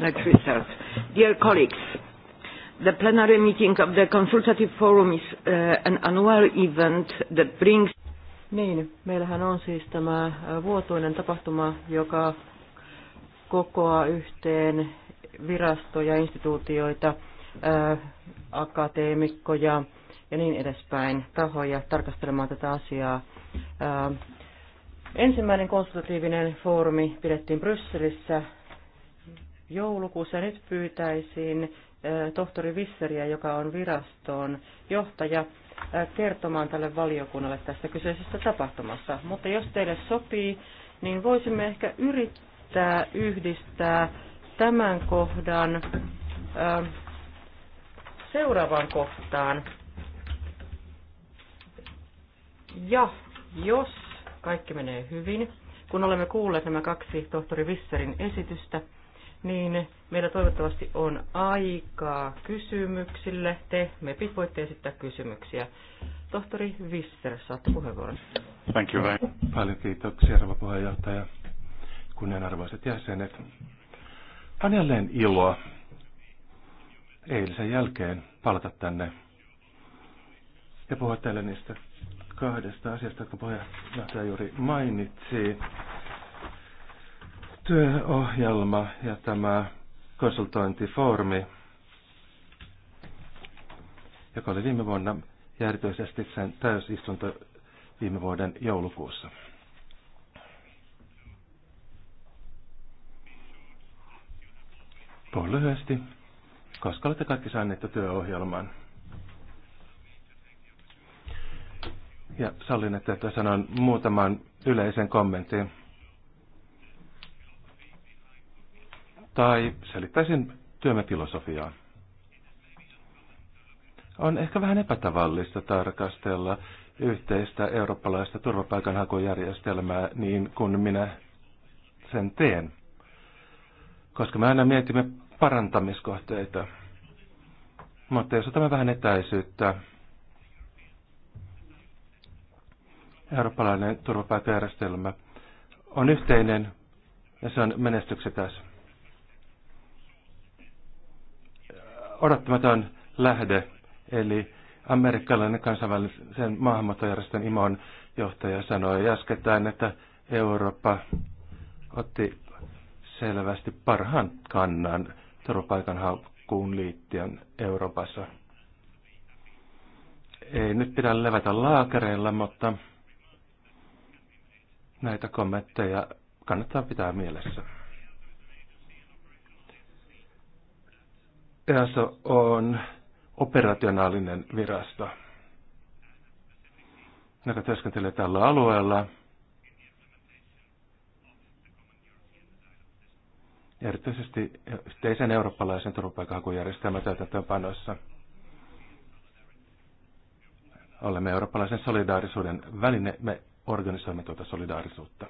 Lex Research. Dear colleagues, the plenary meeting of the Consultative Forum is uh, an annual event that brings... Niin, meillähän on siis tämä uh, vuotuinen tapahtuma, joka kokoaa yhteen virastoja, instituutioita, äh, akateemikkoja ja niin edespäin tahoja tarkastelemaan tätä asiaa. Äh, ensimmäinen konsultatiivinen foorumi pidettiin Brysselissä joulukuussa. Nyt pyytäisin tohtori Visseriä, joka on viraston johtaja, kertomaan tälle valiokunnalle tästä kyseisestä tapahtumasta. Mutta jos teille sopii, niin voisimme ehkä yrittää yhdistää tämän kohdan seuraavaan kohtaan. Ja jos kaikki menee hyvin, kun olemme kuulleet nämä kaksi tohtori Visserin esitystä, niin meillä toivottavasti on aikaa kysymyksille. Te, me voitte esittää kysymyksiä. Tohtori Visser, saatte puheenvuoron. Thank you very much. Paljon kiitoksia, arvo puheenjohtaja. Kunnianarvoiset jäsenet. On jälleen iloa eilisen jälkeen palata tänne ja puhua teille niistä kahdesta asiasta, jotka puheenjohtaja juuri mainitsi työohjelma ja tämä konsultointifoorumi, joka oli viime vuonna ja erityisesti sen täysistunto viime vuoden joulukuussa. Puhun lyhyesti, koska olette kaikki saaneet työohjelman. Ja sallin, että sanon muutaman yleisen kommentin. tai selittäisin työmme On ehkä vähän epätavallista tarkastella yhteistä eurooppalaista turvapaikanhakujärjestelmää niin kuin minä sen teen, koska me aina mietimme parantamiskohteita. Mutta jos otamme vähän etäisyyttä, eurooppalainen turvapaikkajärjestelmä on yhteinen ja se on menestyksetässä. odottamaton lähde, eli amerikkalainen kansainvälisen maahanmuuttojärjestön IMON johtaja sanoi jaskettain, että Eurooppa otti selvästi parhaan kannan turvapaikanhakuun liittyen Euroopassa. Ei nyt pidä levätä laakereilla, mutta näitä kommentteja kannattaa pitää mielessä. EASO on operationaalinen virasto, joka työskentelee tällä alueella. erityisesti yhteisen eurooppalaisen turvapaikanhakujärjestelmän täytäntöönpanossa. Olemme eurooppalaisen solidaarisuuden väline, me organisoimme tuota solidaarisuutta.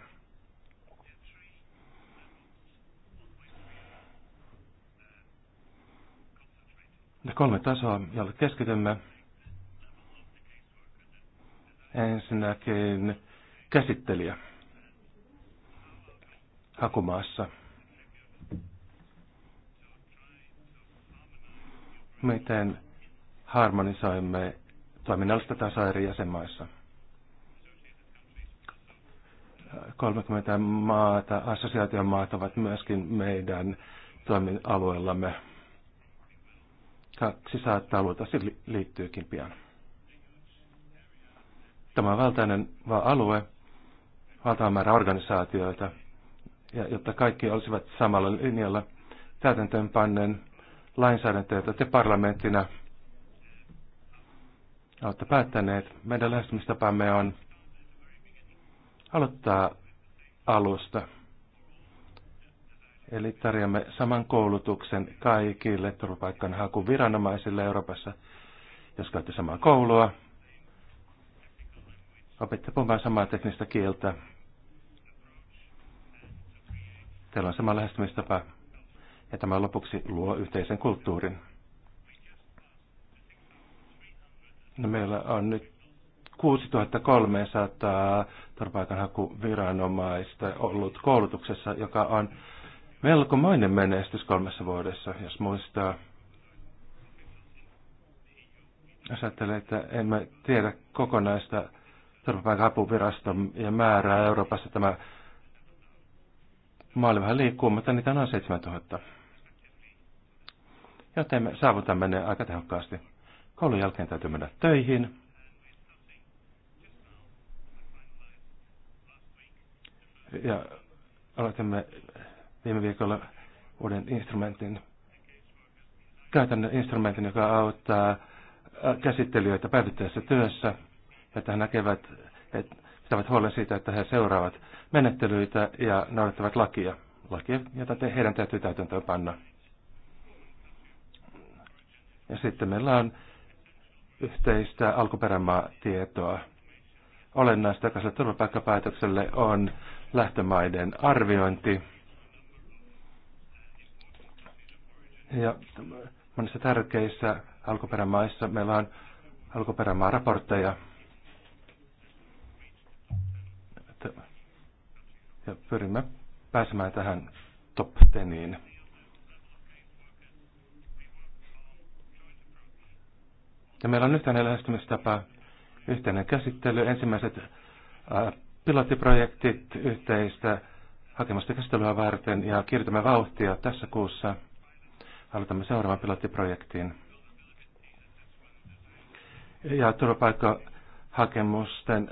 Ne kolme tasoa, jolle keskitymme. Ensinnäkin käsittelijä hakumaassa. Miten harmonisoimme toiminnallista tasoa eri jäsenmaissa? 30 maata, assosiaation maat ovat myöskin meidän toimialueellamme taksi saattaa luota, se liittyykin pian. Tämä on valtainen alue, valtava määrä organisaatioita, ja jotta kaikki olisivat samalla linjalla täytäntöönpanneen lainsäädäntöä, jota te parlamenttina olette päättäneet. Meidän lähestymistapamme on aloittaa alusta. Eli tarjoamme saman koulutuksen kaikille viranomaisille Euroopassa, jos käytte samaa koulua. Opitte puhumaan samaa teknistä kieltä. Teillä on sama lähestymistapa. Ja tämä lopuksi luo yhteisen kulttuurin. No meillä on nyt 6300 turvapaikanhakuviranomaista ollut koulutuksessa, joka on melkomainen menestys kolmessa vuodessa, jos muistaa. Jos ajattelee, että mä tiedä kokonaista turvapaikanhapuviraston ja määrää Euroopassa, tämä maali vähän liikkuu, mutta niitä on noin 7000. Joten me saavutamme ne aika tehokkaasti. Koulun jälkeen täytyy mennä töihin. Ja aloitamme viime viikolla uuden instrumentin, käytännön instrumentin, joka auttaa äh, käsittelijöitä päivittäisessä työssä, että he näkevät, että pitävät huolen siitä, että he seuraavat menettelyitä ja noudattavat lakia. Lakia, jota te, heidän täytyy täytäntöön panna. Ja sitten meillä on yhteistä alkuperämaa tietoa. Olennaista jokaiselle turvapaikkapäätökselle on lähtömaiden arviointi. Ja monissa tärkeissä alkuperämaissa meillä on alkuperämaaraportteja. Ja pyrimme pääsemään tähän top teniin. Ja meillä on yhteinen lähestymistapa, yhteinen käsittely, ensimmäiset pilottiprojektit yhteistä hakemusta käsittelyä varten ja kiiritämme vauhtia tässä kuussa – Aloitamme seuraavan pilottiprojektiin. Ja turvapaikkahakemusten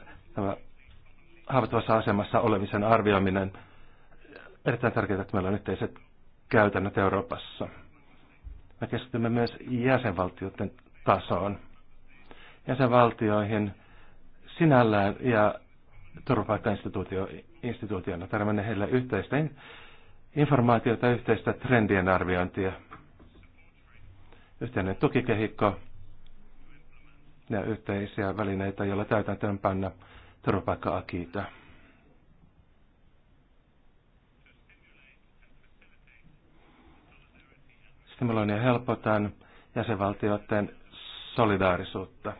haavoittuvassa asemassa olemisen arvioiminen. Erittäin tärkeää, että meillä on yhteiset käytännöt Euroopassa. Me keskitymme myös jäsenvaltioiden tasoon. Jäsenvaltioihin sinällään ja turvapaikkainstituutiona tarvitsemme heille yhteistä informaatiota, yhteistä trendien arviointia – yhteinen tukikehikko ja yhteisiä välineitä, joilla täytäntöönpanna turvapaikka-akiita. on helpotan jäsenvaltioiden solidaarisuutta.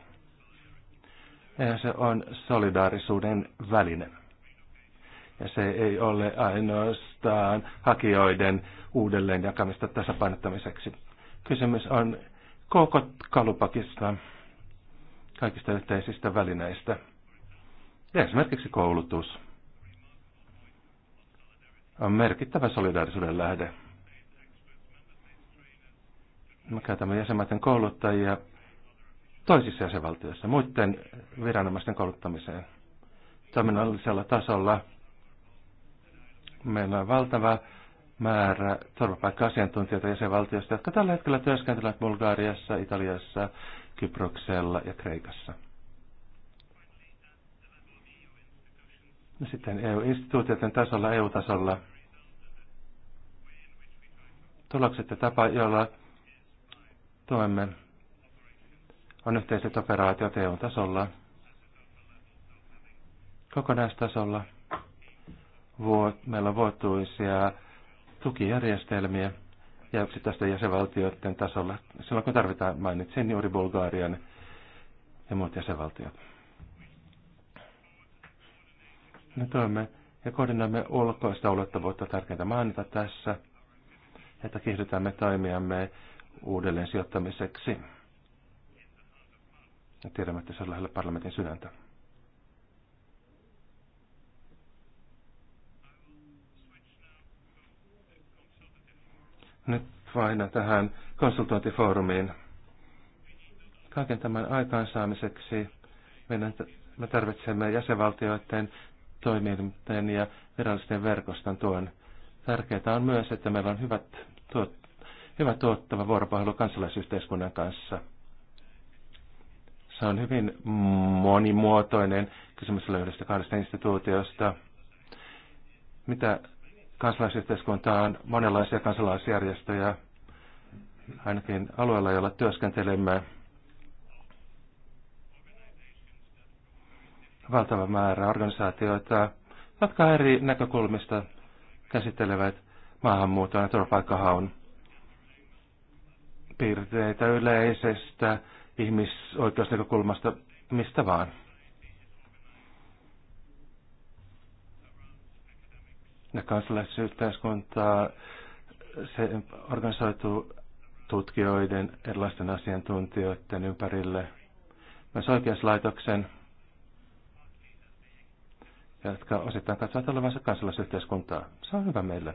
Ja se on solidaarisuuden väline. Ja se ei ole ainoastaan hakijoiden uudelleen jakamista tasapainottamiseksi. Kysymys on koko kalupakista, kaikista yhteisistä välineistä. Ja esimerkiksi koulutus on merkittävä solidaarisuuden lähde. Me käytämme jäsenmaiden kouluttajia toisissa jäsenvaltioissa muiden viranomaisten kouluttamiseen. Toiminnallisella tasolla meillä on valtava määrä turvapaikka-asiantuntijoita jäsenvaltiosta, jotka tällä hetkellä työskentelevät Bulgariassa, Italiassa, Kyproksella ja Kreikassa. No sitten EU-instituutioiden tasolla, EU-tasolla. Tulokset ja tapa, jolla tuemme on yhteiset operaatiot EU-tasolla, kokonaistasolla. Vuot, meillä on vuotuisia tukijärjestelmiä ja yksittäisten jäsenvaltioiden tasolla, silloin kun tarvitaan, mainitsin juuri Bulgarian ja muut jäsenvaltiot. Me toimme ja koordinoimme ulkoista ulottuvuutta tärkeintä mainita tässä, että kiihdytämme toimiamme uudelleen sijoittamiseksi. Ja tiedämme, että se on lähellä parlamentin sydäntä. nyt vain tähän konsultointifoorumiin. Kaiken tämän aikaansaamiseksi meidän, me tarvitsemme jäsenvaltioiden toimijoiden ja virallisten verkoston tuen. Tärkeää on myös, että meillä on hyvät tuot, hyvä tuottava vuoropuhelu kansalaisyhteiskunnan kanssa. Se on hyvin monimuotoinen kysymys löydöstä kahdesta instituutiosta. Mitä kansalaisyhteiskuntaan monenlaisia kansalaisjärjestöjä, ainakin alueella, jolla työskentelemme. Valtava määrä organisaatioita, jotka eri näkökulmista käsittelevät maahanmuuton ja turvapaikkahaun piirteitä yleisestä ihmisoikeusnäkökulmasta mistä vaan. ja kansalaisyhteiskuntaa. Se organisoituu tutkijoiden, erilaisten asiantuntijoiden ympärille, myös oikeuslaitoksen, jotka osittain katsovat olevansa kansalaisyhteiskuntaa. Se on hyvä meille.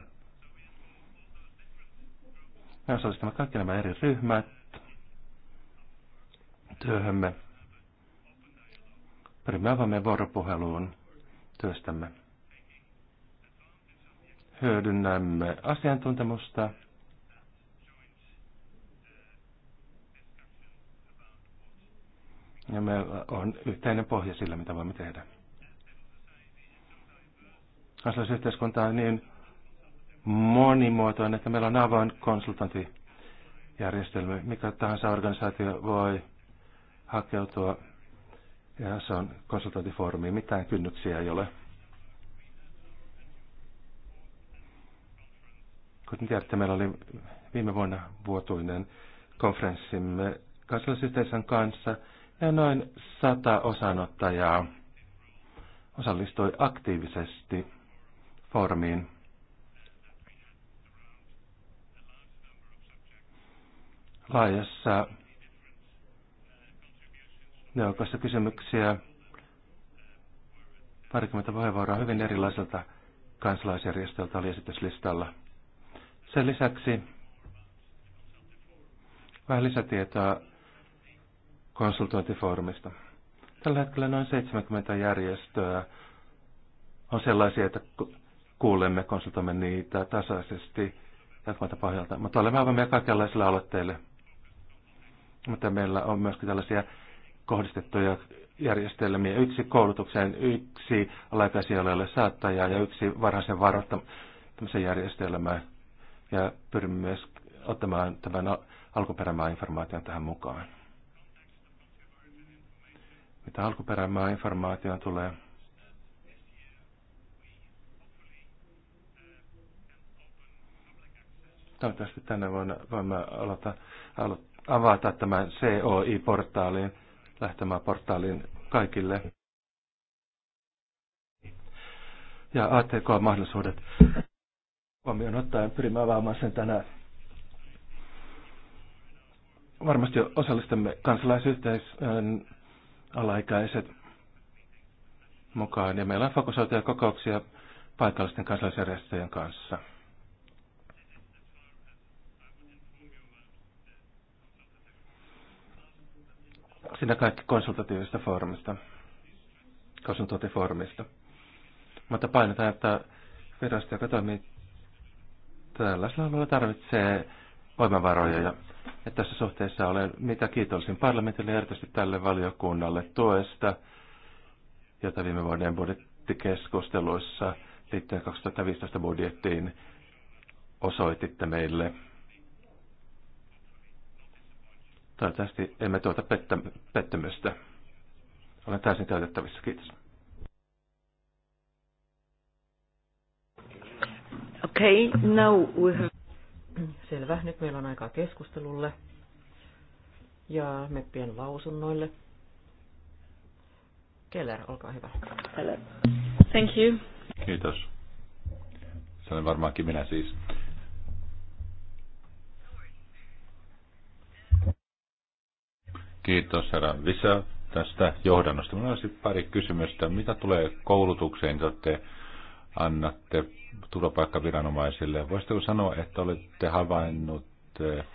Me osallistamme kaikki nämä eri ryhmät työhömme. Pyrimme avaamme vuoropuheluun työstämme hyödynnämme asiantuntemusta. Ja meillä on yhteinen pohja sillä, mitä voimme tehdä. Kansalaisyhteiskunta on niin monimuotoinen, että meillä on avoin konsultantijärjestelmä. Mikä tahansa organisaatio voi hakeutua ja se on konsultantifoorumi. Mitään kynnyksiä ei ole. Kuten tiedätte, meillä oli viime vuonna vuotuinen konferenssimme kansallisyhteisön kanssa ja noin sata osanottajaa osallistui aktiivisesti foorumiin. laajassa neuvokassa kysymyksiä, parikymmentä puheenvuoroa hyvin erilaiselta kansalaisjärjestöltä oli esityslistalla. Sen lisäksi vähän lisätietoa konsultointifoorumista. Tällä hetkellä noin 70 järjestöä on sellaisia, että kuulemme, konsultoimme niitä tasaisesti jatkumalta pohjalta. Mutta olemme avoimia kaikenlaisille aloitteille. Mutta meillä on myöskin tällaisia kohdistettuja järjestelmiä. Yksi koulutukseen, yksi alaikäisiä saattajaa ja yksi varhaisen varoittamisen järjestelmään ja pyrimme myös ottamaan tämän alkuperämaa informaation tähän mukaan. Mitä alkuperämaa informaatioon tulee, toivottavasti tänä vuonna voimme aloita, alo, avata tämän COI-portaalin, portaaliin kaikille. Ja ATK-mahdollisuudet huomioon ottaen pyrimme avaamaan sen tänään. Varmasti osallistamme kansalaisyhteisön alaikäiset mukaan ja meillä on fokusoituja kokouksia paikallisten kansalaisjärjestöjen kanssa. Siinä kaikki konsultatiivisesta foorumista, konsultointifoorumista. Mutta painetaan, että virasto, joka toimii tällaisella alueella tarvitsee voimavaroja. Ja, ja tässä suhteessa olen mitä kiitollisin parlamentille ja erityisesti tälle valiokunnalle tuesta, jota viime vuoden budjettikeskusteluissa liittyen 2015 budjettiin osoititte meille. Toivottavasti emme tuota pettymystä, Olen täysin täytettävissä. Kiitos. Okay, now we have... Selvä, nyt meillä on aikaa keskustelulle ja meppien lausunnoille. Keller, olkaa hyvä. Keller. Thank you. Kiitos. Se on varmaankin minä siis. Kiitos herra Visa tästä johdannosta. Minulla olisi pari kysymystä. Mitä tulee koulutukseen, te annatte turvapaikkaviranomaisille. Voisitteko sanoa, että olette havainnut eh,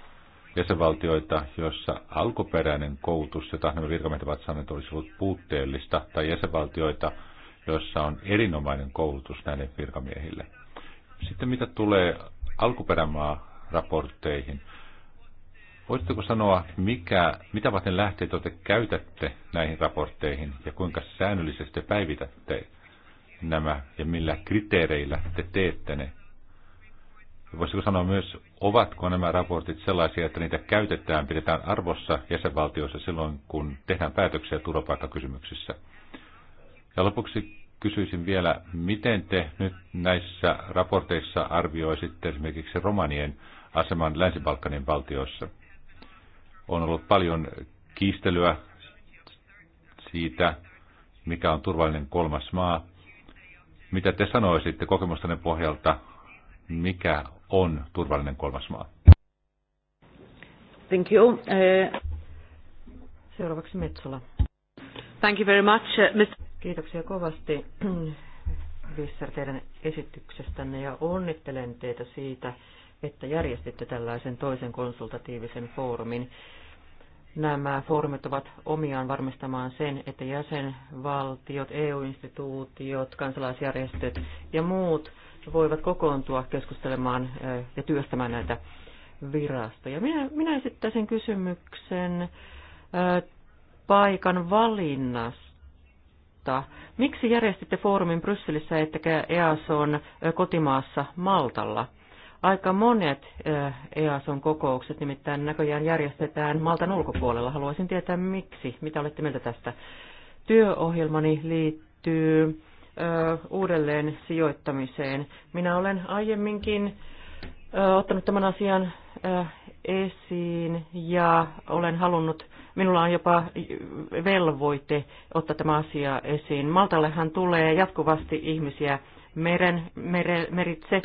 jäsenvaltioita, joissa alkuperäinen koulutus, jota nämä virkamiehet ovat saaneet, olisi ollut puutteellista, tai jäsenvaltioita, joissa on erinomainen koulutus näille virkamiehille. Sitten mitä tulee alkuperämaa raportteihin, voisitteko sanoa, mikä, mitä varten lähteet te käytätte näihin raportteihin ja kuinka säännöllisesti päivitätte nämä ja millä kriteereillä te teette ne? Voisiko sanoa myös, ovatko nämä raportit sellaisia, että niitä käytetään, pidetään arvossa jäsenvaltioissa silloin, kun tehdään päätöksiä turvapaikkakysymyksissä? Ja lopuksi kysyisin vielä, miten te nyt näissä raporteissa arvioisitte esimerkiksi romanien aseman Länsi-Balkanin valtioissa? On ollut paljon kiistelyä siitä, mikä on turvallinen kolmas maa. Mitä te sanoisitte kokemustanne pohjalta, mikä on turvallinen kolmas maa? Thank you. Eh, Seuraavaksi Metsola. Thank you very much. Eh, Mr. Kiitoksia kovasti Visser teidän esityksestänne ja onnittelen teitä siitä, että järjestitte tällaisen toisen konsultatiivisen foorumin. Nämä foorumit ovat omiaan varmistamaan sen, että jäsenvaltiot, EU-instituutiot, kansalaisjärjestöt ja muut voivat kokoontua keskustelemaan ja työstämään näitä virastoja. Minä, minä esittäisin kysymyksen paikan valinnasta. Miksi järjestitte foorumin Brysselissä ettekä EASON kotimaassa Maltalla? aika monet EASON kokoukset nimittäin näköjään järjestetään Maltan ulkopuolella. Haluaisin tietää miksi, mitä olette mieltä tästä. Työohjelmani liittyy uudelleen sijoittamiseen. Minä olen aiemminkin ottanut tämän asian esiin ja olen halunnut, minulla on jopa velvoite ottaa tämä asia esiin. Maltallehan tulee jatkuvasti ihmisiä meren, mere, meritse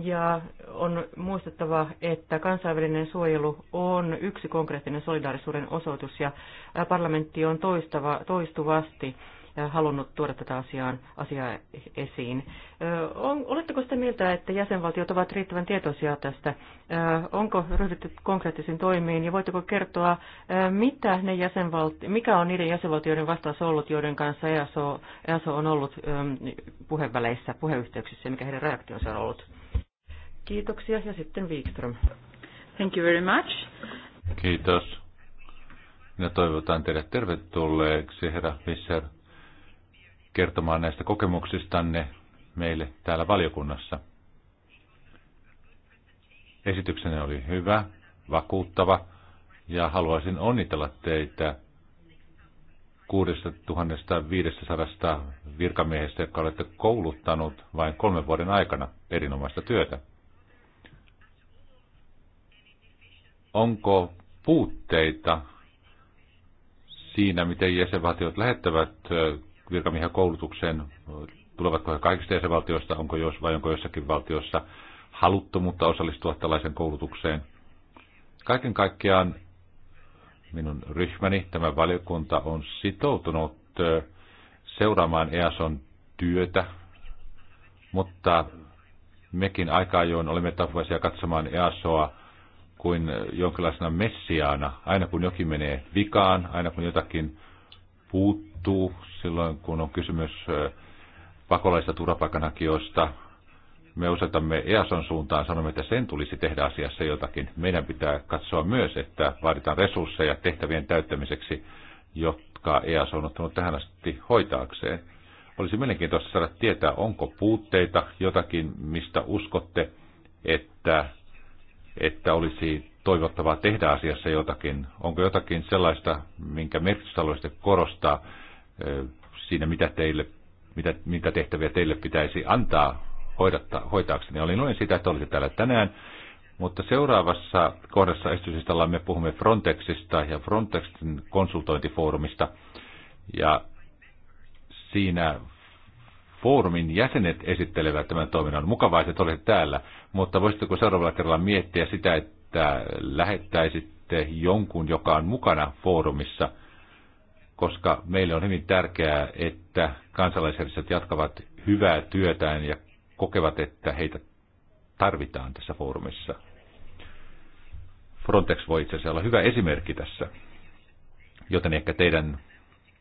ja on muistettava, että kansainvälinen suojelu on yksi konkreettinen solidaarisuuden osoitus ja parlamentti on toistava, toistuvasti halunnut tuoda tätä asiaa asiaa esiin. On, oletteko sitä mieltä, että jäsenvaltiot ovat riittävän tietoisia tästä? Onko ryhdytty konkreettisiin toimiin ja voitteko kertoa, mitä ne jäsenvalti, mikä on niiden jäsenvaltioiden vastaus ollut, joiden kanssa EASO, EASO on ollut puheväleissä, puheyhteyksissä ja mikä heidän reaktionsa on ollut? Kiitoksia ja sitten Wikström. Thank you very much. Kiitos. Minä toivotan teidät tervetulleeksi, herra Fischer, kertomaan näistä kokemuksistanne meille täällä valiokunnassa. Esityksenne oli hyvä, vakuuttava ja haluaisin onnitella teitä 6500 virkamiehestä, jotka olette kouluttanut vain kolmen vuoden aikana erinomaista työtä. onko puutteita siinä, miten jäsenvaltiot lähettävät virkamiehiä koulutukseen, tulevatko he kaikista jäsenvaltioista, onko jos, vai onko jossakin valtiossa haluttomuutta osallistua tällaisen koulutukseen. Kaiken kaikkiaan minun ryhmäni, tämä valiokunta, on sitoutunut seuraamaan EASON työtä, mutta mekin aika ajoin olemme tapuvaisia katsomaan EASOa kuin jonkinlaisena messiaana. Aina kun jokin menee vikaan, aina kun jotakin puuttuu, silloin kun on kysymys pakolaisista turvapaikanhakijoista, me osoitamme EASON suuntaan, sanomme, että sen tulisi tehdä asiassa jotakin. Meidän pitää katsoa myös, että vaaditaan resursseja tehtävien täyttämiseksi, jotka EASO on ottanut tähän asti hoitaakseen. Olisi mielenkiintoista saada tietää, onko puutteita, jotakin, mistä uskotte, että että olisi toivottavaa tehdä asiassa jotakin? Onko jotakin sellaista, minkä merkitys haluaisitte korostaa siinä, mitä, teille, mitä, mitä tehtäviä teille pitäisi antaa hoidatta, hoitaakseni? Olin noin sitä, että olisitte täällä tänään, mutta seuraavassa kohdassa esityslistalla me puhumme Frontexista ja Frontexin konsultointifoorumista. Ja siinä foorumin jäsenet esittelevät tämän toiminnan. Mukavaa, että olette täällä, mutta voisitteko seuraavalla kerralla miettiä sitä, että lähettäisitte jonkun, joka on mukana foorumissa, koska meille on hyvin tärkeää, että kansalaisjärjestöt jatkavat hyvää työtään ja kokevat, että heitä tarvitaan tässä foorumissa. Frontex voi itse asiassa olla hyvä esimerkki tässä, joten ehkä teidän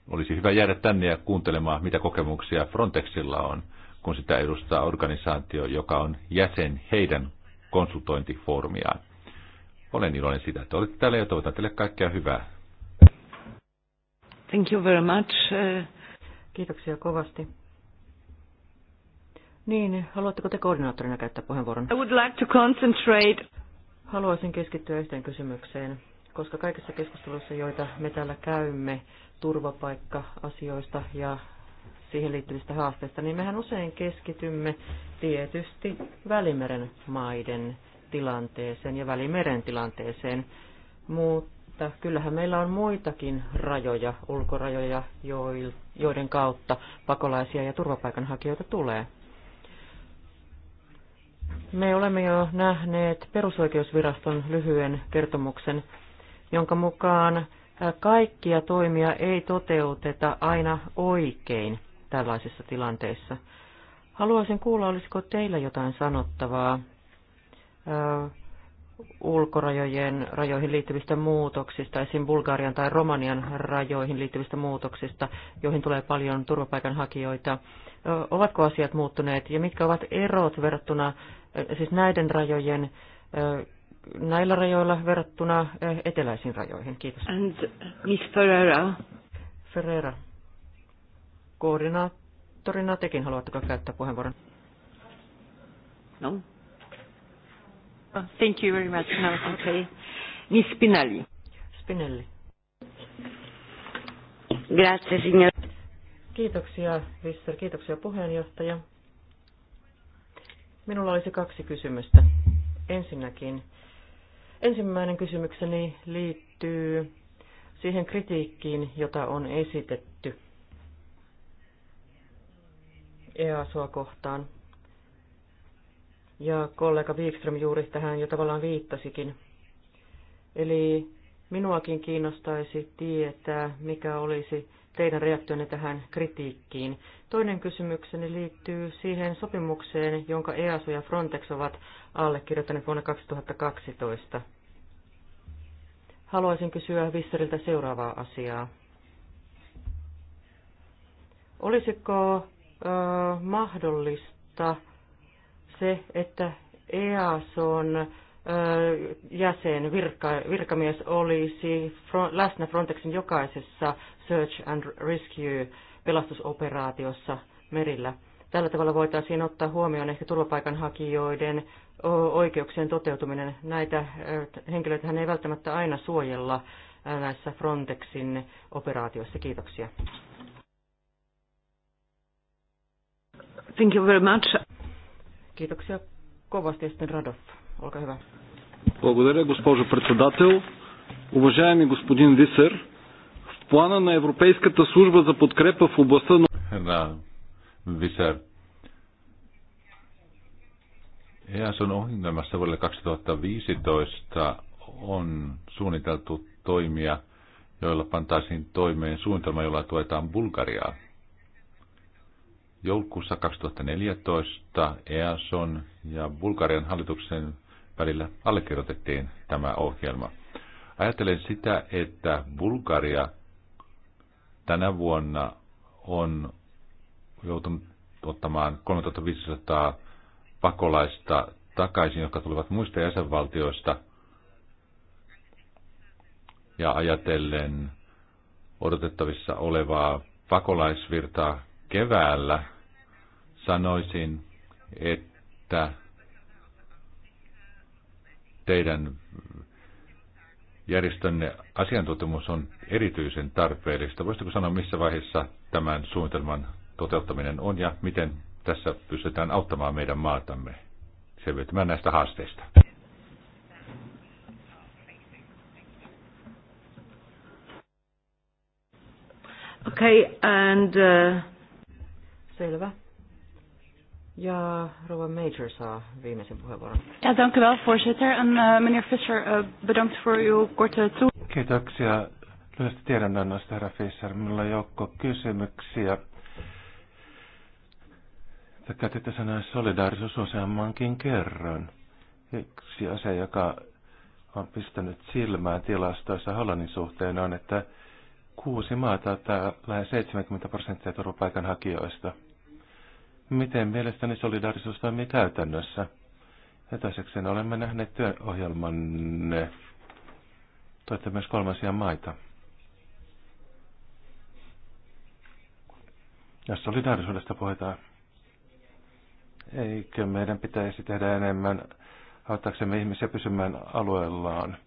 olisi hyvä jäädä tänne ja kuuntelemaan, mitä kokemuksia Frontexilla on, kun sitä edustaa organisaatio, joka on jäsen heidän konsultointifoorumiaan. Olen iloinen siitä, että olette täällä ja toivotan teille kaikkea hyvää. Thank you very much. Kiitoksia kovasti. Niin, haluatteko te koordinaattorina käyttää puheenvuoron? I would like to concentrate. Haluaisin keskittyä yhteen kysymykseen, koska kaikissa keskusteluissa, joita me täällä käymme, turvapaikka-asioista ja siihen liittyvistä haasteista, niin mehän usein keskitymme tietysti Välimeren maiden tilanteeseen ja Välimeren tilanteeseen, mutta kyllähän meillä on muitakin rajoja, ulkorajoja, joiden kautta pakolaisia ja turvapaikanhakijoita tulee. Me olemme jo nähneet perusoikeusviraston lyhyen kertomuksen, jonka mukaan kaikkia toimia ei toteuteta aina oikein tällaisissa tilanteissa. Haluaisin kuulla, olisiko teillä jotain sanottavaa ö, ulkorajojen rajoihin liittyvistä muutoksista, esim. Bulgarian tai Romanian rajoihin liittyvistä muutoksista, joihin tulee paljon turvapaikanhakijoita. Ö, ovatko asiat muuttuneet ja mitkä ovat erot verrattuna ö, siis näiden rajojen ö, näillä rajoilla verrattuna eh, eteläisiin rajoihin. Kiitos. And Miss Ferreira. Ferreira, koordinaattorina tekin haluatteko käyttää puheenvuoron? No. thank you very much. No, okay. Miss Spinelli. Spinelli. Grazie, signor. Kiitoksia, Visser. Kiitoksia, puheenjohtaja. Minulla olisi kaksi kysymystä. Ensinnäkin, Ensimmäinen kysymykseni liittyy siihen kritiikkiin, jota on esitetty EASOa kohtaan. Ja kollega Wikström juuri tähän jo tavallaan viittasikin. Eli minuakin kiinnostaisi tietää, mikä olisi teidän reaktionne tähän kritiikkiin. Toinen kysymykseni liittyy siihen sopimukseen, jonka EASO ja Frontex ovat allekirjoittaneet vuonna 2012. Haluaisin kysyä Visseriltä seuraavaa asiaa. Olisiko ö, mahdollista se, että EASOn jäsen, virka, virkamies olisi läsnä Frontexin jokaisessa Search and Rescue pelastusoperaatiossa merillä. Tällä tavalla voitaisiin ottaa huomioon ehkä turvapaikanhakijoiden oikeuksien toteutuminen. Näitä henkilöitä ei välttämättä aina suojella näissä Frontexin operaatioissa. Kiitoksia. Thank you very much. Kiitoksia kovasti sitten Radoff. Olkaa hyvä. Благодаря, госпожо председател. Уважаеми господин Висер, в плана на Европейската служба за подкрепа в областта на... Herra Viser, EASON ohjelmassa vuodelle 2015 on suunniteltu toimia, joilla pantaisiin toimeen suunnitelma, jolla tuetaan Bulgariaa. Joulukuussa 2014 EASON ja Bulgarian hallituksen välillä allekirjoitettiin tämä ohjelma. Ajattelen sitä, että Bulgaria tänä vuonna on joutunut ottamaan 3500 pakolaista takaisin, jotka tulivat muista jäsenvaltioista. Ja ajatellen odotettavissa olevaa pakolaisvirtaa keväällä, sanoisin, että teidän järjestönne asiantuntemus on erityisen tarpeellista. Voisitko sanoa, missä vaiheessa tämän suunnitelman toteuttaminen on ja miten tässä pystytään auttamaan meidän maatamme selviytymään näistä haasteista? Okay, and, uh... Selvä. Ja Rova Major saa viimeisen puheenvuoron. Ja, dank u wel, voorzitter. En uh, meneer Fischer, uh, eh, bedankt voor uw korte toe. Kiitoksia lyhyestä tiedonannosta, herra Fischer. Minulla on joukko kysymyksiä. Te käytitte sanaa solidaarisuus useammankin kerran. Yksi asia, joka on pistänyt silmää tilastoissa Hollannin suhteen, on, että kuusi maata ottaa lähes 70 prosenttia turvapaikanhakijoista – miten mielestäni solidaarisuus toimii käytännössä. Ja olemme nähneet työohjelmanne. Toitte myös kolmansia maita. Ja solidaarisuudesta puhutaan, eikö meidän pitäisi tehdä enemmän auttaaksemme ihmisiä pysymään alueellaan?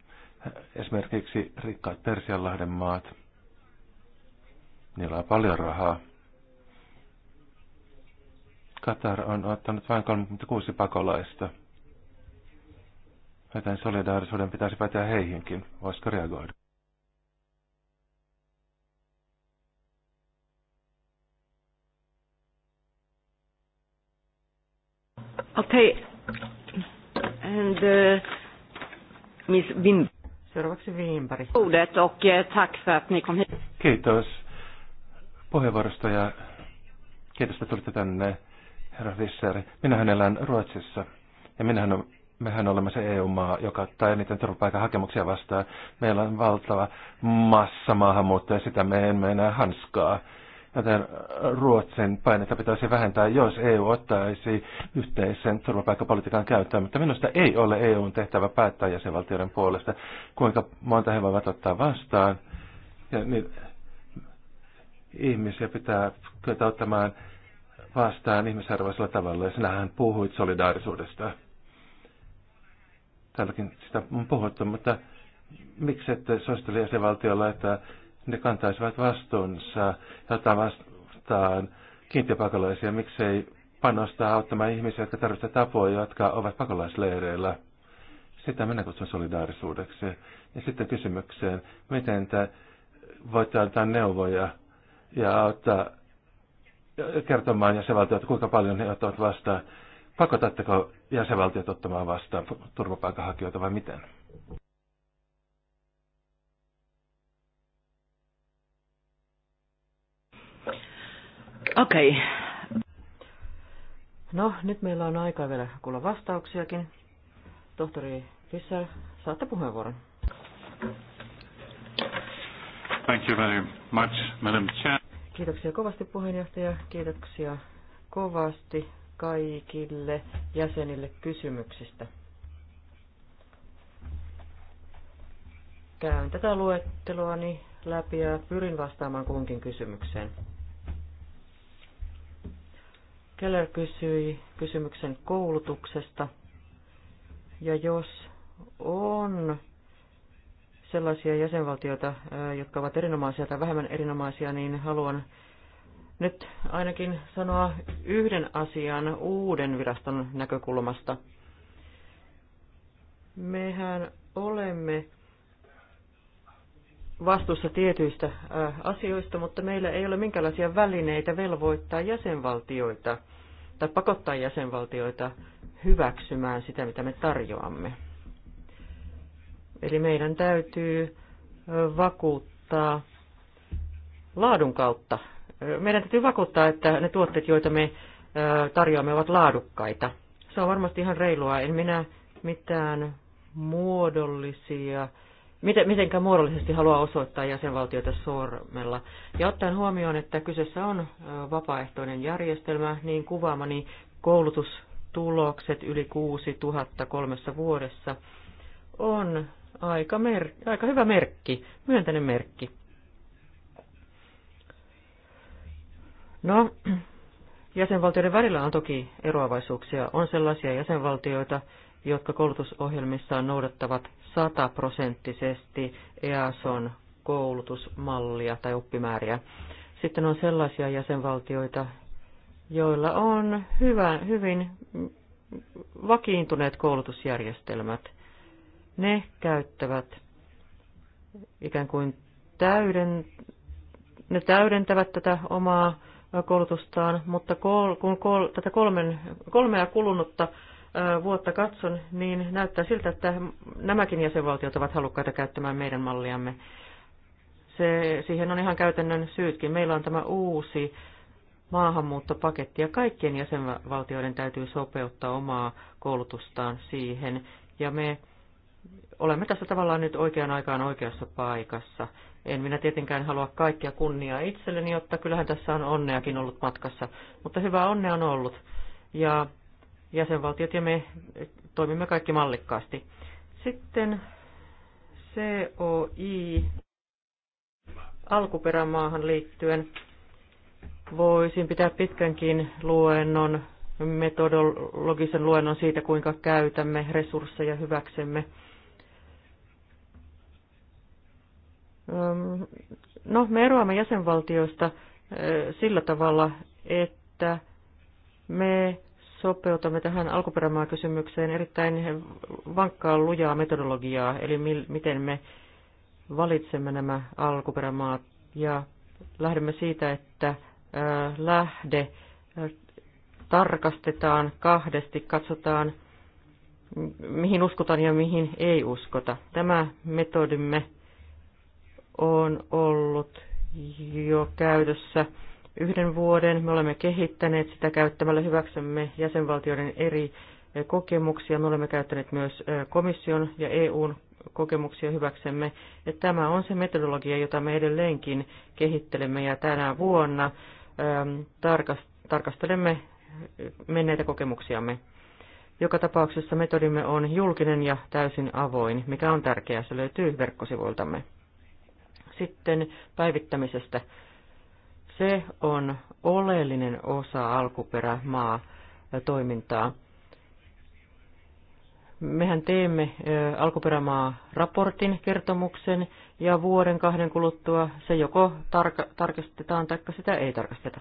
Esimerkiksi rikkaat Persianlahden maat. Niillä on paljon rahaa. Katar on ottanut vain 36 pakolaista. Joten solidaarisuuden pitäisi päteä heihinkin. Voisiko reagoida? Okay. And uh, Miss Wim. Seuraavaksi Wimberg. Ordet och eh, tack för att ni kom hit. Kiitos puheenvuorosta ja kiitos, että tulitte tänne herra Fischer, Minähän elän Ruotsissa ja minähän, mehän olemme se EU-maa, joka ottaa eniten turvapaikanhakemuksia vastaan. Meillä on valtava massa maahanmuuttoa ja sitä me emme enää hanskaa. Joten Ruotsin painetta pitäisi vähentää, jos EU ottaisi yhteisen turvapaikkapolitiikan käyttöön. Mutta minusta ei ole EUn tehtävä päättää jäsenvaltioiden puolesta, kuinka monta he voivat ottaa vastaan. Ja niin, ihmisiä pitää kyetä ottamaan vastaan ihmisarvoisella tavalla, ja sinähän puhuit solidaarisuudesta. Täälläkin sitä on puhuttu, mutta miksi ette suosittele jäsenvaltiolla, että ne kantaisivat vastuunsa ja ottaa vastaan kiintiöpakolaisia, miksei panostaa auttamaan ihmisiä, jotka tarvitsevat apua, jotka ovat pakolaisleireillä. Sitä minä kutsun solidaarisuudeksi. Ja sitten kysymykseen, miten te voitte antaa neuvoja ja auttaa kertomaan jäsenvaltiot, kuinka paljon he ottavat vastaan. Pakotatteko jäsenvaltiot ottamaan vastaan turvapaikanhakijoita vai miten? Okei. Okay. No, nyt meillä on aika vielä kuulla vastauksiakin. Tohtori Fischer, saatte puheenvuoron. Thank you very much, Madam Chair. Kiitoksia kovasti puheenjohtaja, kiitoksia kovasti kaikille jäsenille kysymyksistä. Käyn tätä luetteloani läpi ja pyrin vastaamaan kunkin kysymykseen. Keller kysyi kysymyksen koulutuksesta. Ja jos on sellaisia jäsenvaltioita, jotka ovat erinomaisia tai vähemmän erinomaisia, niin haluan nyt ainakin sanoa yhden asian uuden viraston näkökulmasta. Mehän olemme vastuussa tietyistä asioista, mutta meillä ei ole minkälaisia välineitä velvoittaa jäsenvaltioita tai pakottaa jäsenvaltioita hyväksymään sitä, mitä me tarjoamme. Eli meidän täytyy vakuuttaa laadun kautta. Meidän täytyy vakuuttaa, että ne tuotteet, joita me tarjoamme, ovat laadukkaita. Se on varmasti ihan reilua. En minä mitään muodollisia, miten, mitenkään muodollisesti halua osoittaa jäsenvaltioita sormella. Ja ottaen huomioon, että kyseessä on vapaaehtoinen järjestelmä, niin kuvaamani koulutustulokset yli 6000 kolmessa vuodessa on aika, mer- aika hyvä merkki, myönteinen merkki. No, jäsenvaltioiden välillä on toki eroavaisuuksia. On sellaisia jäsenvaltioita, jotka koulutusohjelmissaan noudattavat sataprosenttisesti EASON koulutusmallia tai oppimääriä. Sitten on sellaisia jäsenvaltioita, joilla on hyvä, hyvin vakiintuneet koulutusjärjestelmät – ne käyttävät ikään kuin täyden, ne täydentävät tätä omaa koulutustaan, mutta kol, kun kol, tätä kolmen, kolmea kulunutta vuotta katson, niin näyttää siltä, että nämäkin jäsenvaltiot ovat halukkaita käyttämään meidän malliamme. Se, siihen on ihan käytännön syytkin. Meillä on tämä uusi maahanmuuttopaketti ja kaikkien jäsenvaltioiden täytyy sopeuttaa omaa koulutustaan siihen. Ja me olemme tässä tavallaan nyt oikeaan aikaan oikeassa paikassa. En minä tietenkään halua kaikkia kunniaa itselleni, jotta kyllähän tässä on onneakin ollut matkassa, mutta hyvä onnea on ollut. Ja jäsenvaltiot ja me toimimme kaikki mallikkaasti. Sitten COI alkuperämaahan liittyen voisin pitää pitkänkin luennon, metodologisen luennon siitä, kuinka käytämme resursseja hyväksemme No, me eroamme jäsenvaltioista sillä tavalla, että me sopeutamme tähän alkuperämaa kysymykseen erittäin vankkaa lujaa metodologiaa, eli miten me valitsemme nämä alkuperämaat ja lähdemme siitä, että lähde tarkastetaan kahdesti, katsotaan mihin uskotaan ja mihin ei uskota. Tämä metodimme on ollut jo käytössä yhden vuoden. Me olemme kehittäneet sitä käyttämällä hyväksymme jäsenvaltioiden eri eh, kokemuksia. Me olemme käyttäneet myös eh, komission ja EUn kokemuksia hyväksemme. Ja tämä on se metodologia, jota me edelleenkin kehittelemme ja tänä vuonna ehm, tarkastelemme eh, menneitä kokemuksiamme. Joka tapauksessa metodimme on julkinen ja täysin avoin, mikä on tärkeää. Se löytyy verkkosivuiltamme. Sitten päivittämisestä. Se on oleellinen osa alkuperämaa toimintaa. Mehän teemme alkuperämaa raportin, kertomuksen ja vuoden kahden kuluttua se joko tarka- tarkistetaan tai sitä ei tarkasteta.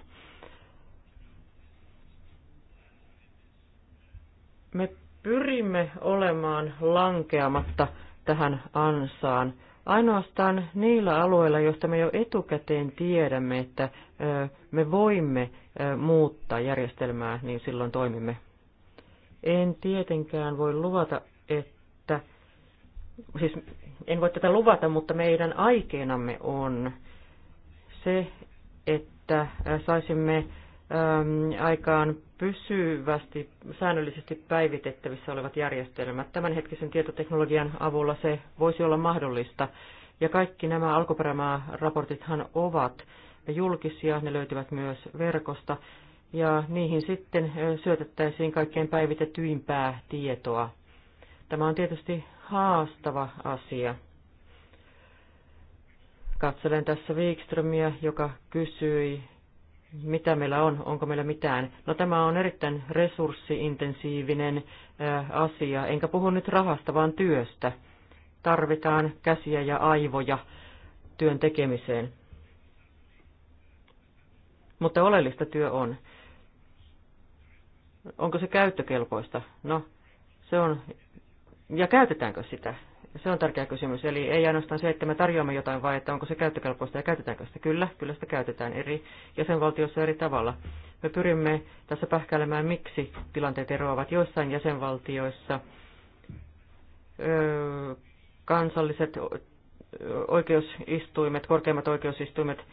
Me pyrimme olemaan lankeamatta tähän ansaan. Ainoastaan niillä alueilla, joista me jo etukäteen tiedämme, että me voimme muuttaa järjestelmää, niin silloin toimimme. En tietenkään voi luvata, että, siis en voi tätä luvata, mutta meidän aikeenamme on se, että saisimme aikaan pysyvästi, säännöllisesti päivitettävissä olevat järjestelmät. Tämänhetkisen tietoteknologian avulla se voisi olla mahdollista. Ja kaikki nämä alkuperämaa raportithan ovat julkisia, ne löytyvät myös verkosta, ja niihin sitten syötettäisiin kaikkein päivitetyimpää tietoa. Tämä on tietysti haastava asia. Katselen tässä Wikströmiä, joka kysyi mitä meillä on, onko meillä mitään. No tämä on erittäin resurssiintensiivinen asia, enkä puhu nyt rahasta, vaan työstä. Tarvitaan käsiä ja aivoja työn tekemiseen. Mutta oleellista työ on. Onko se käyttökelpoista? No, se on. Ja käytetäänkö sitä? Se on tärkeä kysymys. Eli ei ainoastaan se, että me tarjoamme jotain, vaan että onko se käyttökelpoista ja käytetäänkö sitä. Kyllä, kyllä sitä käytetään eri jäsenvaltioissa eri tavalla. Me pyrimme tässä pähkäilemään, miksi tilanteet eroavat joissain jäsenvaltioissa. Öö, kansalliset oikeusistuimet, korkeimmat oikeusistuimet,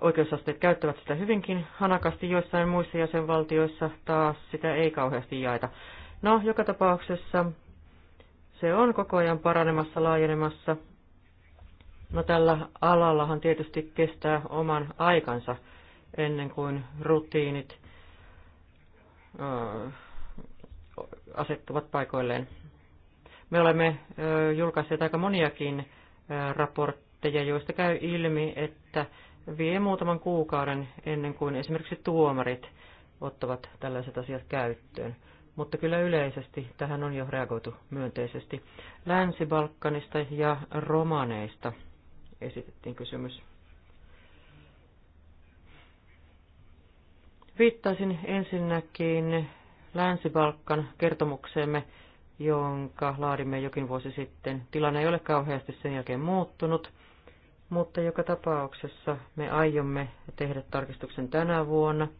oikeusasteet käyttävät sitä hyvinkin hanakasti joissain muissa jäsenvaltioissa, taas sitä ei kauheasti jaeta. No, joka tapauksessa se on koko ajan paranemassa, laajenemassa. No tällä alallahan tietysti kestää oman aikansa ennen kuin rutiinit asettuvat paikoilleen. Me olemme julkaisseet aika moniakin raportteja, joista käy ilmi, että vie muutaman kuukauden ennen kuin esimerkiksi tuomarit ottavat tällaiset asiat käyttöön mutta kyllä yleisesti tähän on jo reagoitu myönteisesti. Länsi-Balkanista ja romaneista esitettiin kysymys. Viittaisin ensinnäkin Länsi-Balkan kertomukseemme, jonka laadimme jokin vuosi sitten. Tilanne ei ole kauheasti sen jälkeen muuttunut, mutta joka tapauksessa me aiomme tehdä tarkistuksen tänä vuonna –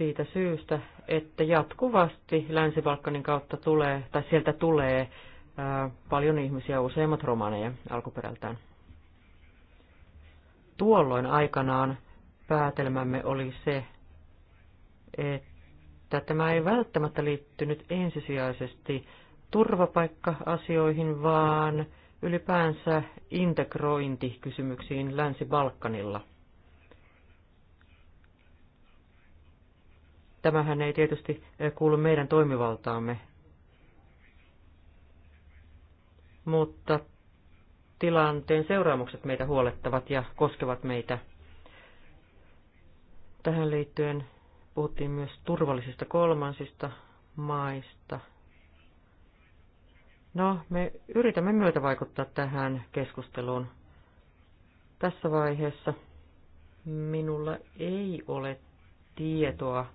siitä syystä, että jatkuvasti Länsi-Balkanin kautta tulee, tai sieltä tulee ää, paljon ihmisiä, useimmat romaneja alkuperältään. Tuolloin aikanaan päätelmämme oli se, että tämä ei välttämättä liittynyt ensisijaisesti turvapaikka-asioihin, vaan ylipäänsä integrointikysymyksiin Länsi-Balkanilla. Tämähän ei tietysti eh, kuulu meidän toimivaltaamme, mutta tilanteen seuraamukset meitä huolettavat ja koskevat meitä. Tähän liittyen puhuttiin myös turvallisista kolmansista maista. No, me yritämme vaikuttaa tähän keskusteluun. Tässä vaiheessa minulla ei ole tietoa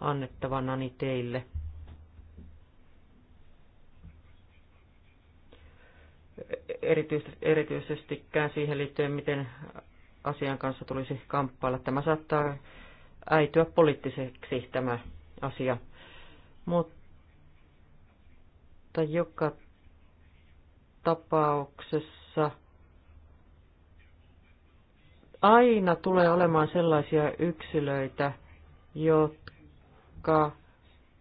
annettavanani teille. Erityisesti siihen liittyen, miten asian kanssa tulisi kamppailla. Tämä saattaa äityä poliittiseksi tämä asia. Mutta joka tapauksessa aina tulee olemaan sellaisia yksilöitä, jotka vaikka,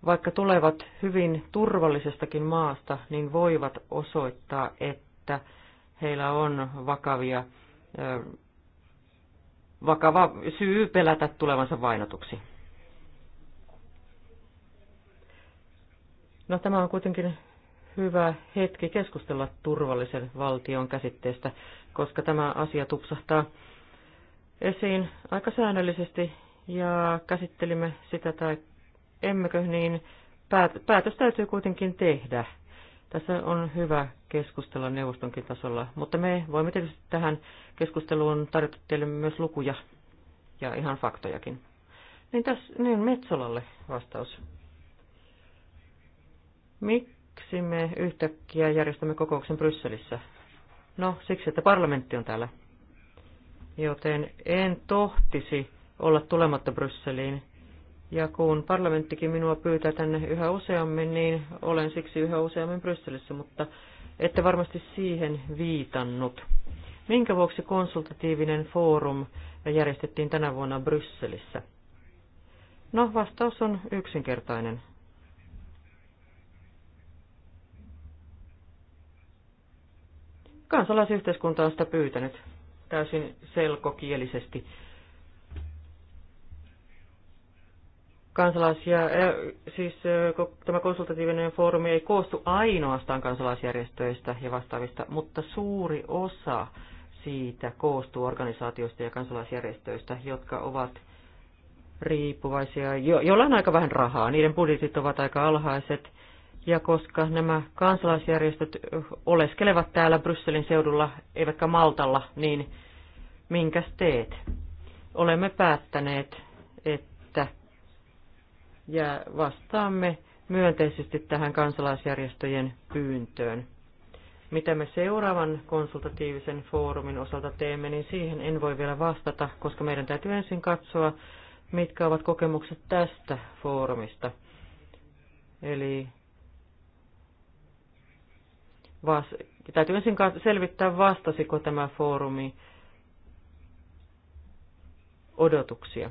vaikka tulevat hyvin turvallisestakin maasta, niin voivat osoittaa, että heillä on vakavia, vakava syy pelätä tulevansa vainotuksi. No tämä on kuitenkin hyvä hetki keskustella turvallisen valtion käsitteestä, koska tämä asia tupsahtaa esiin aika säännöllisesti ja käsittelimme sitä tai emmekö niin, päätös täytyy kuitenkin tehdä. Tässä on hyvä keskustella neuvostonkin tasolla, mutta me voimme tietysti tähän keskusteluun tarjota teille myös lukuja ja ihan faktojakin. Niin tässä, niin Metsolalle vastaus. Miksi me yhtäkkiä järjestämme kokouksen Brysselissä? No, siksi, että parlamentti on täällä. Joten en tohtisi olla tulematta Brysseliin. Ja kun parlamenttikin minua pyytää tänne yhä useammin, niin olen siksi yhä useammin Brysselissä, mutta ette varmasti siihen viitannut. Minkä vuoksi konsultatiivinen foorum järjestettiin tänä vuonna Brysselissä? No, vastaus on yksinkertainen. Kansalaisyhteiskunta on sitä pyytänyt täysin selkokielisesti. kansalaisia, siis tämä konsultatiivinen foorumi ei koostu ainoastaan kansalaisjärjestöistä ja vastaavista, mutta suuri osa siitä koostuu organisaatioista ja kansalaisjärjestöistä, jotka ovat riippuvaisia, jo, joilla on aika vähän rahaa, niiden budjetit ovat aika alhaiset, ja koska nämä kansalaisjärjestöt oleskelevat täällä Brysselin seudulla, eivätkä Maltalla, niin minkäs teet? Olemme päättäneet, että ja vastaamme myönteisesti tähän kansalaisjärjestöjen pyyntöön. Mitä me seuraavan konsultatiivisen foorumin osalta teemme, niin siihen en voi vielä vastata, koska meidän täytyy ensin katsoa, mitkä ovat kokemukset tästä foorumista. Eli vas, täytyy ensin selvittää, vastasiko tämä foorumi odotuksia.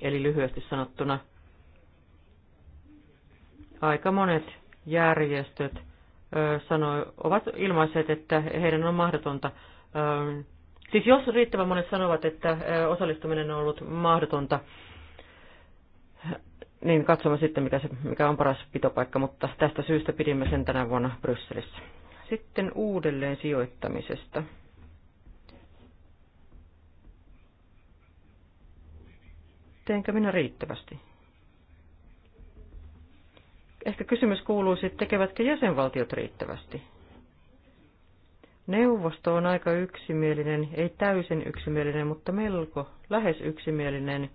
Eli lyhyesti sanottuna aika monet järjestöt sanoi, ovat ilmaiset, että heidän on mahdotonta. Siis jos riittävän monet sanovat, että osallistuminen on ollut mahdotonta, niin katsomme sitten, mikä, se, mikä on paras pitopaikka, mutta tästä syystä pidimme sen tänä vuonna Brysselissä. Sitten uudelleen sijoittamisesta. Teenkö minä riittävästi? Ehkä kysymys kuuluisi, tekevätkö jäsenvaltiot riittävästi? Neuvosto on aika yksimielinen, ei täysin yksimielinen, mutta melko lähes yksimielinen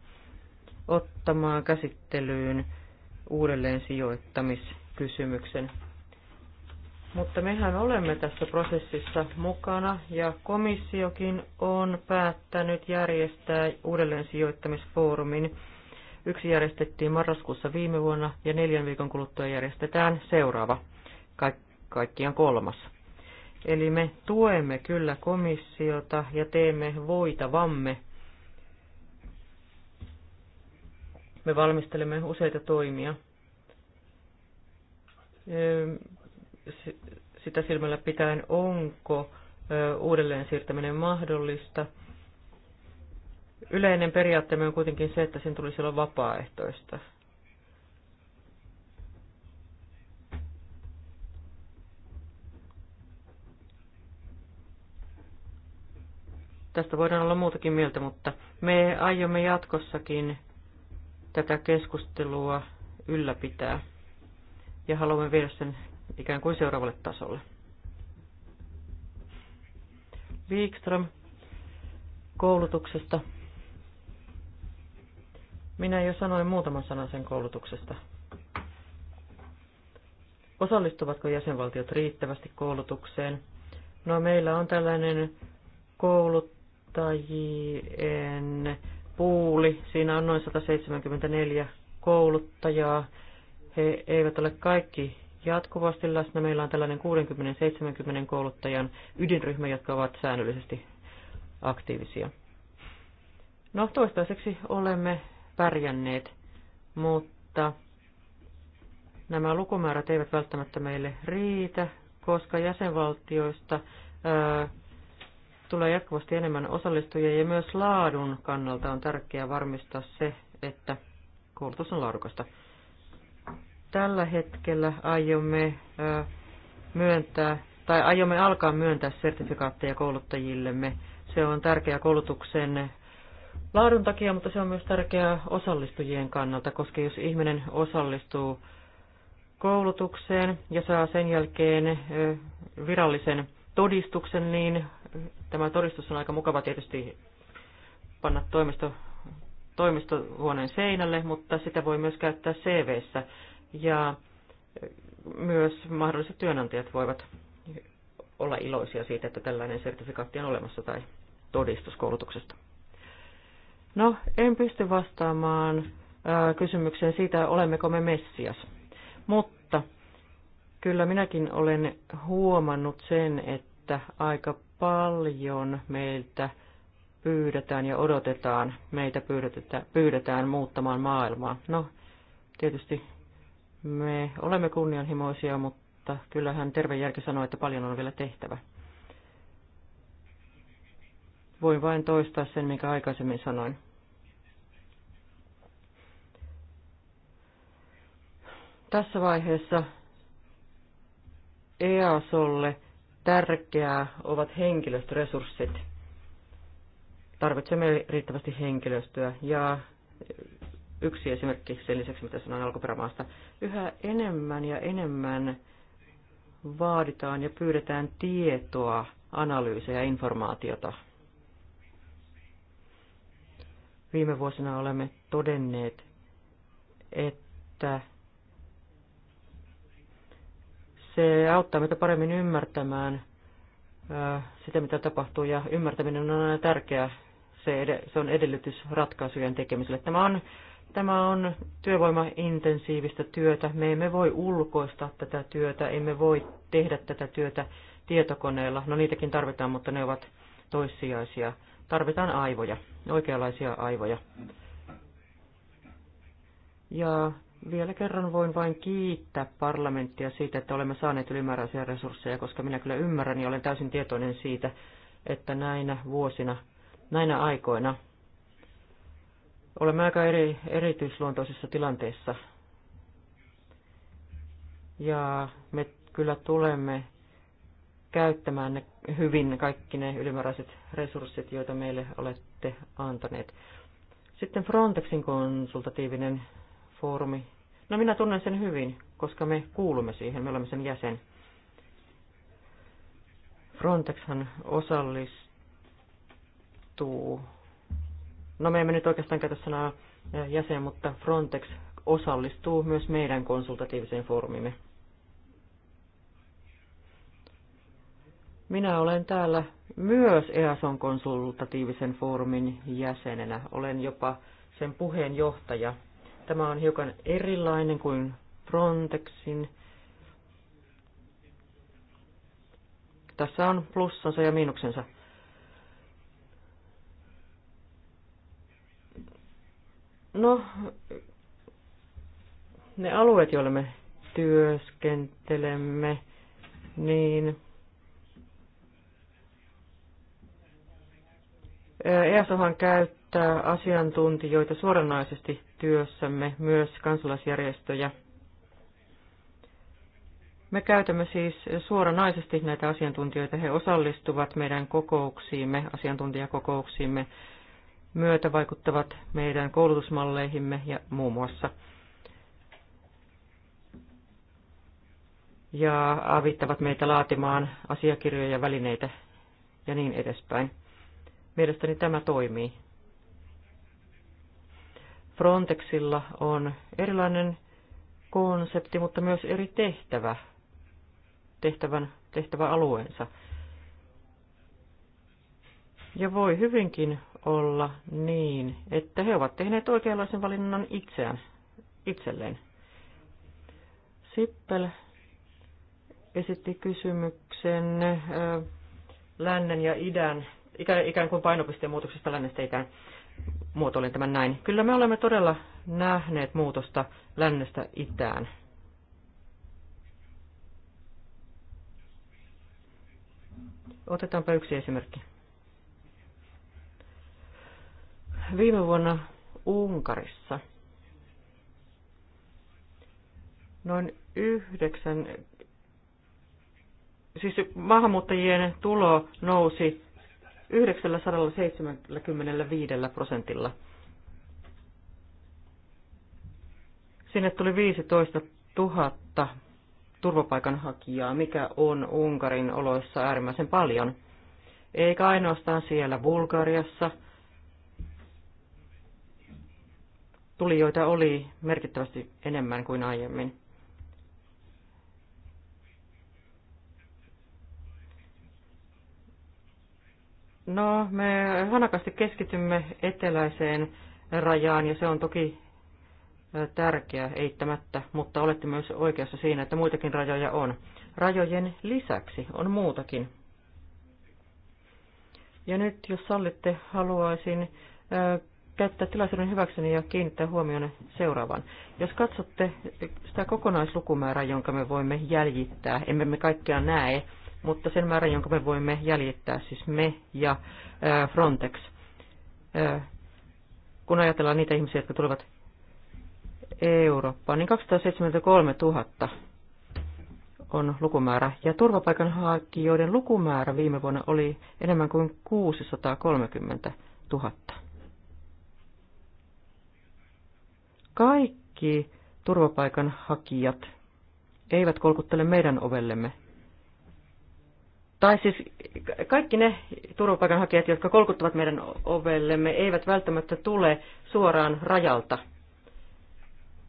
ottamaan käsittelyyn uudelleen sijoittamiskysymyksen mutta mehän olemme tässä prosessissa mukana ja komissiokin on päättänyt järjestää uudelleen sijoittamisfoorumin. Yksi järjestettiin marraskuussa viime vuonna ja neljän viikon kuluttua järjestetään seuraava, ka- kaikkiaan kolmas. Eli me tuemme kyllä komissiota ja teemme voitavamme. Me valmistelemme useita toimia sitä silmällä pitäen, onko uudelleen siirtäminen mahdollista. Yleinen periaatteemme on kuitenkin se, että sen tulisi olla vapaaehtoista. Tästä voidaan olla muutakin mieltä, mutta me aiomme jatkossakin tätä keskustelua ylläpitää ja haluamme viedä sen ikään kuin seuraavalle tasolle. Wikström koulutuksesta. Minä jo sanoin muutaman sanan sen koulutuksesta. Osallistuvatko jäsenvaltiot riittävästi koulutukseen? No meillä on tällainen kouluttajien puuli. Siinä on noin 174 kouluttajaa. He eivät ole kaikki jatkuvasti läsnä. Meillä on tällainen 60-70 kouluttajan ydinryhmä, jotka ovat säännöllisesti aktiivisia. No toistaiseksi olemme pärjänneet, mutta nämä lukumäärät eivät välttämättä meille riitä, koska jäsenvaltioista ää, tulee jatkuvasti enemmän osallistujia ja myös laadun kannalta on tärkeää varmistaa se, että koulutus on laadukasta. Tällä hetkellä aiomme myöntää tai aiomme alkaa myöntää sertifikaatteja kouluttajillemme. Se on tärkeä koulutuksen laadun takia, mutta se on myös tärkeää osallistujien kannalta, koska jos ihminen osallistuu koulutukseen ja saa sen jälkeen virallisen todistuksen, niin tämä todistus on aika mukava tietysti panna toimisto, toimistohuoneen seinälle, mutta sitä voi myös käyttää CV:ssä ja myös mahdolliset työnantajat voivat olla iloisia siitä, että tällainen sertifikaatti on olemassa tai todistus koulutuksesta. No, en pysty vastaamaan kysymykseen siitä, olemmeko me Messias. Mutta kyllä minäkin olen huomannut sen, että aika paljon meiltä pyydetään ja odotetaan, meitä pyydetään, pyydetään muuttamaan maailmaa. No, tietysti me olemme kunnianhimoisia, mutta kyllähän terve järki sanoo, että paljon on vielä tehtävä. Voin vain toistaa sen, mikä aikaisemmin sanoin. Tässä vaiheessa EASolle tärkeää ovat henkilöstöresurssit. Tarvitsemme riittävästi henkilöstöä ja yksi esimerkki sen lisäksi, mitä sanoin alkuperämaasta. Yhä enemmän ja enemmän vaaditaan ja pyydetään tietoa, analyysejä, informaatiota. Viime vuosina olemme todenneet, että se auttaa meitä paremmin ymmärtämään sitä, mitä tapahtuu, ja ymmärtäminen on aina tärkeää. Se, on edellytys ratkaisujen tekemiselle. Tämä on Tämä on työvoimaintensiivistä työtä. Me emme voi ulkoistaa tätä työtä, emme voi tehdä tätä työtä tietokoneella. No niitäkin tarvitaan, mutta ne ovat toissijaisia. Tarvitaan aivoja, oikeanlaisia aivoja. Ja vielä kerran voin vain kiittää parlamenttia siitä, että olemme saaneet ylimääräisiä resursseja, koska minä kyllä ymmärrän ja olen täysin tietoinen siitä, että näinä vuosina, näinä aikoina Olemme aika eri, erityisluontoisessa tilanteessa. Ja me kyllä tulemme käyttämään ne hyvin kaikki ne ylimääräiset resurssit, joita meille olette antaneet. Sitten Frontexin konsultatiivinen foorumi. No minä tunnen sen hyvin, koska me kuulumme siihen, me olemme sen jäsen. Frontexhan osallistuu no me emme nyt oikeastaan käytä sanaa jäsen, mutta Frontex osallistuu myös meidän konsultatiiviseen foorumimme. Minä olen täällä myös EASON konsultatiivisen foorumin jäsenenä. Olen jopa sen puheenjohtaja. Tämä on hiukan erilainen kuin Frontexin. Tässä on plussansa ja miinuksensa. No, ne alueet, joilla me työskentelemme, niin EASOhan käyttää asiantuntijoita suoranaisesti työssämme, myös kansalaisjärjestöjä. Me käytämme siis suoranaisesti näitä asiantuntijoita. He osallistuvat meidän kokouksiimme, asiantuntijakokouksiimme myötä vaikuttavat meidän koulutusmalleihimme ja muun muassa. Ja avittavat meitä laatimaan asiakirjoja ja välineitä ja niin edespäin. Mielestäni tämä toimii. Frontexilla on erilainen konsepti, mutta myös eri tehtävä, tehtävän, tehtäväalueensa. Ja voi hyvinkin olla niin, että he ovat tehneet oikeanlaisen valinnan itseään, itselleen. Sippel esitti kysymyksen äh, lännen ja idän, ikään kuin painopisteen muutoksesta lännestä itään. Muotoilen tämän näin. Kyllä me olemme todella nähneet muutosta lännestä itään. Otetaanpa yksi esimerkki. viime vuonna Unkarissa noin yhdeksän, siis maahanmuuttajien tulo nousi 975 prosentilla. Sinne tuli 15 000 turvapaikanhakijaa, mikä on Unkarin oloissa äärimmäisen paljon. Eikä ainoastaan siellä Bulgariassa – tulijoita oli merkittävästi enemmän kuin aiemmin. No, me hanakasti keskitymme eteläiseen rajaan ja se on toki tärkeä eittämättä, mutta olette myös oikeassa siinä, että muitakin rajoja on. Rajojen lisäksi on muutakin. Ja nyt, jos sallitte, haluaisin käyttää tilaisuuden hyväkseni ja kiinnittää huomioon seuraavan. Jos katsotte sitä kokonaislukumäärää, jonka me voimme jäljittää, emme me kaikkea näe, mutta sen määrän, jonka me voimme jäljittää, siis me ja äh, Frontex, äh, kun ajatellaan niitä ihmisiä, jotka tulevat Eurooppaan, niin 273 000 on lukumäärä. Ja turvapaikanhakijoiden lukumäärä viime vuonna oli enemmän kuin 630 000. Kaikki turvapaikanhakijat eivät kolkuttele meidän ovellemme. Tai siis kaikki ne turvapaikanhakijat, jotka kolkuttavat meidän ovellemme, eivät välttämättä tule suoraan rajalta.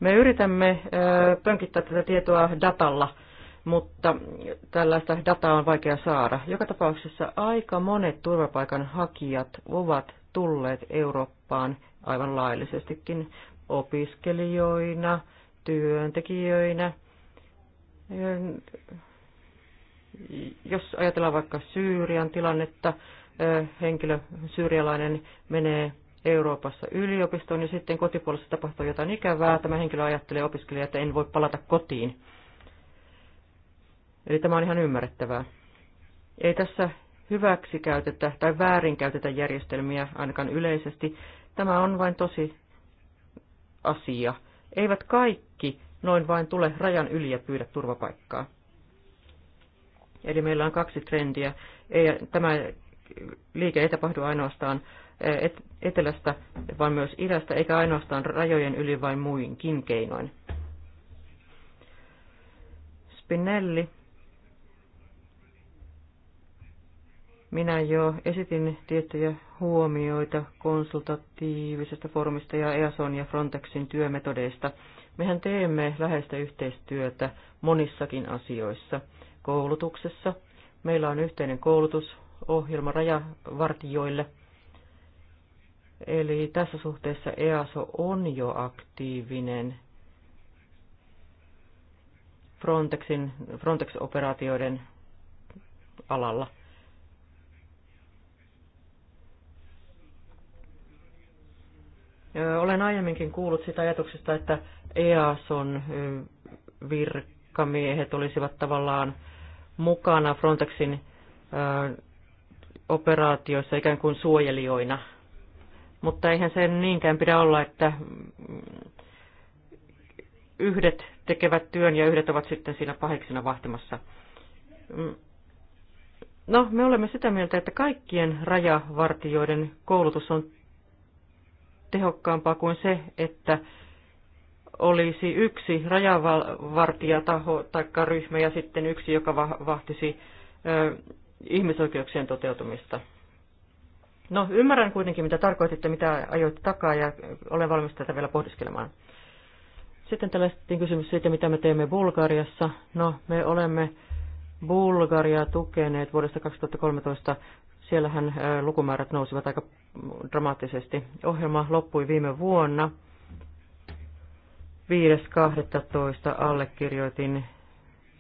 Me yritämme pönkittää tätä tietoa datalla, mutta tällaista dataa on vaikea saada. Joka tapauksessa aika monet turvapaikanhakijat ovat tulleet Eurooppaan aivan laillisestikin opiskelijoina, työntekijöinä. Jos ajatellaan vaikka Syyrian tilannetta, henkilö, syyrialainen, menee Euroopassa yliopistoon ja sitten kotipuolessa tapahtuu jotain ikävää. Tämä henkilö ajattelee opiskelija, että en voi palata kotiin. Eli tämä on ihan ymmärrettävää. Ei tässä hyväksi käytetä tai väärin käytetä järjestelmiä ainakaan yleisesti. Tämä on vain tosi asia. Eivät kaikki noin vain tule rajan yli ja pyydä turvapaikkaa. Eli meillä on kaksi trendiä. Ei, tämä liike ei tapahdu ainoastaan e, etelästä, vaan myös idästä, eikä ainoastaan rajojen yli, vaan muinkin keinoin. Spinelli Minä jo esitin tiettyjä huomioita konsultatiivisesta formista ja EASON ja Frontexin työmetodeista. Mehän teemme läheistä yhteistyötä monissakin asioissa. Koulutuksessa meillä on yhteinen koulutusohjelma rajavartijoille. Eli tässä suhteessa EASO on jo aktiivinen Frontexin, Frontex-operaatioiden alalla. Olen aiemminkin kuullut sitä ajatuksesta, että EASon virkamiehet olisivat tavallaan mukana Frontexin operaatioissa ikään kuin suojelijoina. Mutta eihän sen niinkään pidä olla, että mm, yhdet tekevät työn ja yhdet ovat sitten siinä pahiksina vahtimassa. Mm. No, me olemme sitä mieltä, että kaikkien rajavartijoiden koulutus on tehokkaampaa kuin se, että olisi yksi rajavartijataho tai ryhmä ja sitten yksi, joka vahtisi ihmisoikeuksien toteutumista. No, ymmärrän kuitenkin, mitä tarkoititte, mitä ajoitte takaa ja olen valmis tätä vielä pohdiskelemaan. Sitten tällä kysymys siitä, mitä me teemme Bulgariassa. No, me olemme Bulgaria tukeneet vuodesta 2013 Siellähän lukumäärät nousivat aika dramaattisesti. Ohjelma loppui viime vuonna. 5.12. allekirjoitin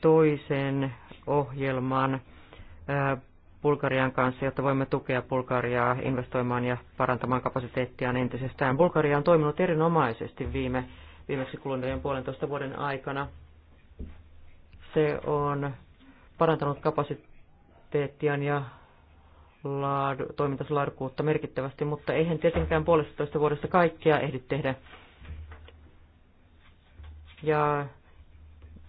toisen ohjelman Bulgarian kanssa, jotta voimme tukea Bulgariaa investoimaan ja parantamaan kapasiteettiaan entisestään. Bulgaria on toiminut erinomaisesti viime, viimeksi kuluneen puolentoista vuoden aikana. Se on parantanut kapasiteettiaan ja laadu, toimintaslaadukkuutta merkittävästi, mutta eihän tietenkään puolestatoista vuodessa kaikkea ehdi tehdä. Ja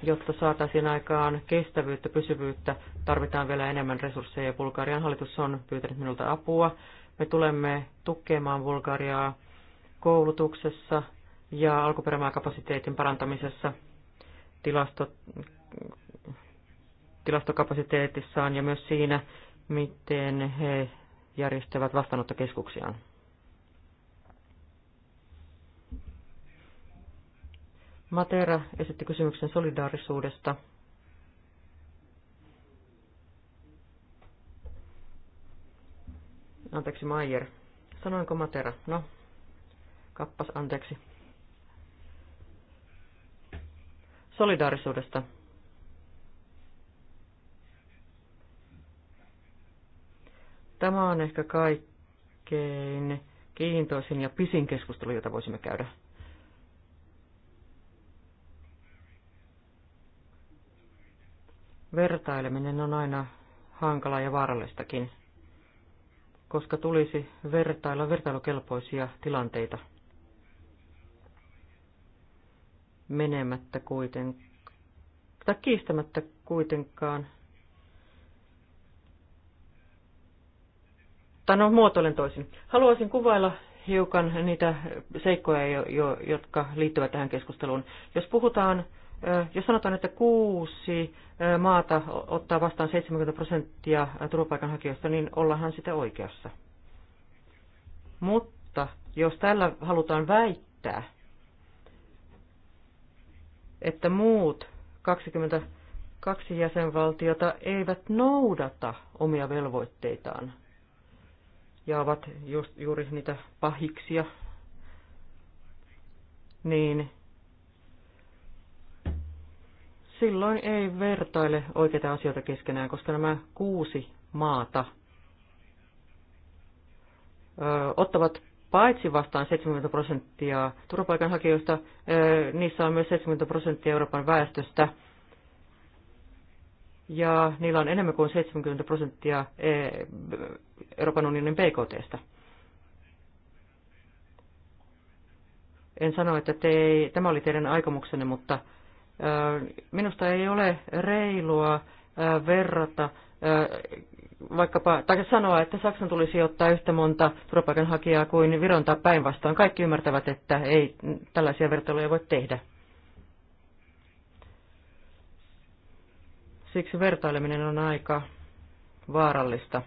jotta saataisiin aikaan kestävyyttä, pysyvyyttä, tarvitaan vielä enemmän resursseja. Bulgarian hallitus on pyytänyt minulta apua. Me tulemme tukemaan Bulgariaa koulutuksessa ja alkuperämaakapasiteetin parantamisessa tilasto, tilastokapasiteetissaan ja myös siinä, miten he järjestävät vastaanottokeskuksiaan. Matera esitti kysymyksen solidaarisuudesta. Anteeksi, Maier. Sanoinko Matera? No, kappas, anteeksi. Solidaarisuudesta. Tämä on ehkä kaikkein kiintoisin ja pisin keskustelu, jota voisimme käydä. Vertaileminen on aina hankala ja vaarallistakin, koska tulisi vertailla vertailukelpoisia tilanteita menemättä kuitenkaan, tai kiistämättä kuitenkaan tai no muotoilen toisin. Haluaisin kuvailla hiukan niitä seikkoja, jo, jo, jotka liittyvät tähän keskusteluun. Jos puhutaan, jos sanotaan, että kuusi maata ottaa vastaan 70 prosenttia turvapaikanhakijoista, niin ollaanhan sitä oikeassa. Mutta jos tällä halutaan väittää, että muut 22 jäsenvaltiota eivät noudata omia velvoitteitaan ja ovat just, juuri niitä pahiksia, niin silloin ei vertaile oikeita asioita keskenään, koska nämä kuusi maata ö, ottavat paitsi vastaan 70 prosenttia turvapaikanhakijoista, ö, niissä on myös 70 prosenttia Euroopan väestöstä, ja niillä on enemmän kuin 70 prosenttia Euroopan unionin BKTstä. En sano, että te ei, tämä oli teidän aikomuksenne, mutta minusta ei ole reilua verrata vaikkapa, tai sanoa, että Saksan tulisi ottaa yhtä monta turvapaikanhakijaa kuin Viron tai päinvastoin. Kaikki ymmärtävät, että ei tällaisia vertailuja voi tehdä. Siksi vertaileminen on aika vaarallista.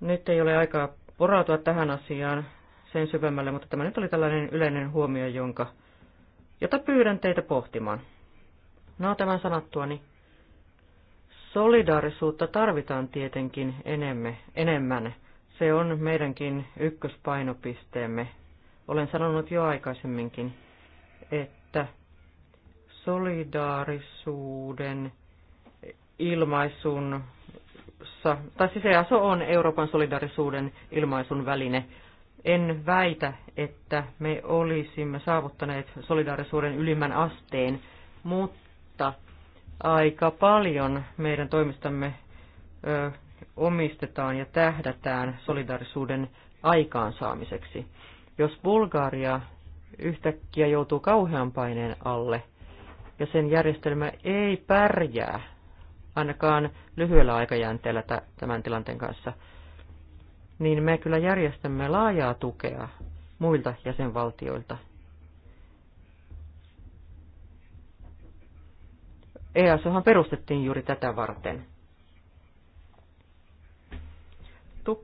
Nyt ei ole aikaa porautua tähän asiaan sen syvemmälle, mutta tämä nyt oli tällainen yleinen huomio, jonka, jota pyydän teitä pohtimaan. No tämän niin Solidaarisuutta tarvitaan tietenkin enemme, enemmän. Se on meidänkin ykköspainopisteemme. Olen sanonut jo aikaisemminkin, että solidaarisuuden ilmaisun tai siis EASO on Euroopan solidarisuuden ilmaisun väline. En väitä, että me olisimme saavuttaneet solidaarisuuden ylimmän asteen, mutta aika paljon meidän toimistamme ö, omistetaan ja tähdätään solidaarisuuden aikaansaamiseksi. Jos Bulgaria yhtäkkiä joutuu kauhean paineen alle ja sen järjestelmä ei pärjää ainakaan lyhyellä aikajänteellä tämän tilanteen kanssa, niin me kyllä järjestämme laajaa tukea muilta jäsenvaltioilta. EASOhan perustettiin juuri tätä varten.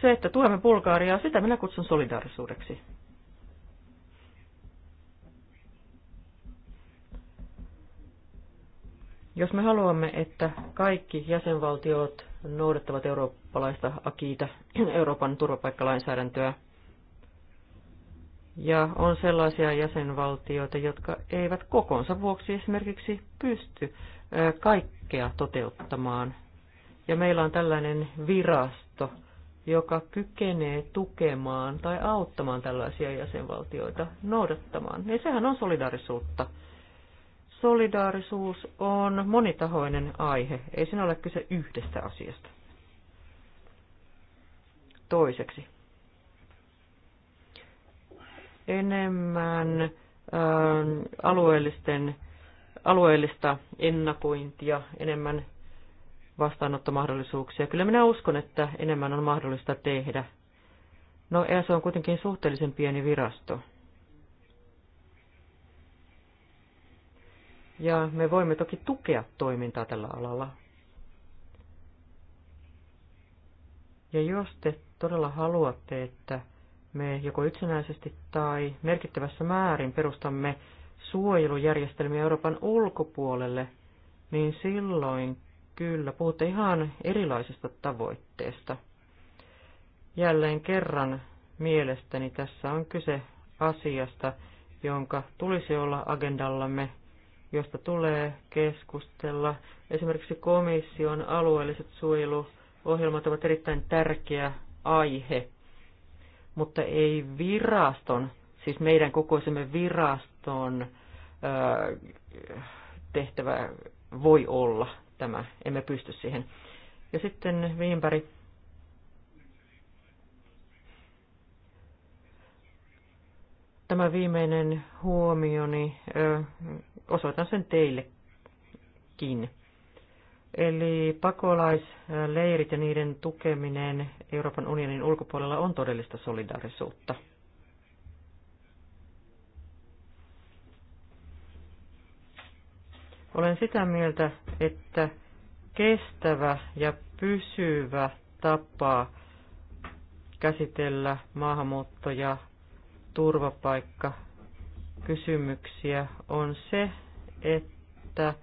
se, että tuemme Bulgaariaa, sitä minä kutsun solidaarisuudeksi. Jos me haluamme, että kaikki jäsenvaltiot noudattavat eurooppalaista akiita, Euroopan turvapaikkalainsäädäntöä, ja on sellaisia jäsenvaltioita, jotka eivät kokonsa vuoksi esimerkiksi pysty kaikkea toteuttamaan. Ja meillä on tällainen virasto, joka kykenee tukemaan tai auttamaan tällaisia jäsenvaltioita noudattamaan. Niin sehän on solidarisuutta. Solidaarisuus on monitahoinen aihe, ei siinä ole kyse yhdestä asiasta. Toiseksi, enemmän ää, ähm, alueellisten, alueellista ennakointia, enemmän vastaanottomahdollisuuksia. Kyllä minä uskon, että enemmän on mahdollista tehdä. No ESO on kuitenkin suhteellisen pieni virasto. Ja me voimme toki tukea toimintaa tällä alalla. Ja jos te todella haluatte, että me joko itsenäisesti tai merkittävässä määrin perustamme suojelujärjestelmiä Euroopan ulkopuolelle, niin silloin kyllä puhutte ihan erilaisista tavoitteista. Jälleen kerran mielestäni tässä on kyse asiasta, jonka tulisi olla agendallamme josta tulee keskustella. Esimerkiksi komission alueelliset suojeluohjelmat ovat erittäin tärkeä aihe, mutta ei viraston, siis meidän kokoisemme viraston tehtävä voi olla tämä. Emme pysty siihen. Ja sitten Viimpäri Tämä viimeinen huomioni, ö, osoitan sen teillekin. Eli pakolaisleirit ja niiden tukeminen Euroopan unionin ulkopuolella on todellista solidaarisuutta. Olen sitä mieltä, että kestävä ja pysyvä tapa käsitellä maahanmuutto- ja turvapaikka kysymyksiä on se, että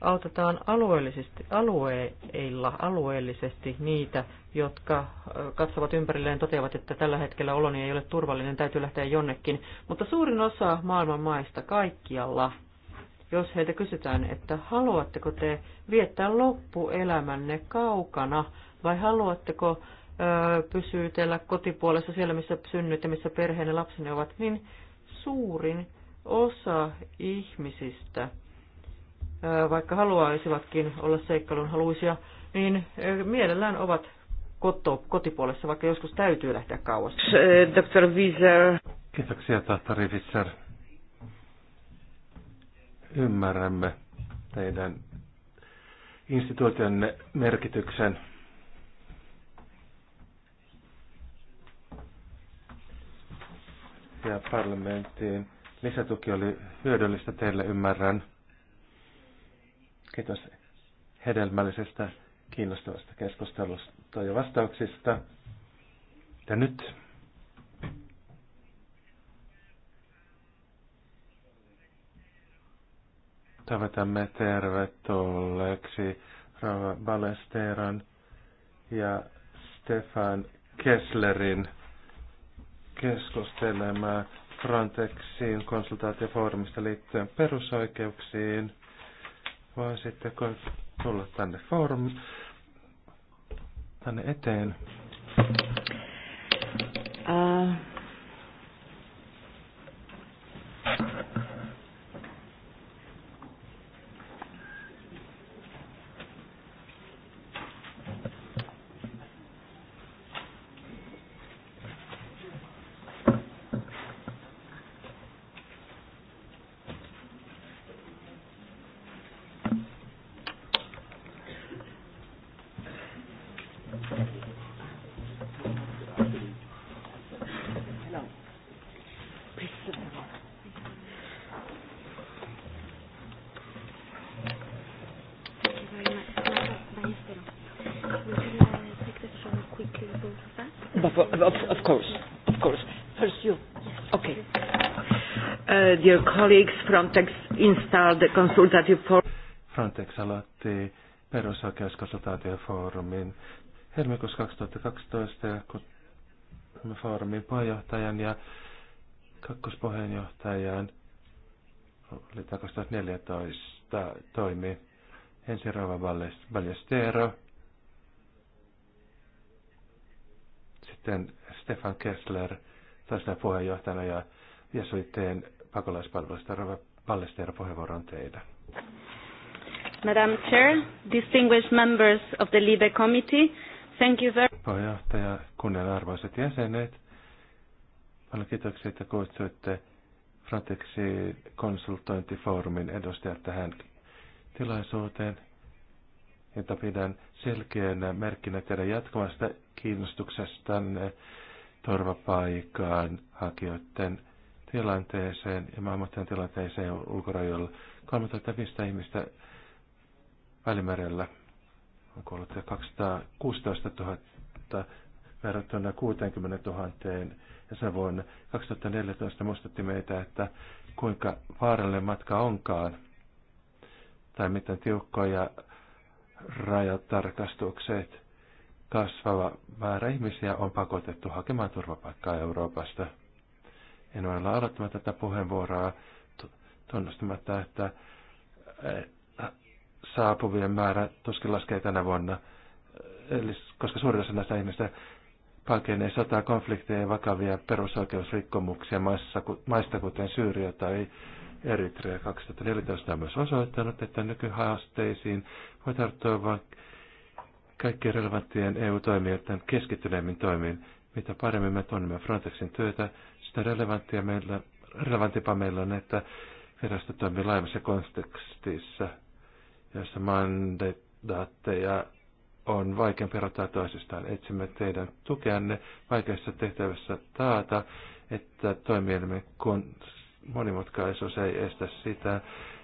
autetaan alueellisesti, alueilla, alueellisesti niitä, jotka katsovat ympärilleen toteavat, että tällä hetkellä oloni ei ole turvallinen, täytyy lähteä jonnekin. Mutta suurin osa maailman maista kaikkialla, jos heitä kysytään, että haluatteko te viettää loppuelämänne kaukana vai haluatteko Pysyy pysytellä kotipuolessa siellä, missä synnyt ja missä perheen ja lapsenne ovat, niin suurin osa ihmisistä, vaikka haluaisivatkin olla seikkailun haluisia, niin mielellään ovat koto, kotipuolessa, vaikka joskus täytyy lähteä kauas. Dr. Wieser. Kiitoksia, tohtori Wieser. Ymmärrämme teidän instituutionne merkityksen ja parlamenttiin. Lisätuki oli hyödyllistä teille, ymmärrän. Kiitos hedelmällisestä, kiinnostavasta keskustelusta ja vastauksista. Ja nyt toivotamme tervetulleeksi Rava Balesteran ja Stefan Kesslerin keskustelemaan Frontexin konsultaatiofoorumista liittyen perusoikeuksiin. Voisitteko tulla tänne foorum tänne eteen? Uh, dear colleagues, Frontex installed the consultative forum. Frontex aloitti perusoikeuskonsultaatiofoorumin helmikuussa 2012 ja foorumin puheenjohtajan ja kakkospuheenjohtajan oli 2014 toimi ensi Rova Ballestero, sitten Stefan Kessler toisena puheenjohtajana ja jesuitteen pakolaispalvelusta. Rava Pallester puheenvuoron on Madam Chair, distinguished members of the LIBE Committee, thank you very much. Puheenjohtaja, arvoiset jäsenet, paljon kiitoksia, että kutsuitte Frontexin konsultointifoorumin edustajat tähän tilaisuuteen, jota pidän selkeänä merkkinä teidän jatkuvasta kiinnostuksestanne turvapaikan hakijoiden tilanteeseen ja maahanmuuttajan tilanteeseen ulkorajoilla. 3500 ihmistä Välimerellä on kuollut 216 000 verrattuna 60 000 ja se vuonna 2014 muistutti meitä, että kuinka vaarallinen matka onkaan tai miten tiukkoja rajatarkastukset kasvava määrä ihmisiä on pakotettu hakemaan turvapaikkaa Euroopasta – en ole aloittamatta tätä puheenvuoroa tunnustamatta, että eh, saapuvien määrä tuskin laskee tänä vuonna, Eli, koska suurin osa näistä ihmistä pakenee sotaa, konflikteja ja vakavia perusoikeusrikkomuksia maissa, maista kuten Syyria tai Eritrea 2014 on myös osoittanut, että nykyhaasteisiin voi tarttua vain kaikkien relevanttien EU-toimijoiden keskittyneemmin toimiin. Mitä paremmin me tunnemme Frontexin työtä, sitä relevanttia meillä, relevantipa meillä on, että virasto toimii laajemmassa kontekstissa, jossa mandaatteja on vaikeampi erottaa toisistaan. Etsimme teidän tukeanne vaikeassa tehtävässä taata, että toimielimen monimutkaisuus ei estä sitä,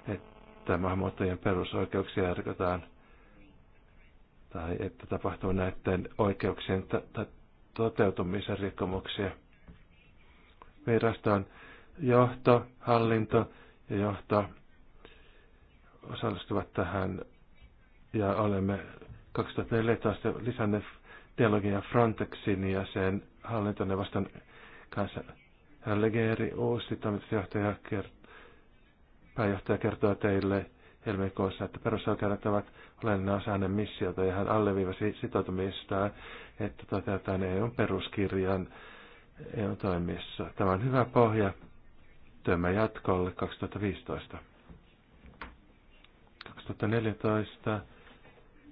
että maahanmuuttajien perusoikeuksia rikotaan tai että tapahtuu näiden oikeuksien toteutumisen rikkomuksia viraston johto, hallinto ja johto osallistuvat tähän ja olemme 2014 lisänneet dialogia Frontexin ja sen hallintoneuvoston kanssa. Herra Legeri, uusi toimitusjohtaja, kert- pääjohtaja kertoo teille helmikuussa, että perusoikeudet ovat olennainen osa hänen missiota ja hän alleviivasi sitoutumistaan, että toteutetaan EUn peruskirjan EU-toimissa. Tämä on hyvä pohja työmme jatkolle 2015. 2014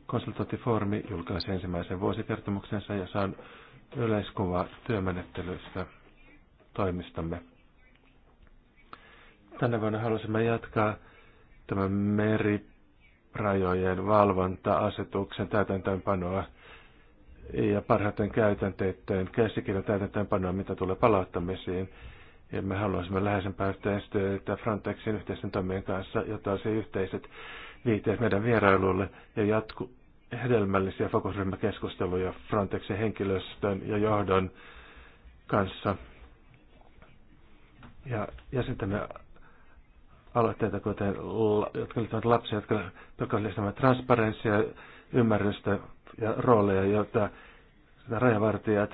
konsultointifoorumi julkaisi ensimmäisen vuosikertomuksensa ja saan yleiskuva työmenettelyistä toimistamme. Tänä vuonna halusimme jatkaa tämän merirajojen valvonta-asetuksen täytäntöönpanoa ja parhaiten käytänteiden käsikirjan täytäntöönpanoa, mitä tulee palauttamisiin. Ja me haluaisimme läheisempää yhteistyötä Frontexin yhteisten toimien kanssa, jotta se yhteiset liitteet meidän vierailulle ja jatku hedelmällisiä fokusryhmäkeskusteluja Frontexin henkilöstön ja johdon kanssa. Ja jäsentämme aloitteita, kuten, jotka liittyvät lapsia, jotka, jotka lisäävät transparenssia, ymmärrystä ja rooleja, joita rajavartijat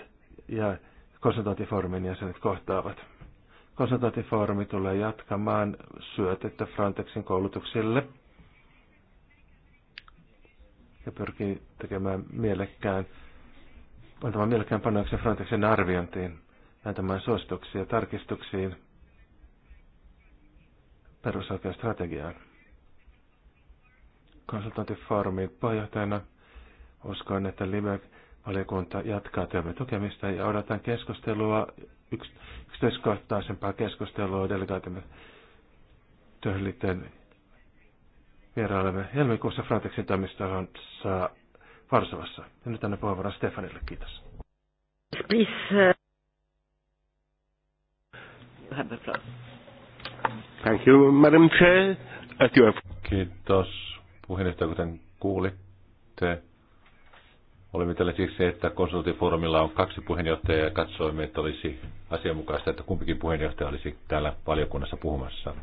ja konsultaatifoorumin jäsenet kohtaavat. Konsultaatifoorumi tulee jatkamaan syötettä Frontexin koulutuksille ja pyrkii tekemään mielekkään, antamaan mielekkään panoksen Frontexin arviointiin ja antamaan suosituksia tarkistuksiin perusoikeustrategiaan. Konsultaatifoorumin puheenjohtajana Uskon, että Live-valiokunta jatkaa työmme tukemista ja odotan keskustelua, yksityiskohtaisempaa keskustelua delegaatimme töhliten vierailemme helmikuussa Frontexin toimistossa Varsovassa. Ja nyt annan puheenvuoron Stefanille, kiitos. Please, uh, Thank you, Madam Chair. Kiitos puheenjohtaja, kuten kuulitte. Olemme tällä siksi, että konsultifoorumilla on kaksi puheenjohtajaa ja katsoimme, että olisi asianmukaista, että kumpikin puheenjohtaja olisi täällä valiokunnassa puhumassa.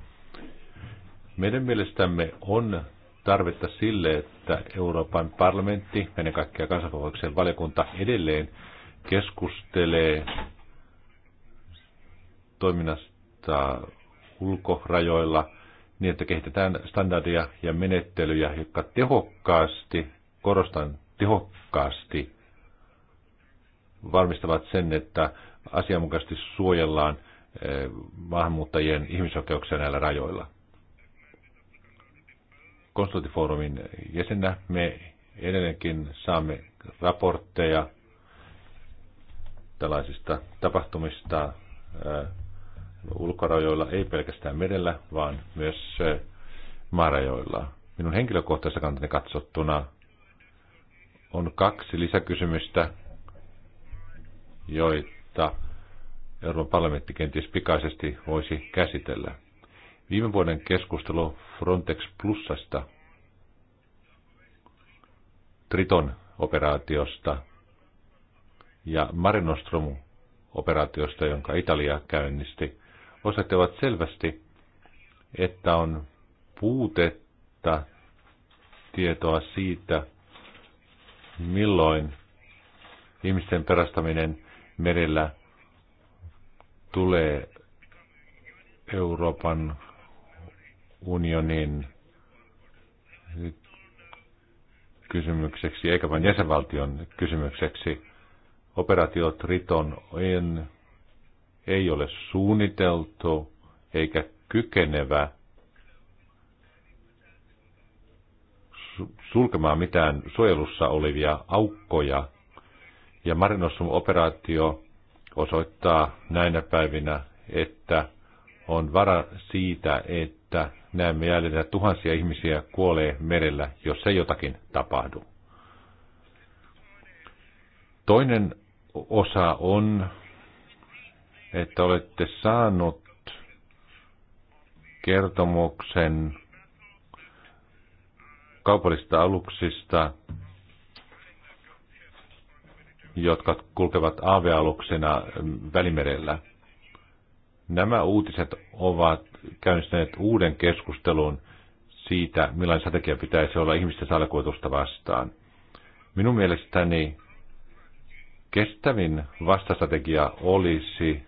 Meidän mielestämme on tarvetta sille, että Euroopan parlamentti, ennen kaikkea kansanvalvoikseen valiokunta edelleen keskustelee toiminnasta ulkorajoilla niin, että kehitetään standardeja ja menettelyjä, jotka tehokkaasti, korostan tehokkaasti varmistavat sen, että asianmukaisesti suojellaan eh, maahanmuuttajien ihmisoikeuksia näillä rajoilla. Konsultifoorumin jäsenä me edelleenkin saamme raportteja tällaisista tapahtumista eh, ulkorajoilla, ei pelkästään merellä, vaan myös eh, maarajoilla. Minun henkilökohtaisessa kantani katsottuna on kaksi lisäkysymystä, joita Euroopan parlamentti kenties pikaisesti voisi käsitellä. Viime vuoden keskustelu Frontex Plusasta, Triton operaatiosta ja Mare operaatiosta, jonka Italia käynnisti, osoittavat selvästi, että on puutetta tietoa siitä, milloin ihmisten perastaminen merellä tulee Euroopan unionin kysymykseksi, eikä vain jäsenvaltion kysymykseksi. Operaatio Triton ei ole suunniteltu eikä kykenevä sulkemaan mitään suojelussa olevia aukkoja. Ja Marinosum-operaatio osoittaa näinä päivinä, että on vara siitä, että näemme jäljellä tuhansia ihmisiä kuolee merellä, jos ei jotakin tapahdu. Toinen osa on, että olette saanut kertomuksen kaupallisista aluksista, jotka kulkevat AVE-aluksena Välimerellä. Nämä uutiset ovat käynnistäneet uuden keskustelun siitä, millainen strategia pitäisi olla ihmisten salkuotusta vastaan. Minun mielestäni kestävin vastastrategia olisi,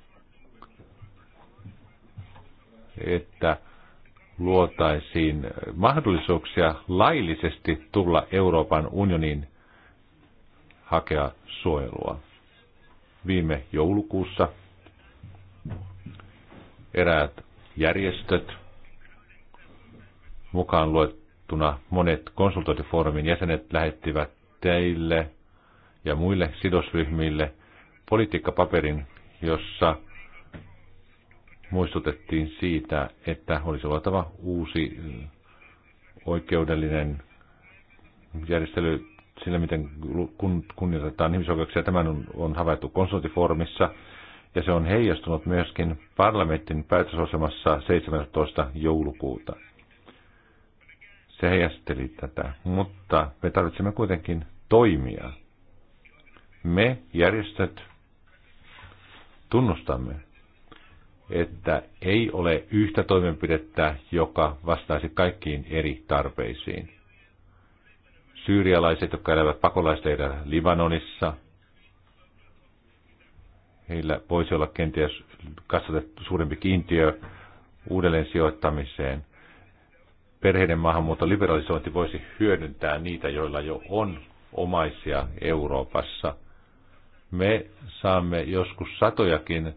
että luotaisiin mahdollisuuksia laillisesti tulla Euroopan unionin hakea suojelua. Viime joulukuussa eräät järjestöt, mukaan luettuna monet konsultointifoorumin jäsenet lähettivät teille ja muille sidosryhmille politiikkapaperin, jossa muistutettiin siitä, että olisi oltava uusi mm, oikeudellinen järjestely sillä, miten kunnioitetaan ihmisoikeuksia. Tämän on, on havaittu konsultifoorumissa ja se on heijastunut myöskin parlamentin päätösosamassa 17. joulukuuta. Se heijasteli tätä, mutta me tarvitsemme kuitenkin toimia. Me järjestöt tunnustamme että ei ole yhtä toimenpidettä, joka vastaisi kaikkiin eri tarpeisiin. Syyrialaiset, jotka elävät pakolaisteita Libanonissa, heillä voisi olla kenties kasvatettu suurempi kiintiö uudelleen sijoittamiseen. Perheiden maahanmuuton liberalisointi voisi hyödyntää niitä, joilla jo on omaisia Euroopassa. Me saamme joskus satojakin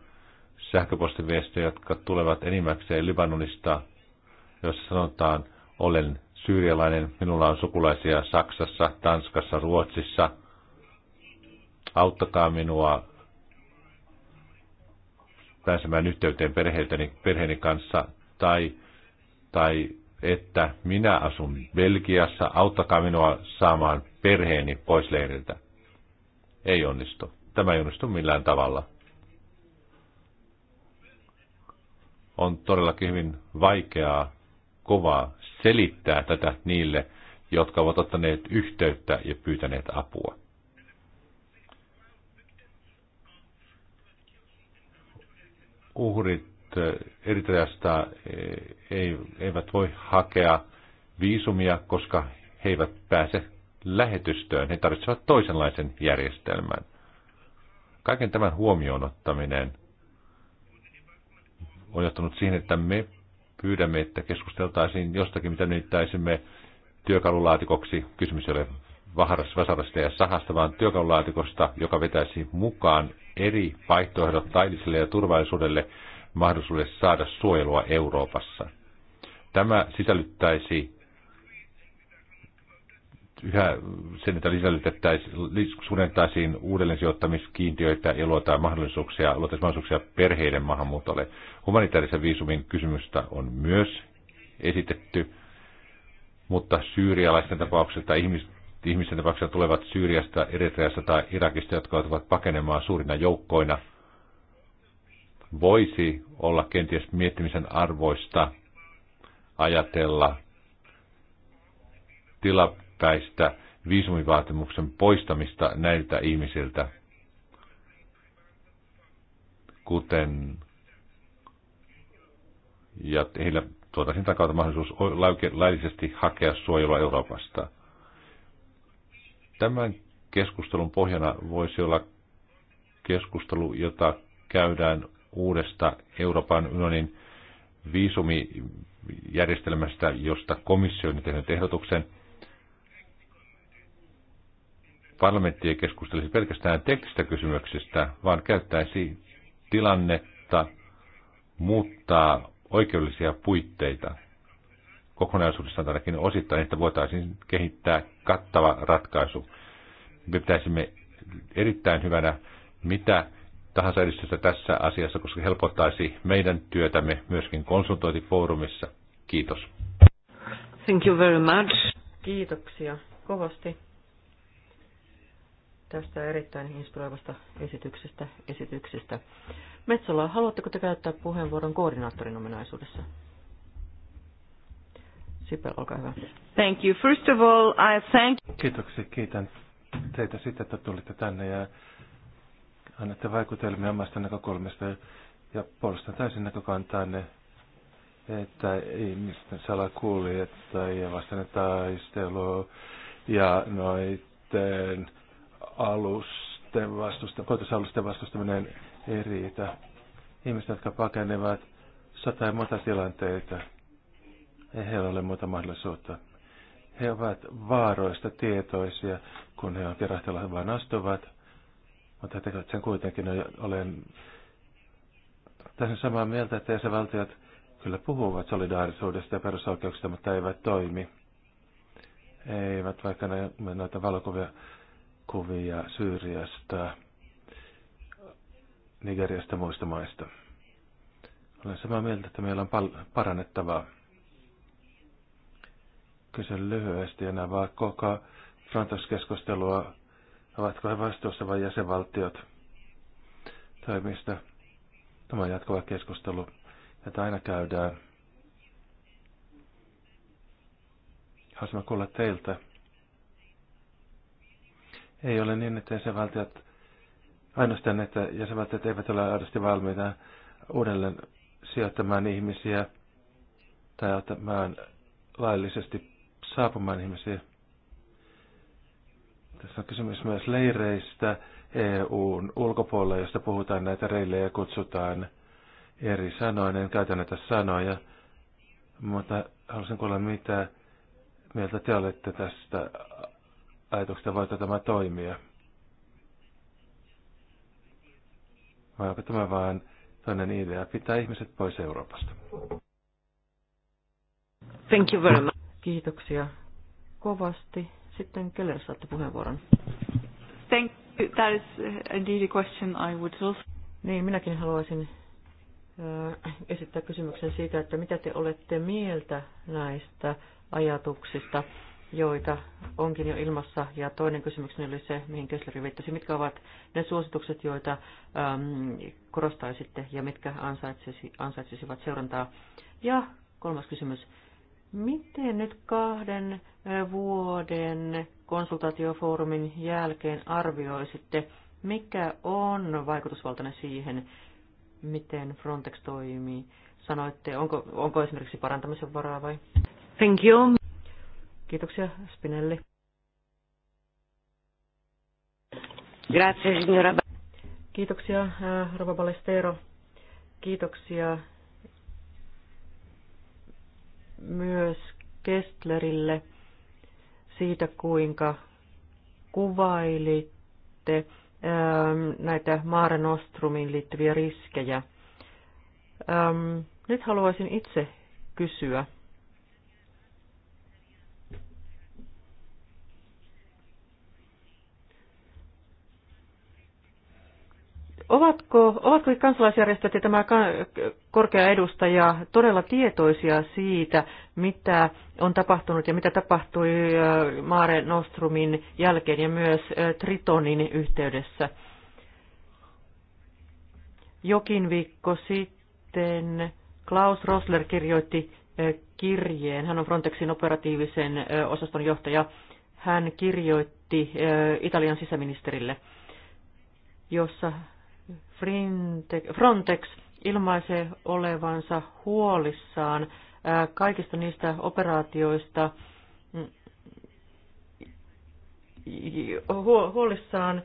sähköpostiviestejä, jotka tulevat enimmäkseen Libanonista, jossa sanotaan, olen syyrialainen, minulla on sukulaisia Saksassa, Tanskassa, Ruotsissa, auttakaa minua pääsemään yhteyteen perheeni, perheeni kanssa, tai, tai että minä asun Belgiassa, auttakaa minua saamaan perheeni pois leiriltä. Ei onnistu. Tämä ei onnistu millään tavalla. on todellakin hyvin vaikeaa, kovaa selittää tätä niille, jotka ovat ottaneet yhteyttä ja pyytäneet apua. Uhrit eh, Eritreasta eh, eivät voi hakea viisumia, koska he eivät pääse lähetystöön. He tarvitsevat toisenlaisen järjestelmän. Kaiken tämän huomioon ottaminen on johtanut siihen, että me pyydämme, että keskusteltaisiin jostakin, mitä nimittäisimme työkalulaatikoksi. Kysymys ei ole vasarasta ja sahasta, vaan työkalulaatikosta, joka vetäisi mukaan eri vaihtoehdot taidiselle ja turvallisuudelle mahdollisuudelle saada suojelua Euroopassa. Tämä sisällyttäisi yhä sen, että lisätettäisiin uudelleen sijoittamiskiintiöitä ja luotaan mahdollisuuksia, luotaisiin mahdollisuuksia perheiden maahanmuutolle. Humanitaarisen viisumin kysymystä on myös esitetty, mutta syyrialaisten tapauksessa tai ihmisten ihmisten tapauksessa tulevat Syyriasta, Eritreasta tai Irakista, jotka ovat pakenemaan suurina joukkoina, voisi olla kenties miettimisen arvoista ajatella tila, päistä viisumivaatimuksen poistamista näiltä ihmisiltä, kuten ja heillä tuotaisiin takautta mahdollisuus laillisesti hakea suojelua Euroopasta. Tämän keskustelun pohjana voisi olla keskustelu, jota käydään uudesta Euroopan unionin viisumijärjestelmästä, josta komissio on tehnyt ehdotuksen – parlamentti ei keskustelisi pelkästään teknisistä kysymyksistä, vaan käyttäisi tilannetta muuttaa oikeudellisia puitteita kokonaisuudessaan ainakin osittain, että voitaisiin kehittää kattava ratkaisu. Me pitäisimme erittäin hyvänä mitä tahansa edistystä tässä asiassa, koska helpottaisi meidän työtämme myöskin konsultointifoorumissa. Kiitos. Thank you very much. Kiitoksia kovasti tästä erittäin inspiroivasta esityksestä. esityksestä. Metsola, haluatteko te käyttää puheenvuoron koordinaattorin ominaisuudessa? Sipel, olkaa hyvä. Thank you. First of all, I thank... Kiitoksia, kiitän teitä siitä, että tulitte tänne ja annatte vaikutelmia omasta näkökulmasta ja puolustan täysin näkökantaanne, että ihmisten salakuljettajia vastainen taistelu ja noiden alusten vastusta, koitusalusten vastustaminen ei riitä. Ihmiset, jotka pakenevat sata ja muita tilanteita, ei heillä ole muuta mahdollisuutta. He ovat vaaroista tietoisia, kun he on virahtella vain astuvat, mutta he tekevät sen kuitenkin. No, olen täysin samaa mieltä, että jäsenvaltiot kyllä puhuvat solidaarisuudesta ja perusoikeuksista, mutta eivät toimi. Eivät vaikka ne, noita valokuvia kuvia Syyriasta, Nigeriasta ja muista maista. Olen samaa mieltä, että meillä on pal- parannettavaa. Kysyn lyhyesti enää vaan koko Frontex-keskustelua, ovatko he vastuussa vai jäsenvaltiot tai mistä. Tämä on jatkuva keskustelu, että aina käydään. Haluaisin kuulla teiltä, ei ole niin, että jäsenvaltiot, ainoastaan että jäsenvaltiot eivät ole aidosti valmiita uudelleen sijoittamaan ihmisiä tai ottamaan laillisesti saapumaan ihmisiä. Tässä on kysymys myös leireistä EUn ulkopuolella, josta puhutaan näitä reilejä kutsutaan eri sanoin. En käytä näitä sanoja, mutta haluaisin kuulla mitä mieltä te olette tästä ajatuksesta voi tämä toimia. Vai onko tämä vain toinen idea pitää ihmiset pois Euroopasta? Thank you very much. Kiitoksia kovasti. Sitten Keller saatte puheenvuoron. Thank you. That is uh, indeed a question I would also... Niin, minäkin haluaisin äh, esittää kysymyksen siitä, että mitä te olette mieltä näistä ajatuksista joita onkin jo ilmassa. Ja toinen kysymys oli se, mihin Kessleri viittasi, mitkä ovat ne suositukset, joita äm, korostaisitte ja mitkä ansaitsisi, ansaitsisivat seurantaa. Ja kolmas kysymys, miten nyt kahden vuoden konsultaatiofoorumin jälkeen arvioisitte, mikä on vaikutusvaltainen siihen, miten Frontex toimii? Sanoitte, onko, onko esimerkiksi parantamisen varaa vai? Thank you. Kiitoksia Spinelli. Grazie, signora. Kiitoksia, äh, Rova Balestero. Kiitoksia myös Kestlerille siitä, kuinka kuvailitte ähm, näitä Maare Nostrumiin liittyviä riskejä. Ähm, nyt haluaisin itse kysyä Ovatko, ovatko kansalaisjärjestöt ja tämä korkea edustaja todella tietoisia siitä, mitä on tapahtunut ja mitä tapahtui Maare Nostrumin jälkeen ja myös Tritonin yhteydessä? Jokin viikko sitten Klaus Rosler kirjoitti kirjeen. Hän on Frontexin operatiivisen osaston johtaja. Hän kirjoitti Italian sisäministerille, jossa Frontex ilmaisee olevansa huolissaan kaikista niistä operaatioista, mm, huolissaan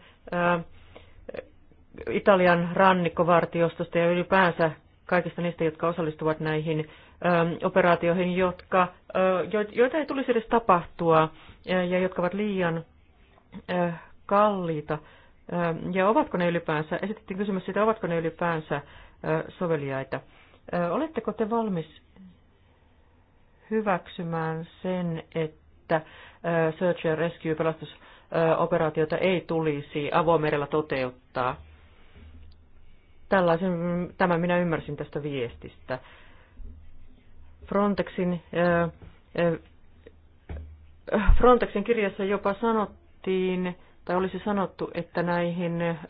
Italian rannikkovartiostosta ja ylipäänsä kaikista niistä, jotka osallistuvat näihin operaatioihin, jotka, joita ei tulisi edes tapahtua ja jotka ovat liian kalliita ja ovatko ne ylipäänsä, esitettiin kysymys siitä, ovatko ne ylipäänsä soveliaita. Oletteko te valmis hyväksymään sen, että search and rescue pelastusoperaatiota ei tulisi avomerellä toteuttaa? Tällaisen, tämän minä ymmärsin tästä viestistä. Frontexin, Frontexin kirjassa jopa sanottiin, tai olisi sanottu, että näihin ähm,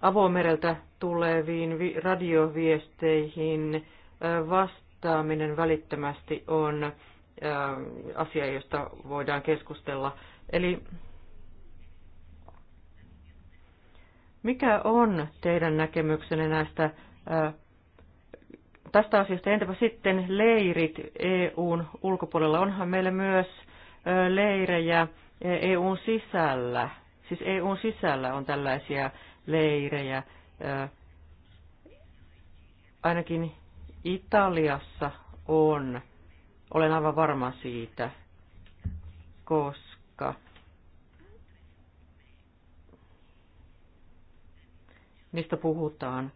avomereltä tuleviin radioviesteihin äh, vastaaminen välittömästi on äh, asia, josta voidaan keskustella. Eli mikä on teidän näkemyksenne näistä äh, tästä asiasta? Entäpä sitten leirit EUn ulkopuolella? Onhan meillä myös leirejä EUn sisällä Siis EUn sisällä on tällaisia leirejä. Ainakin Italiassa on. Olen aivan varma siitä, koska niistä puhutaan.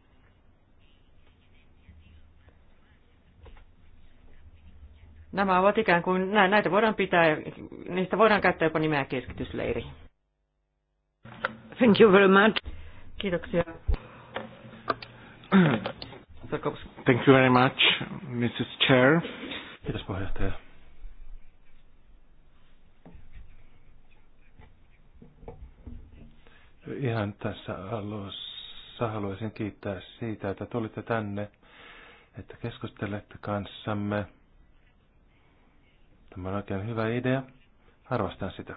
Nämä ovat ikään kuin, näitä voidaan pitää, niistä voidaan käyttää jopa nimeä keskitysleiri. Thank you very much. Kiitoksia. Thank you very much, Mrs. Chair. Kiitos puheenjohtaja. Ihan tässä alussa haluaisin kiittää siitä, että tulitte tänne, että keskustelette kanssamme. Tämä on oikein hyvä idea. Arvostan sitä.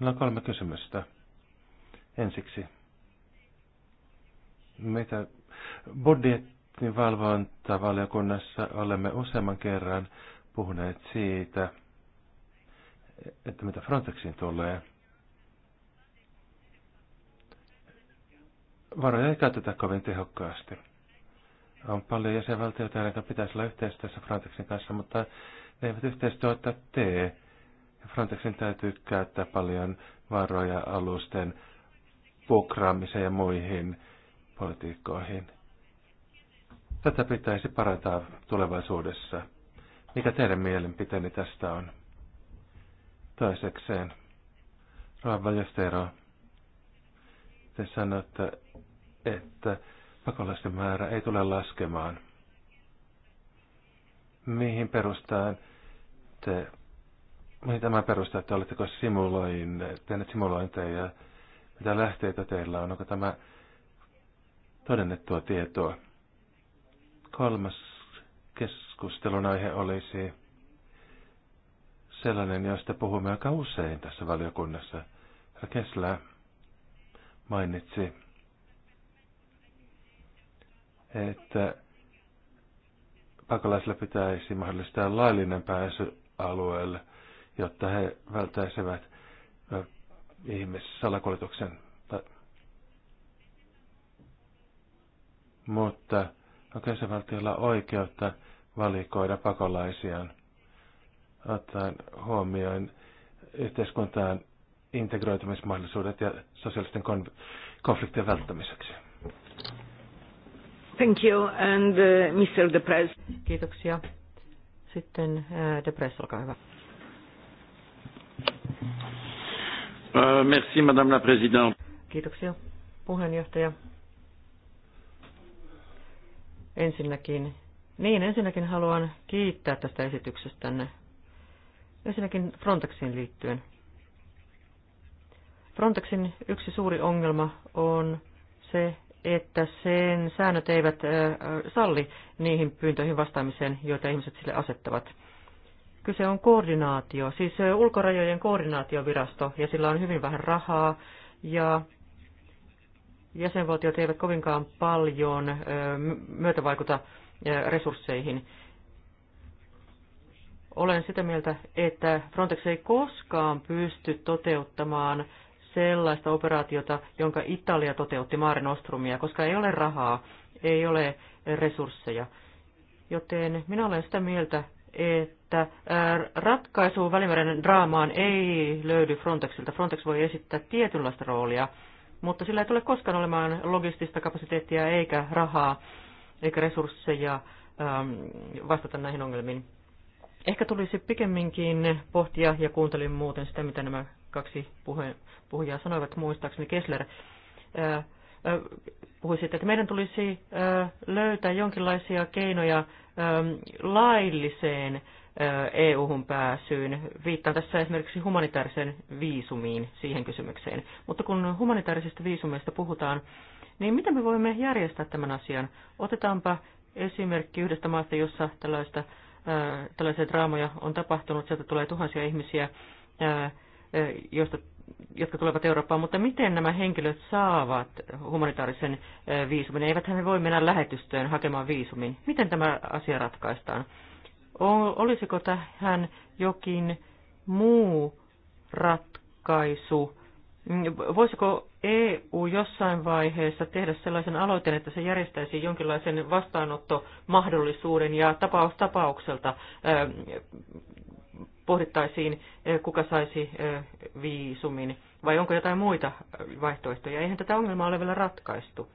Meillä on kolme kysymystä ensiksi. Meitä budjettin valvontavaliokunnassa olemme useamman kerran puhuneet siitä, että mitä Frontexin tulee. Varoja ei käytetä kovin tehokkaasti. On paljon jäsenvaltioita, joiden pitäisi olla yhteistyössä Frontexin kanssa, mutta ne eivät yhteistyötä tee. Frontexin täytyy käyttää paljon varoja alusten vuokraamiseen ja muihin politiikkoihin. Tätä pitäisi parantaa tulevaisuudessa. Mikä teidän mielipiteeni tästä on? Toisekseen, Valjastero, te sanotte, että pakolaisten määrä ei tule laskemaan. Mihin perustaan te, mihin tämä perustaa, että oletteko simuloin, tehneet simulointeja mitä lähteitä teillä on? Onko tämä todennettua tietoa? Kolmas keskustelun aihe olisi sellainen, josta puhumme aika usein tässä valiokunnassa. Kesla mainitsi, että pakolaisilla pitäisi mahdollistaa laillinen pääsy alueelle, jotta he välttäisivät ihmissalakuljetuksen. Mutta onko jäsenvaltiolla oikeutta valikoida pakolaisiaan, ottaen huomioon yhteiskuntaan integroitumismahdollisuudet ja sosiaalisten konfliktien välttämiseksi? Thank you, and uh, Mr. Depres. Kiitoksia. Sitten uh, Depress, olkaa hyvä. Euh, merci, Madame la Présidente. Kiitoksia, puheenjohtaja. Ensinnäkin, niin ensinnäkin haluan kiittää tästä esityksestänne. Ensinnäkin Frontexin liittyen. Frontexin yksi suuri ongelma on se, että sen säännöt eivät salli niihin pyyntöihin vastaamiseen, joita ihmiset sille asettavat. Kyse on koordinaatio, siis ulkorajojen koordinaatiovirasto, ja sillä on hyvin vähän rahaa, ja jäsenvaltiot eivät kovinkaan paljon myötävaikuta resursseihin. Olen sitä mieltä, että Frontex ei koskaan pysty toteuttamaan sellaista operaatiota, jonka Italia toteutti Maaren Ostrumia, koska ei ole rahaa, ei ole resursseja. Joten minä olen sitä mieltä, että ratkaisu Välimeren draamaan ei löydy Frontexilta. Frontex voi esittää tietynlaista roolia, mutta sillä ei tule koskaan olemaan logistista kapasiteettia eikä rahaa eikä resursseja vastata näihin ongelmiin. Ehkä tulisi pikemminkin pohtia, ja kuuntelin muuten sitä, mitä nämä kaksi puhujaa sanoivat, muistaakseni Kessler, puhuisitte, että meidän tulisi löytää jonkinlaisia keinoja lailliseen EU-hun pääsyyn. Viittaan tässä esimerkiksi humanitaariseen viisumiin, siihen kysymykseen. Mutta kun humanitaarisista viisumeista puhutaan, niin miten me voimme järjestää tämän asian? Otetaanpa esimerkki yhdestä maasta, jossa tällaista, tällaisia draamoja on tapahtunut. Sieltä tulee tuhansia ihmisiä joista, jotka tulevat Eurooppaan, mutta miten nämä henkilöt saavat humanitaarisen viisumin? Eivät he voi mennä lähetystöön hakemaan viisumin. Miten tämä asia ratkaistaan? Olisiko tähän jokin muu ratkaisu? Mm, voisiko EU jossain vaiheessa tehdä sellaisen aloitteen, että se järjestäisi jonkinlaisen vastaanottomahdollisuuden ja tapaus tapaukselta pohdittaisiin, eh, kuka saisi eh, viisumin, vai onko jotain muita eh, vaihtoehtoja. Eihän tätä ongelmaa ole vielä ratkaistu.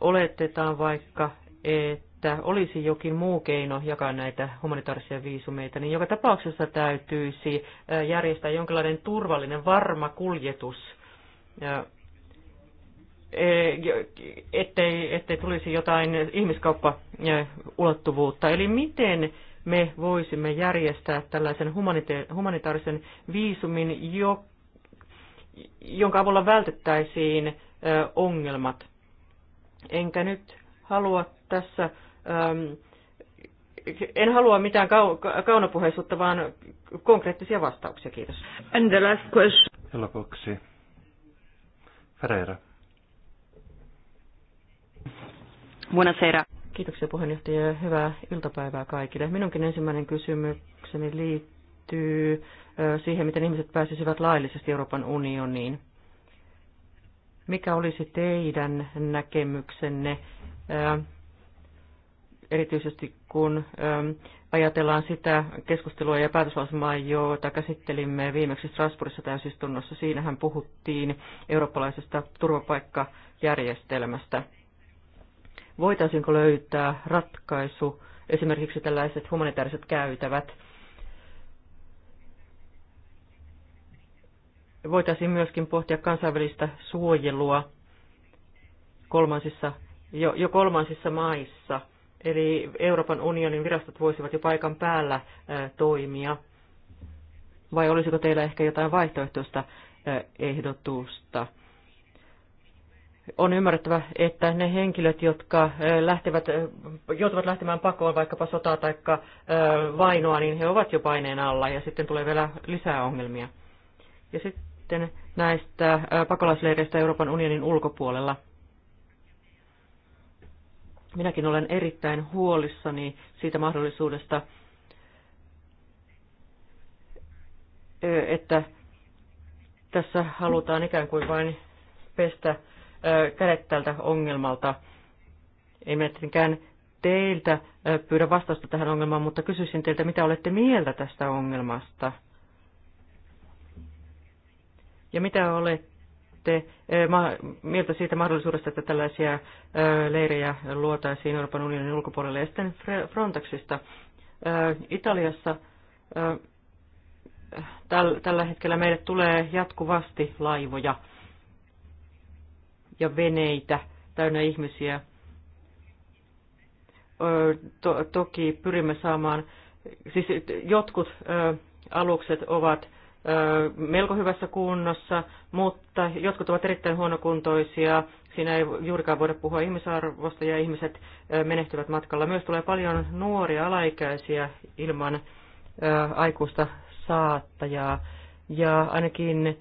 Oletetaan vaikka, että olisi jokin muu keino jakaa näitä humanitaarisia viisumeita, niin joka tapauksessa täytyisi järjestää jonkinlainen turvallinen, varma kuljetus ettei, ettei tulisi jotain ihmiskauppaulottuvuutta. Eli miten me voisimme järjestää tällaisen humanita- humanitaarisen viisumin, jo, jonka avulla vältettäisiin ö, ongelmat. Enkä nyt halua tässä, ö, en halua mitään kau- kaunopuheisuutta, vaan konkreettisia vastauksia. Kiitos. And the last question. lopuksi Ferreira. Buonasera. Kiitoksia puheenjohtaja ja hyvää iltapäivää kaikille. Minunkin ensimmäinen kysymykseni liittyy siihen, miten ihmiset pääsisivät laillisesti Euroopan unioniin. Mikä olisi teidän näkemyksenne, erityisesti kun ajatellaan sitä keskustelua ja päätöslausumaa, jota käsittelimme viimeksi Strasbourgissa täysistunnossa. Siinähän puhuttiin eurooppalaisesta turvapaikkajärjestelmästä voitaisiinko löytää ratkaisu, esimerkiksi tällaiset humanitaariset käytävät. Voitaisiin myöskin pohtia kansainvälistä suojelua kolmansissa, jo, jo kolmansissa maissa. Eli Euroopan unionin virastot voisivat jo paikan päällä toimia. Vai olisiko teillä ehkä jotain vaihtoehtoista ehdotusta? on ymmärrettävä, että ne henkilöt, jotka lähtevät, joutuvat lähtemään pakoon vaikkapa sotaa tai vainoa, niin he ovat jo paineen alla ja sitten tulee vielä lisää ongelmia. Ja sitten näistä pakolaisleireistä Euroopan unionin ulkopuolella. Minäkin olen erittäin huolissani siitä mahdollisuudesta, että tässä halutaan ikään kuin vain pestä kädet tältä ongelmalta. Ei minä tietenkään teiltä pyydä vastausta tähän ongelmaan, mutta kysyisin teiltä, mitä olette mieltä tästä ongelmasta? Ja mitä olette mieltä siitä mahdollisuudesta, että tällaisia leirejä luotaisiin Euroopan unionin ulkopuolelle? Ja sitten Frontexista. Italiassa tällä hetkellä meille tulee jatkuvasti laivoja – ja veneitä täynnä ihmisiä. To, toki pyrimme saamaan, siis jotkut ö, alukset ovat ö, melko hyvässä kunnossa, mutta jotkut ovat erittäin huonokuntoisia. Siinä ei juurikaan voida puhua ihmisarvosta ja ihmiset ö, menehtyvät matkalla. Myös tulee paljon nuoria alaikäisiä ilman ö, aikuista saattajaa ja ainakin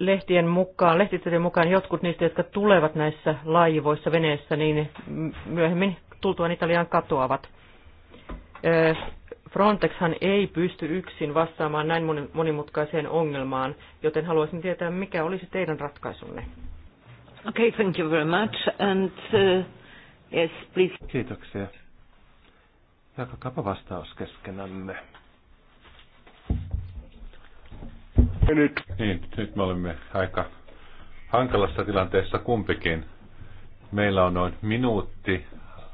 lehtien mukaan, lehtitietojen mukaan jotkut niistä, jotka tulevat näissä laivoissa, veneessä, niin myöhemmin tultuaan Italiaan katoavat. Frontexhan ei pysty yksin vastaamaan näin monimutkaiseen ongelmaan, joten haluaisin tietää, mikä olisi teidän ratkaisunne. Okay, thank you very much. And uh, yes, please. Kiitoksia. Jakakaapa vastaus keskenämme. Nyt. Niin, nyt me olemme aika hankalassa tilanteessa kumpikin. Meillä on noin minuutti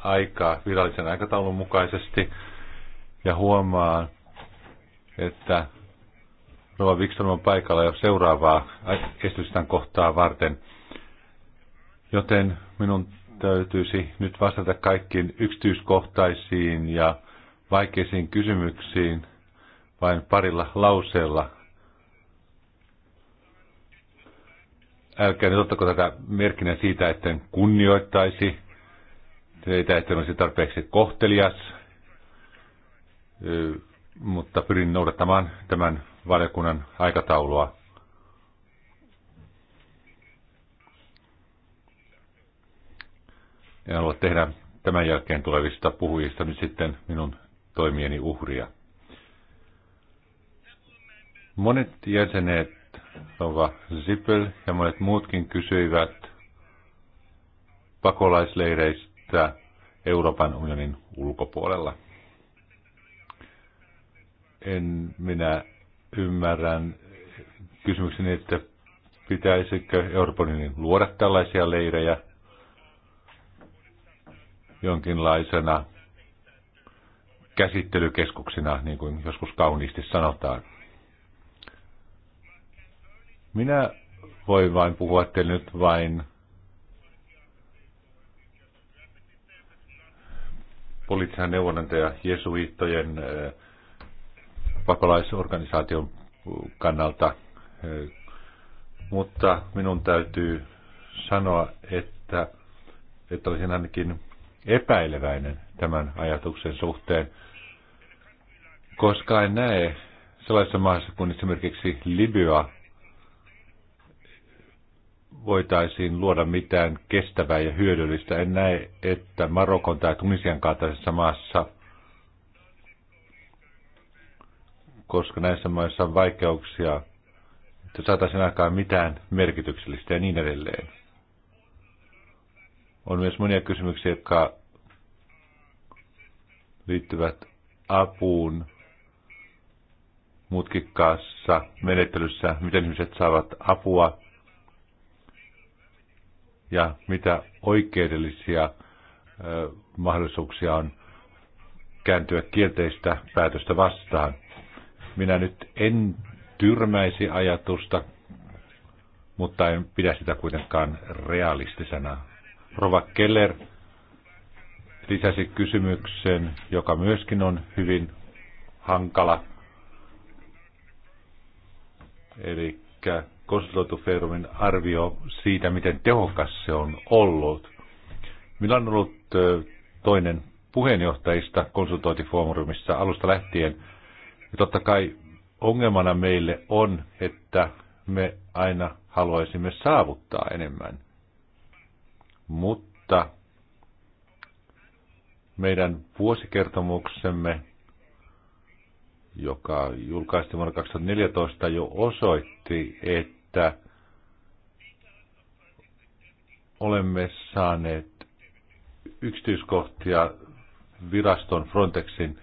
aikaa virallisen aikataulun mukaisesti ja huomaan, että Rova Wikström on paikalla jo seuraavaa esitystän kohtaa varten. Joten minun täytyisi nyt vastata kaikkiin yksityiskohtaisiin ja vaikeisiin kysymyksiin vain parilla lauseella. älkää nyt ottako tätä merkkinä siitä, että en kunnioittaisi teitä, että olisi tarpeeksi kohtelias, mutta pyrin noudattamaan tämän valiokunnan aikataulua. En halua tehdä tämän jälkeen tulevista puhujista nyt sitten minun toimieni uhria. Monet jäsenet Rova Zippel ja monet muutkin kysyivät pakolaisleireistä Euroopan unionin ulkopuolella. En minä ymmärrän kysymykseni, että pitäisikö Euroopan unionin luoda tällaisia leirejä jonkinlaisena käsittelykeskuksina, niin kuin joskus kauniisti sanotaan. Minä voin vain puhua teille nyt vain poliittisen neuvonantaja jesuittojen pakolaisorganisaation kannalta, mutta minun täytyy sanoa, että, että olisin ainakin epäileväinen tämän ajatuksen suhteen, koska en näe sellaisessa maassa kuin esimerkiksi Libya, voitaisiin luoda mitään kestävää ja hyödyllistä. En näe, että Marokon tai Tunisian kaltaisessa maassa, koska näissä maissa on vaikeuksia, että saataisiin aikaan mitään merkityksellistä ja niin edelleen. On myös monia kysymyksiä, jotka liittyvät apuun mutkikkaassa menettelyssä, miten ihmiset saavat apua ja mitä oikeudellisia mahdollisuuksia on kääntyä kielteistä päätöstä vastaan. Minä nyt en tyrmäisi ajatusta, mutta en pidä sitä kuitenkaan realistisena. Rova Keller lisäsi kysymyksen, joka myöskin on hyvin hankala. Eli konsultoitu arvio siitä, miten tehokas se on ollut. Minä on ollut toinen puheenjohtajista konsultointifoorumissa alusta lähtien. Ja totta kai ongelmana meille on, että me aina haluaisimme saavuttaa enemmän. Mutta meidän vuosikertomuksemme, joka julkaistiin vuonna 2014, jo osoitti, että että olemme saaneet yksityiskohtia viraston Frontexin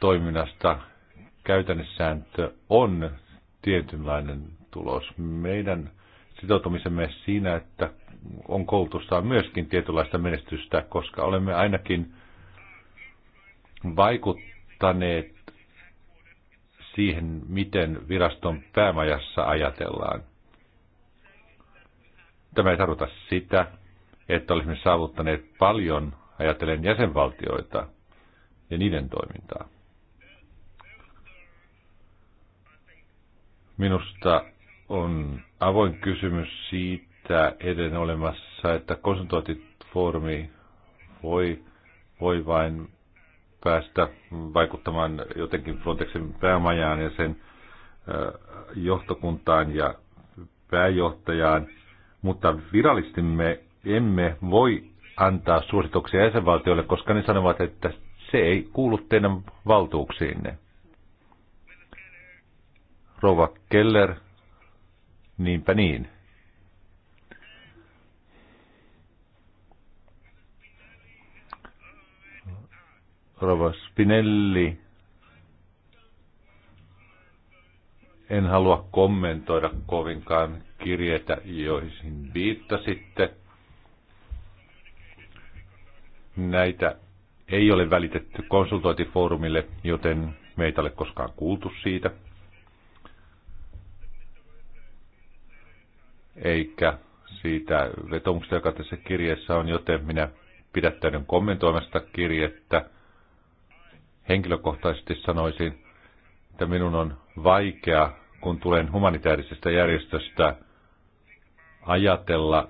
toiminnasta. Käytännössääntö on tietynlainen tulos. Meidän sitoutumisemme siinä, että on koulutusta on myöskin tietynlaista menestystä, koska olemme ainakin vaikuttaneet siihen, miten viraston päämajassa ajatellaan. Tämä ei tarkoita sitä, että olisimme saavuttaneet paljon ajatellen jäsenvaltioita ja niiden toimintaa. Minusta on avoin kysymys siitä edelleen olemassa, että konsultointifoorumi voi, voi vain päästä vaikuttamaan jotenkin Frontexin päämajaan ja sen johtokuntaan ja pääjohtajaan, mutta virallisesti me emme voi antaa suosituksia jäsenvaltioille, koska ne sanovat, että se ei kuulu teidän valtuuksiinne. Rova Keller, niinpä niin. Rova Spinelli. En halua kommentoida kovinkaan kirjeitä, joihin viittasitte. Näitä ei ole välitetty konsultointifoorumille, joten meitä ei ole koskaan kuultu siitä. Eikä siitä vetomuksesta, joka tässä kirjeessä on, joten minä pidättäydyn kommentoimasta kirjettä. Henkilökohtaisesti sanoisin, että minun on vaikea, kun tulen humanitaarisesta järjestöstä, ajatella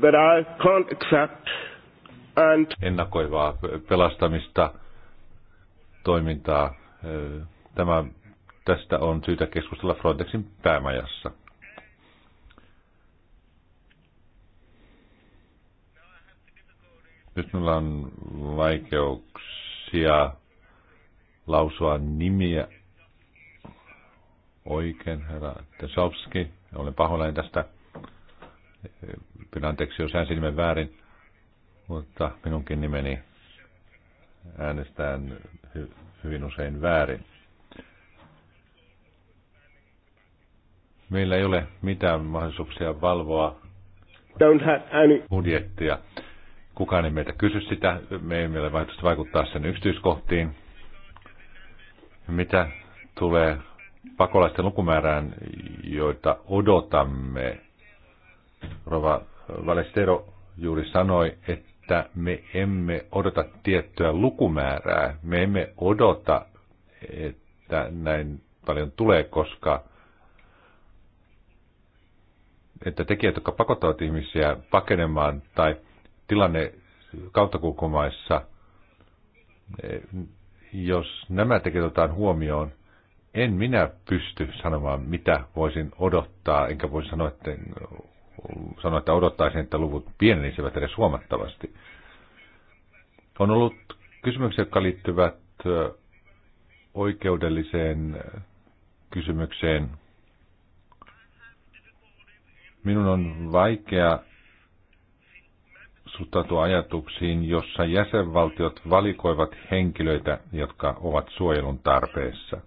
that I can't accept and ennakoivaa pelastamista toimintaa. Tämä, tästä on syytä keskustella Frontexin päämajassa. Nyt minulla on vaikeuksia lausua nimiä oikein, herra Tesovski. Olen pahoillani tästä. Pidän anteeksi, jos äänsin nimen väärin, mutta minunkin nimeni äänestään hy- hyvin usein väärin. Meillä ei ole mitään mahdollisuuksia valvoa budjettia. Kukaan ei meitä kysy sitä, me ei meillä vaikutusta vaikuttaa sen yksityiskohtiin. Mitä tulee pakolaisten lukumäärään, joita odotamme, Rova Valestero juuri sanoi, että me emme odota tiettyä lukumäärää. Me emme odota, että näin paljon tulee, koska että tekijät, jotka pakottavat ihmisiä pakenemaan tai tilanne kauttakulkumaissa, e, jos nämä tekevät otetaan huomioon, en minä pysty sanomaan, mitä voisin odottaa, enkä voisi sanoa, että, sanoa, että odottaisin, että luvut pienenisivät edes huomattavasti. On ollut kysymyksiä, jotka liittyvät e, oikeudelliseen e, kysymykseen. Minun on vaikea suhtautua ajatuksiin, jossa jäsenvaltiot valikoivat henkilöitä, jotka ovat suojelun tarpeessa.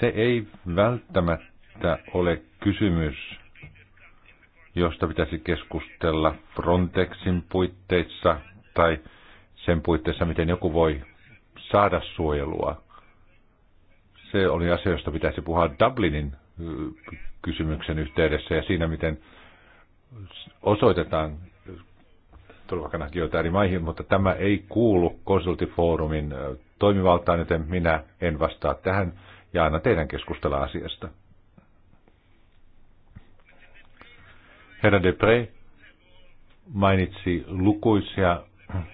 Se ei välttämättä ole kysymys, josta pitäisi keskustella Frontexin puitteissa tai sen puitteissa, miten joku voi saada suojelua. Se oli asia, josta pitäisi puhua Dublinin kysymyksen yhteydessä ja siinä, miten osoitetaan turvapaikanhakijoita eri maihin, mutta tämä ei kuulu konsultifoorumin toimivaltaan, joten minä en vastaa tähän ja aina teidän keskustella asiasta. Herra Depre mainitsi lukuisia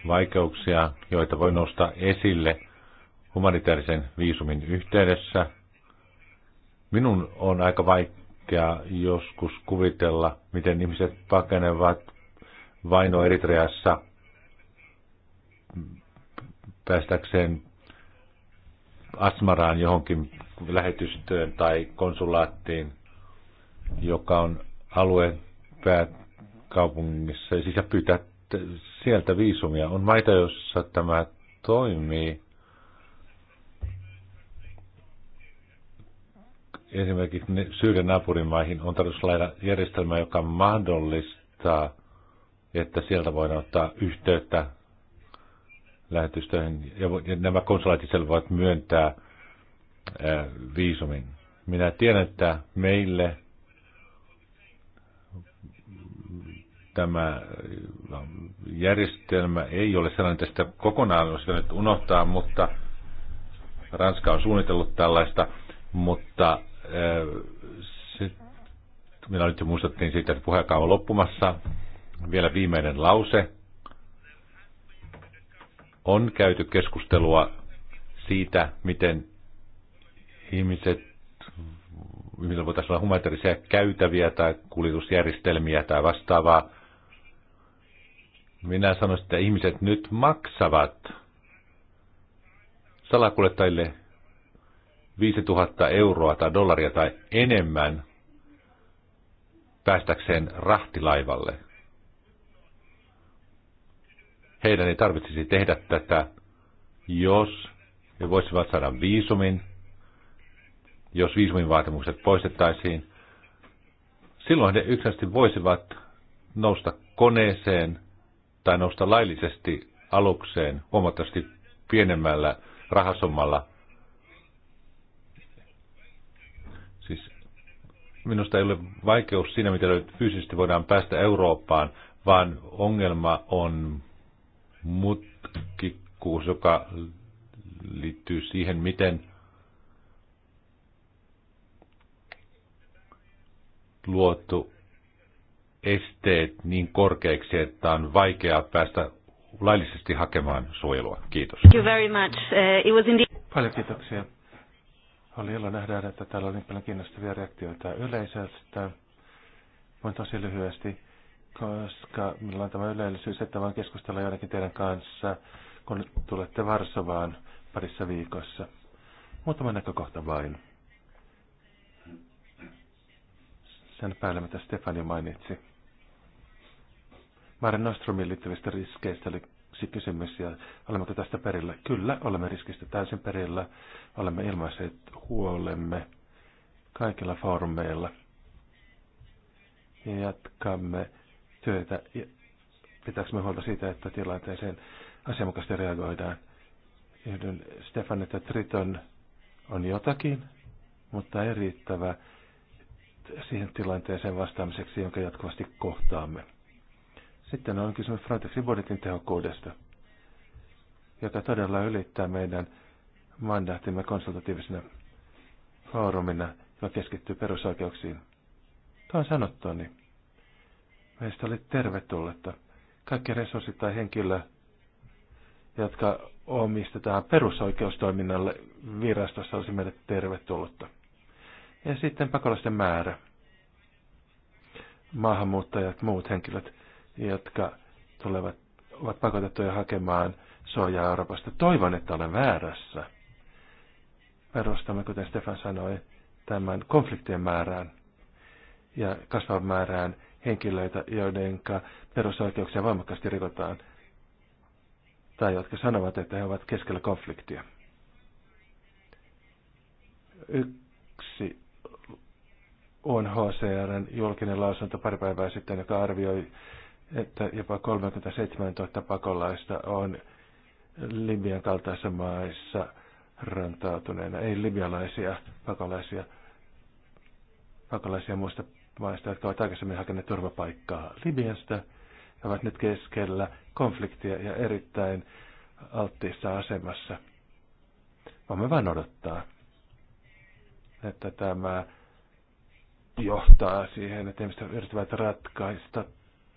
vaikeuksia, joita voi nostaa esille humanitaarisen viisumin yhteydessä. Minun on aika vaikea vaikea joskus kuvitella, miten ihmiset pakenevat vaino Eritreassa päästäkseen Asmaraan johonkin lähetystöön tai konsulaattiin, joka on alue pääkaupungissa, siis ja pyytää sieltä viisumia. On maita, joissa tämä toimii, Esimerkiksi Syyrian naapurimaihin on tarkoitus laida järjestelmä, joka mahdollistaa, että sieltä voidaan ottaa yhteyttä lähetystöihin. Ja nämä konsulaatit voivat myöntää viisumin. Minä tiedän, että meille tämä järjestelmä ei ole sellainen, että sitä kokonaan olisi nyt unohtaa, mutta Ranska on suunnitellut tällaista, mutta sitten minä nyt jo muistettiin siitä, että puheenkaan on loppumassa. Vielä viimeinen lause. On käyty keskustelua siitä, miten ihmiset, ihmisillä voitaisiin olla humanitaarisia käytäviä tai kuljetusjärjestelmiä tai vastaavaa. Minä sanoisin, että ihmiset nyt maksavat salakuljettajille 5000 euroa tai dollaria tai enemmän päästäkseen rahtilaivalle. Heidän ei tarvitsisi tehdä tätä, jos he voisivat saada viisumin, jos viisumin vaatimukset poistettaisiin. Silloin he yksinkertaisesti voisivat nousta koneeseen tai nousta laillisesti alukseen huomattavasti pienemmällä rahasommalla. Minusta ei ole vaikeus siinä, miten fyysisesti voidaan päästä Eurooppaan, vaan ongelma on mutkikkuus, joka liittyy siihen, miten luotu esteet niin korkeiksi, että on vaikeaa päästä laillisesti hakemaan suojelua. Kiitos. Thank you very much. Uh, it was indeed... Paljon kiitoksia. Oli ilo nähdä, että täällä oli niin paljon kiinnostavia reaktioita yleisöltä. Voin tosi lyhyesti, koska minulla on tämä yleisyys, että voin keskustella joidenkin teidän kanssa, kun tulette Varsovaan parissa viikossa. Muutama näkökohta vain. Sen päälle, mitä Stefani mainitsi. Maren Nostromiin liittyvistä riskeistä, eli yksi kysymys ja olemmeko tästä perillä? Kyllä, olemme riskistä täysin perillä. Olemme ilmaiset huolemme kaikilla foorumeilla. Ja jatkamme työtä ja me huolta siitä, että tilanteeseen asianmukaisesti reagoidaan. Yhdyn Stefan, että Triton on jotakin, mutta ei riittävä siihen tilanteeseen vastaamiseksi, jonka jatkuvasti kohtaamme. Sitten on kysymys Frontexin budjetin tehokkuudesta, joka todella ylittää meidän mandaattimme konsultatiivisena foorumina, joka keskittyy perusoikeuksiin. sanottu, niin Meistä oli tervetulletta. Kaikki resurssit tai henkilö, jotka omistetaan perusoikeustoiminnalle virastossa, olisi meille tervetullutta. Ja sitten pakolaisten määrä. Maahanmuuttajat, muut henkilöt jotka tulevat, ovat pakotettuja hakemaan suojaa Euroopasta. Toivon, että olen väärässä. Perustamme, kuten Stefan sanoi, tämän konfliktien määrään ja kasvavan määrään henkilöitä, joiden perusoikeuksia voimakkaasti rikotaan, tai jotka sanovat, että he ovat keskellä konfliktia. Yksi UNHCRn julkinen lausunto pari päivää sitten, joka arvioi että jopa 37 000 pakolaista on Libian kaltaisissa maissa rantautuneena, ei libialaisia pakolaisia, pakolaisia muista maista, jotka ovat aikaisemmin hakeneet turvapaikkaa Libiasta ja ovat nyt keskellä konfliktia ja erittäin alttiissa asemassa. Voimme vain odottaa, että tämä johtaa siihen, että ihmiset yrittävät ratkaista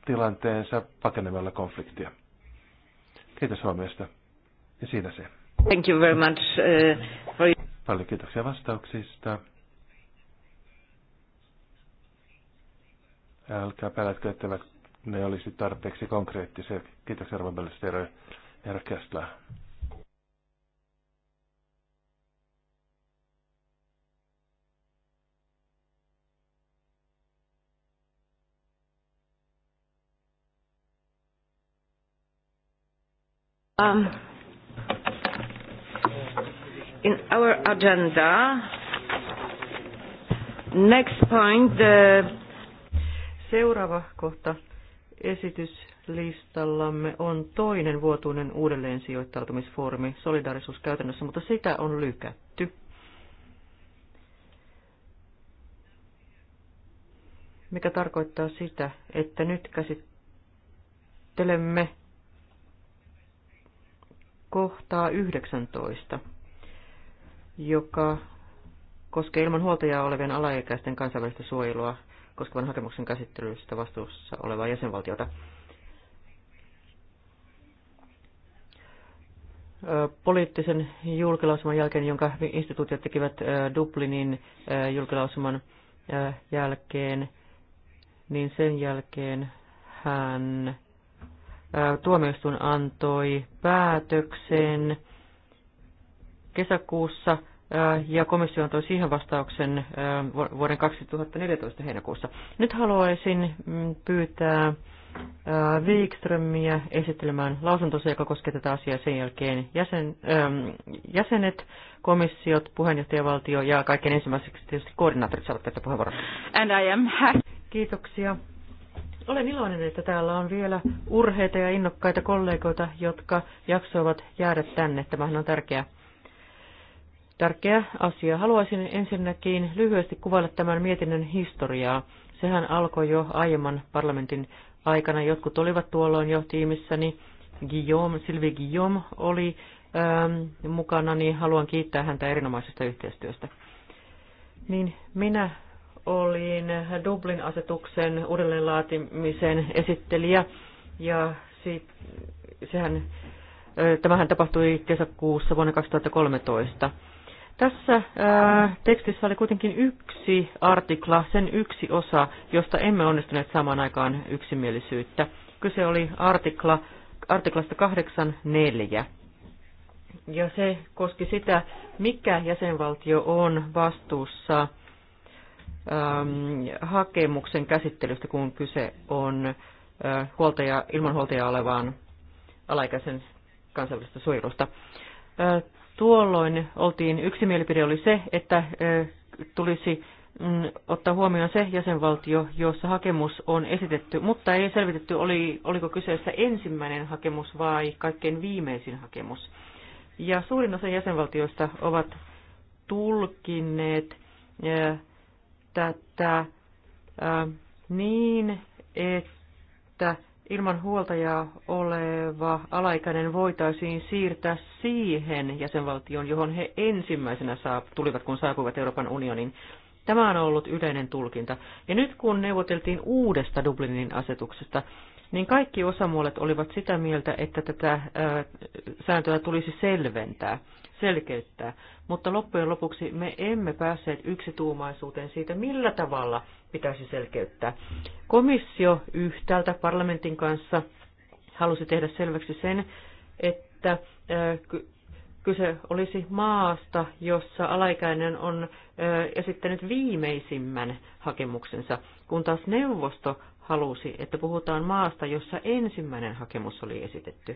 tilanteensa pakenemalla konfliktia. Kiitos huomiosta. Ja siinä se. Thank you very much. Uh, for... Paljon kiitoksia vastauksista. Älkää pelätkö, että ne olisi tarpeeksi konkreettisia. Kiitoksia Bellisteroja. herra Kästlä. Um, in our agenda, next point, the... Seuraava kohta esityslistallamme on toinen vuotuinen uudelleen sijoittautumisfoorumi solidaarisuuskäytännössä, mutta sitä on lykätty. Mikä tarkoittaa sitä, että nyt käsittelemme kohtaa 19, joka koskee ilman huoltajaa olevien alaikäisten kansainvälistä suojelua koskevan hakemuksen käsittelystä vastuussa olevaa jäsenvaltiota. Poliittisen julkilausuman jälkeen, jonka instituutiot tekivät Dublinin julkilausuman jälkeen, niin sen jälkeen hän tuomioistuin antoi päätöksen kesäkuussa ja komissio antoi siihen vastauksen vuoden 2014 heinäkuussa. Nyt haluaisin mm, pyytää Wikströmiä esittelemään lausuntonsa, joka koskee tätä asiaa sen jälkeen jäsen, jäsenet, komissiot, puheenjohtajavaltio ja kaiken ensimmäiseksi tietysti koordinaattorit saavat tästä puheenvuoron. And I am Kiitoksia. Olen iloinen, että täällä on vielä urheita ja innokkaita kollegoita, jotka jaksoivat jäädä tänne. Tämähän on tärkeä, tärkeä asia. Haluaisin ensinnäkin lyhyesti kuvailla tämän mietinnön historiaa. Sehän alkoi jo aiemman parlamentin aikana. Jotkut olivat tuolloin jo tiimissäni. Guillaume, Sylvie Guillaume oli ähm, mukana, niin haluan kiittää häntä erinomaisesta yhteistyöstä. Niin minä olin Dublin-asetuksen uudelleenlaatimisen esittelijä ja sit, sehän, tämähän tapahtui kesäkuussa vuonna 2013. Tässä ää, tekstissä oli kuitenkin yksi artikla, sen yksi osa, josta emme onnistuneet samaan aikaan yksimielisyyttä. Kyse oli artikla, artiklasta 8.4. Ja se koski sitä, mikä jäsenvaltio on vastuussa Ähm, hakemuksen käsittelystä, kun kyse on äh, huoltaja, ilman huoltajaa olevaan alaikäisen kansainvälistä suojelusta. Äh, tuolloin oltiin, yksi mielipide oli se, että äh, tulisi mm, ottaa huomioon se jäsenvaltio, jossa hakemus on esitetty, mutta ei selvitetty, oli, oliko kyseessä ensimmäinen hakemus vai kaikkein viimeisin hakemus. Ja suurin osa jäsenvaltioista ovat tulkineet tätä niin, että ilman huoltajaa oleva alaikäinen voitaisiin siirtää siihen jäsenvaltioon, johon he ensimmäisenä saap tulivat, kun saapuivat Euroopan unionin. Tämä on ollut yleinen tulkinta. Ja nyt kun neuvoteltiin uudesta Dublinin asetuksesta, niin kaikki osamuolet olivat sitä mieltä, että tätä ö, sääntöä tulisi selventää selkeyttää. Mutta loppujen lopuksi me emme päässeet yksituumaisuuteen siitä, millä tavalla pitäisi selkeyttää. Komissio yhtäältä parlamentin kanssa halusi tehdä selväksi sen, että kyse olisi maasta, jossa alaikäinen on esittänyt viimeisimmän hakemuksensa, kun taas neuvosto halusi, että puhutaan maasta, jossa ensimmäinen hakemus oli esitetty.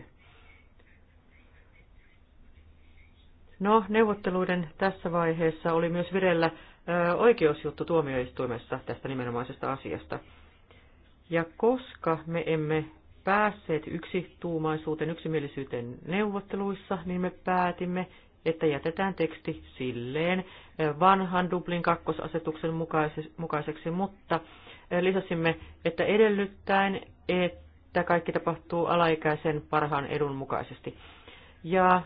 No, neuvotteluiden tässä vaiheessa oli myös vireillä oikeusjuttu tuomioistuimessa tästä nimenomaisesta asiasta. Ja koska me emme päässeet yksituumaisuuteen, yksimielisyyteen neuvotteluissa, niin me päätimme, että jätetään teksti silleen vanhan Dublin kakkosasetuksen mukaiseksi, mutta lisäsimme, että edellyttäen, että kaikki tapahtuu alaikäisen parhaan edun mukaisesti. Ja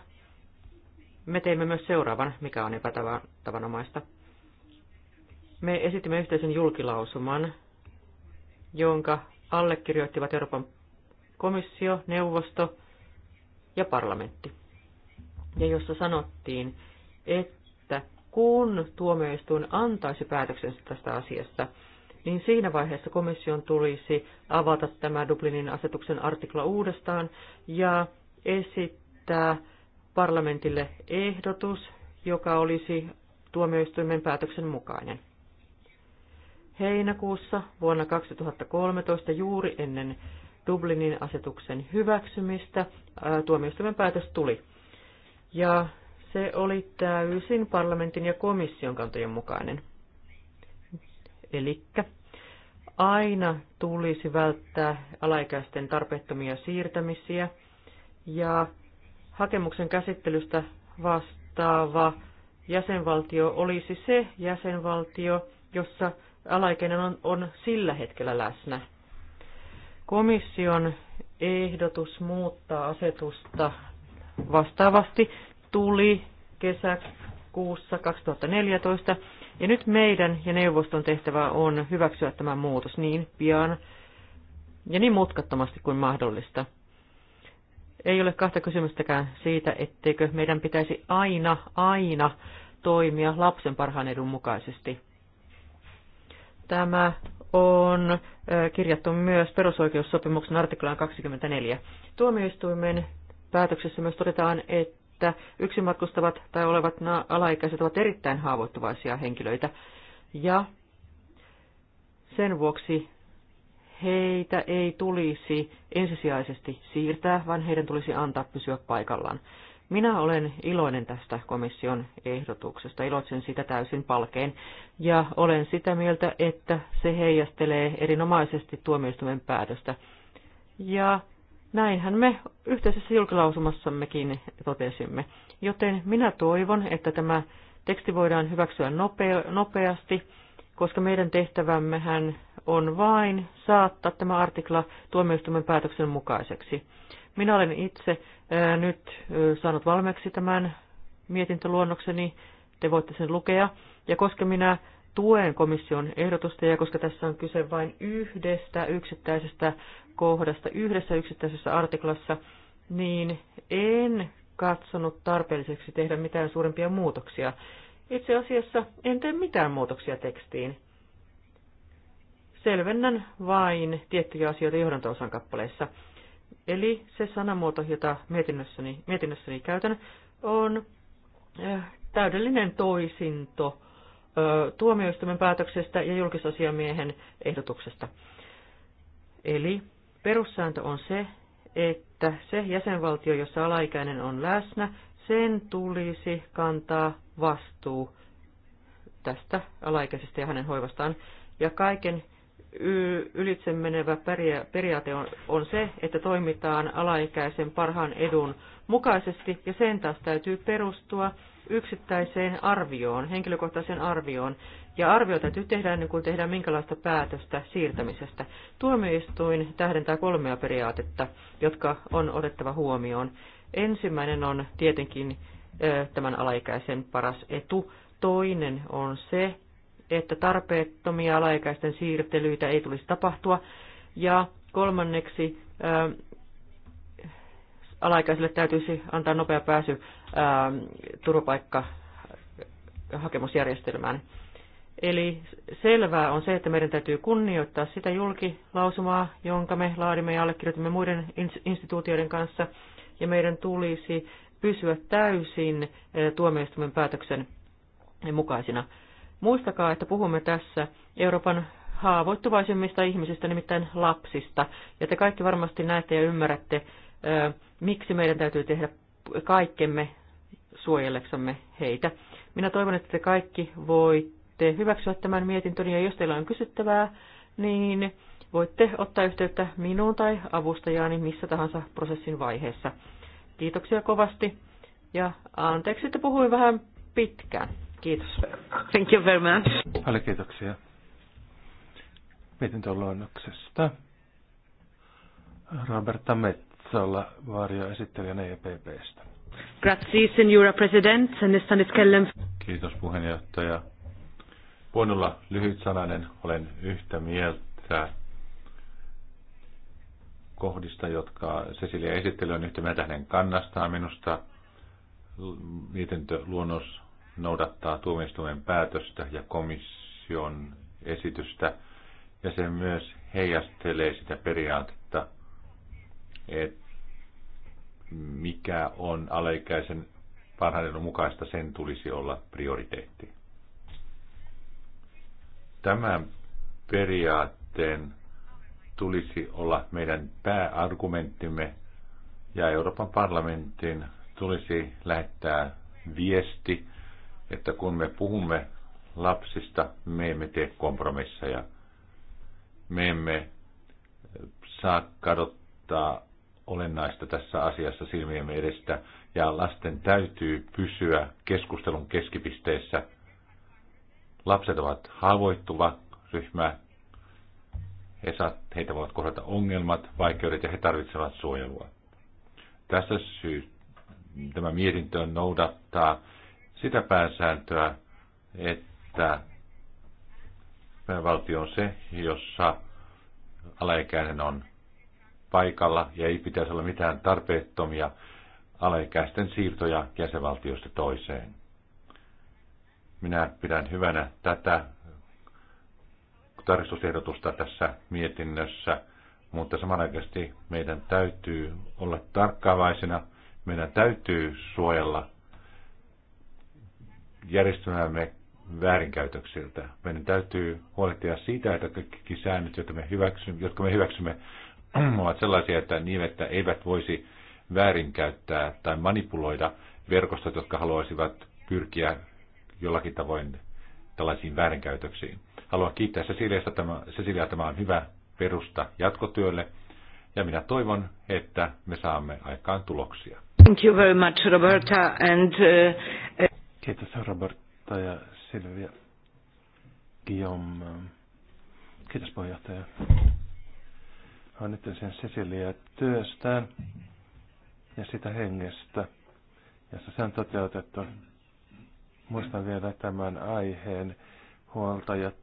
me teimme myös seuraavan, mikä on epätavanomaista. Me esitimme yhteisen julkilausuman, jonka allekirjoittivat Euroopan komissio, neuvosto ja parlamentti. Ja jossa sanottiin, että kun tuomioistuin antaisi päätöksensä tästä asiasta, niin siinä vaiheessa komission tulisi avata tämä Dublinin asetuksen artikla uudestaan ja esittää parlamentille ehdotus, joka olisi tuomioistuimen päätöksen mukainen. Heinäkuussa vuonna 2013 juuri ennen Dublinin asetuksen hyväksymistä tuomioistuimen päätös tuli. Ja se oli täysin parlamentin ja komission kantojen mukainen. Eli aina tulisi välttää alaikäisten tarpeettomia siirtämisiä ja hakemuksen käsittelystä vastaava jäsenvaltio olisi se jäsenvaltio, jossa alaikäinen on, on sillä hetkellä läsnä. Komission ehdotus muuttaa asetusta vastaavasti tuli kesäkuussa 2014, ja nyt meidän ja neuvoston tehtävä on hyväksyä tämä muutos niin pian ja niin mutkattomasti kuin mahdollista. Ei ole kahta kysymystäkään siitä, etteikö meidän pitäisi aina, aina toimia lapsen parhaan edun mukaisesti. Tämä on kirjattu myös perusoikeussopimuksen artiklaan 24. Tuomioistuimen päätöksessä myös todetaan, että yksimatkustavat tai olevat alaikäiset ovat erittäin haavoittuvaisia henkilöitä. Ja sen vuoksi heitä ei tulisi ensisijaisesti siirtää, vaan heidän tulisi antaa pysyä paikallaan. Minä olen iloinen tästä komission ehdotuksesta, iloitsen sitä täysin palkeen, ja olen sitä mieltä, että se heijastelee erinomaisesti tuomioistuimen päätöstä. Ja näinhän me yhteisessä julkilausumassammekin totesimme. Joten minä toivon, että tämä teksti voidaan hyväksyä nopeasti koska meidän tehtävämmehän on vain saattaa tämä artikla tuomioistuimen päätöksen mukaiseksi. Minä olen itse ää, nyt ää, saanut valmiiksi tämän mietintöluonnokseni, te voitte sen lukea, ja koska minä tuen komission ehdotusta, ja koska tässä on kyse vain yhdestä yksittäisestä kohdasta, yhdessä yksittäisessä artiklassa, niin en katsonut tarpeelliseksi tehdä mitään suurempia muutoksia itse asiassa en tee mitään muutoksia tekstiin. Selvennän vain tiettyjä asioita johdantoosan kappaleissa. Eli se sanamuoto, jota mietinnössäni, mietinnössäni käytän, on eh, täydellinen toisinto tuomioistuimen päätöksestä ja julkisasiamiehen ehdotuksesta. Eli perussääntö on se, että se jäsenvaltio, jossa alaikäinen on läsnä, sen tulisi kantaa vastuu tästä alaikäisestä ja hänen hoivastaan. Ja kaiken ylitse menevä periaate on, on se, että toimitaan alaikäisen parhaan edun mukaisesti, ja sen taas täytyy perustua yksittäiseen arvioon, henkilökohtaiseen arvioon, ja arvio täytyy tehdä ennen kuin tehdään minkälaista päätöstä siirtämisestä. Tuomioistuin tähdentää kolmea periaatetta, jotka on otettava huomioon. Ensimmäinen on tietenkin tämän alaikäisen paras etu. Toinen on se, että tarpeettomia alaikäisten siirtelyitä ei tulisi tapahtua. Ja kolmanneksi ää, alaikäisille täytyisi antaa nopea pääsy ää, turvapaikka hakemusjärjestelmään. Eli selvää on se, että meidän täytyy kunnioittaa sitä julkilausumaa, jonka me laadimme ja allekirjoitimme muiden instituutioiden kanssa, ja meidän tulisi pysyä täysin eh, tuomioistuimen päätöksen mukaisina. Muistakaa, että puhumme tässä Euroopan haavoittuvaisimmista ihmisistä, nimittäin lapsista. Ja te kaikki varmasti näette ja ymmärrätte, eh, miksi meidän täytyy tehdä kaikkemme suojelleksamme heitä. Minä toivon, että te kaikki voitte hyväksyä tämän mietintön, ja jos teillä on kysyttävää, niin voitte ottaa yhteyttä minuun tai avustajaani missä tahansa prosessin vaiheessa. Kiitoksia kovasti ja anteeksi, että puhuin vähän pitkään. Kiitos. Thank you very much. Paljon kiitoksia. luonnoksesta. Roberta Metsola, varjoesittelijänä EPPstä. Grazie, signora president. Kiitos puheenjohtaja. Voin olla lyhyt sananen, olen yhtä mieltä kohdista, jotka Cecilia esittely on yhtä mieltä hänen kannastaan. Minusta mietintöluonnos noudattaa tuomioistuimen päätöstä ja komission esitystä, ja se myös heijastelee sitä periaatetta, että mikä on alaikäisen parhaiden mukaista, sen tulisi olla prioriteetti. Tämän periaatteen tulisi olla meidän pääargumenttimme ja Euroopan parlamentin tulisi lähettää viesti, että kun me puhumme lapsista, me emme tee kompromisseja. Me emme saa kadottaa olennaista tässä asiassa silmiemme edestä, ja lasten täytyy pysyä keskustelun keskipisteessä. Lapset ovat haavoittuva ryhmä, he saat, heitä voivat kohdata ongelmat, vaikeudet ja he tarvitsevat suojelua. Tässä syy, tämä mietintö noudattaa sitä pääsääntöä, että päävaltio on se, jossa alaikäinen on paikalla ja ei pitäisi olla mitään tarpeettomia alaikäisten siirtoja jäsenvaltiosta toiseen. Minä pidän hyvänä tätä tarkistusehdotusta tässä mietinnössä, mutta samanaikaisesti meidän täytyy olla tarkkaavaisena. Meidän täytyy suojella järjestelmäämme väärinkäytöksiltä. Meidän täytyy huolehtia siitä, että kaikki säännöt, jotka me hyväksymme, jotka me hyväksymme ovat sellaisia, että nimettä niin, eivät voisi väärinkäyttää tai manipuloida verkostot, jotka haluaisivat pyrkiä jollakin tavoin tällaisiin väärinkäytöksiin. Haluan kiittää Cecilia, tämä, Cecilia, tämä on hyvä perusta jatkotyölle ja minä toivon, että me saamme aikaan tuloksia. Thank you very much, Roberta. And, uh, uh Kiitos Roberta ja Silvia. Guillaume. Kiitos puheenjohtaja. Onnittelen sen Cecilia työstään ja sitä hengestä, jossa se on toteutettu. Muistan vielä tämän aiheen huoltajat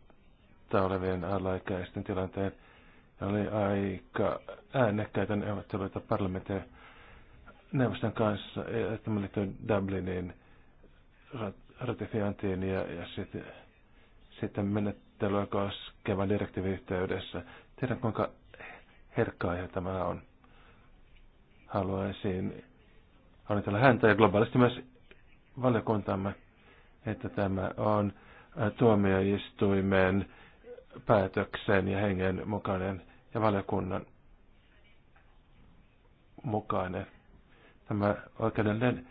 vapautta olevien alaikäisten tilanteen. Oli aika äänekkäitä neuvotteluita parlamentin neuvoston kanssa, että mä liittyen Dublinin ratifiointiin ja, ja sitten, sitten menettelyä koskevan direktiivin yhteydessä. Tiedän kuinka herkka aihe tämä on. Haluaisin onnitella häntä ja globaalisti myös valiokuntamme, että tämä on tuomioistuimen päätöksen ja hengen mukainen ja valiokunnan mukainen. Tämä oikeudellinen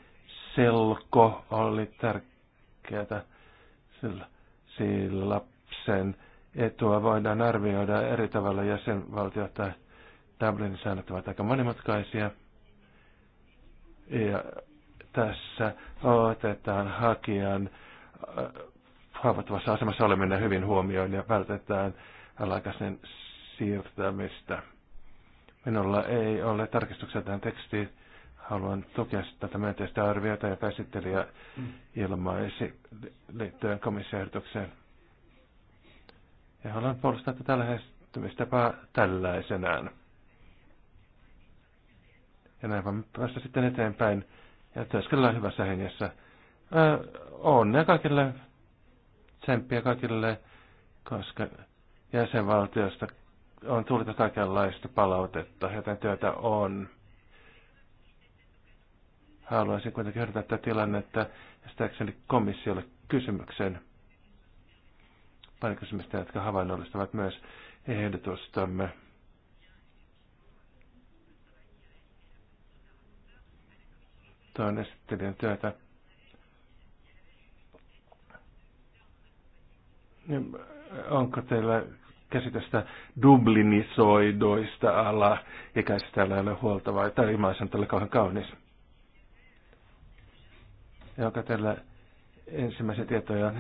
selko oli tärkeää, sillä, sillä lapsen etua voidaan arvioida eri tavalla jäsenvaltiota. Dublinin säännöt ovat aika monimutkaisia. Ja tässä otetaan hakijan äh, haavoittuvassa asemassa oleminen hyvin huomioon ja vältetään alaikaisen siirtämistä. Minulla ei ole tarkistuksia tähän tekstiin. Haluan tukea tätä myönteistä arviota, ja esittelijä ilmaisi liittyen komissioehdotukseen. Ja haluan puolustaa tätä lähestymistapaa tällaisenään. Ja näin vaan päästä sitten eteenpäin ja työskennellään hyvässä hengessä. onnea kaikille tsemppiä kaikille, koska jäsenvaltiosta on tullut kaikenlaista palautetta, joten työtä on. Haluaisin kuitenkin hyödyntää tätä tilannetta estääkseni komissiolle kysymyksen. Pari kysymystä, jotka havainnollistavat myös ehdotustamme. on esittelijän työtä Niin, onko teillä käsitystä dublinisoidoista ala, eikä täällä ei ole huolta vai tämä ilmaisen tälle kauhean kaunis. Ja onko teillä ensimmäisiä tietoja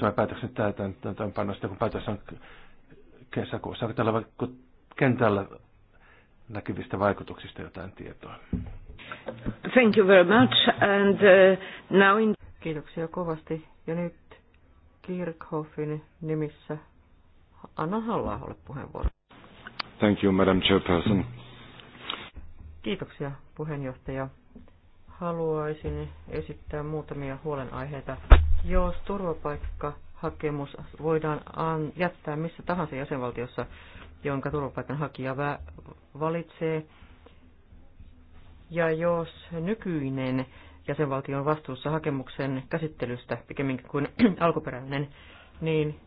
vai päätöksen täytäntöönpanosta, kun päätös on kesäkuussa. Onko täällä vaikka kentällä näkyvistä vaikutuksista jotain tietoa? Thank you very much. And, uh, now in... Kiitoksia kovasti. Ja nyt Kirchhoffin nimissä. Anna halla puheenvuoro. Thank you, Madam Chairperson. Kiitoksia, puheenjohtaja. Haluaisin esittää muutamia huolenaiheita. Jos turvapaikkahakemus voidaan jättää missä tahansa jäsenvaltiossa, jonka turvapaikanhakija valitsee, ja jos nykyinen jäsenvaltio on vastuussa hakemuksen käsittelystä pikemminkin kuin alkuperäinen, niin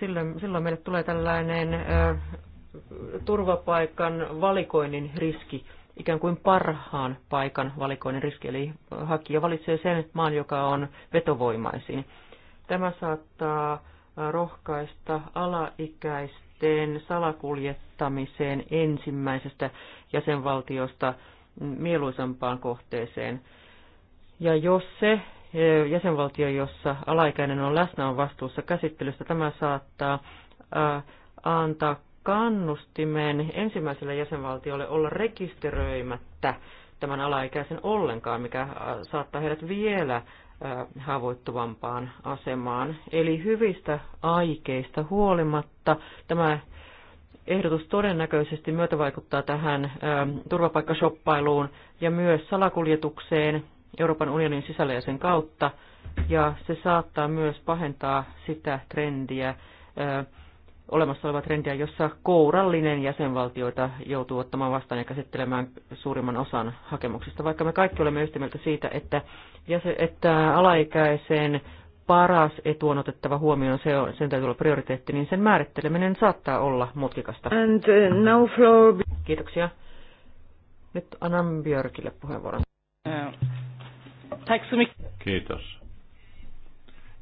silloin, silloin meille tulee tällainen ö, turvapaikan valikoinnin riski, ikään kuin parhaan paikan valikoinnin riski, eli hakija valitsee sen maan, joka on vetovoimaisin. Tämä saattaa rohkaista alaikäisten salakuljettamiseen ensimmäisestä jäsenvaltiosta mieluisampaan kohteeseen. Ja jos se e, jäsenvaltio, jossa alaikäinen on läsnä, on vastuussa käsittelystä, tämä saattaa antaa kannustimen ensimmäiselle jäsenvaltiolle olla rekisteröimättä tämän alaikäisen ollenkaan, mikä saattaa heidät vielä haavoittuvampaan asemaan. Eli hyvistä aikeista huolimatta tämä ehdotus todennäköisesti myötävaikuttaa tähän turvapaikkashoppailuun ja myös salakuljetukseen Euroopan unionin sisällä ja sen kautta, ja se saattaa myös pahentaa sitä trendiä, olemassa olevaa trendiä, jossa kourallinen jäsenvaltioita joutuu ottamaan vastaan ja käsittelemään suurimman osan hakemuksista, vaikka me kaikki olemme yhtä mieltä siitä, että, jäsen, että alaikäisen paras etu on otettava huomioon, se on, sen täytyy olla prioriteetti, niin sen määritteleminen saattaa olla mutkikasta. And, uh, now floor... Kiitoksia. Nyt annan Björkille puheenvuoron. Tack så mycket. Kiitos.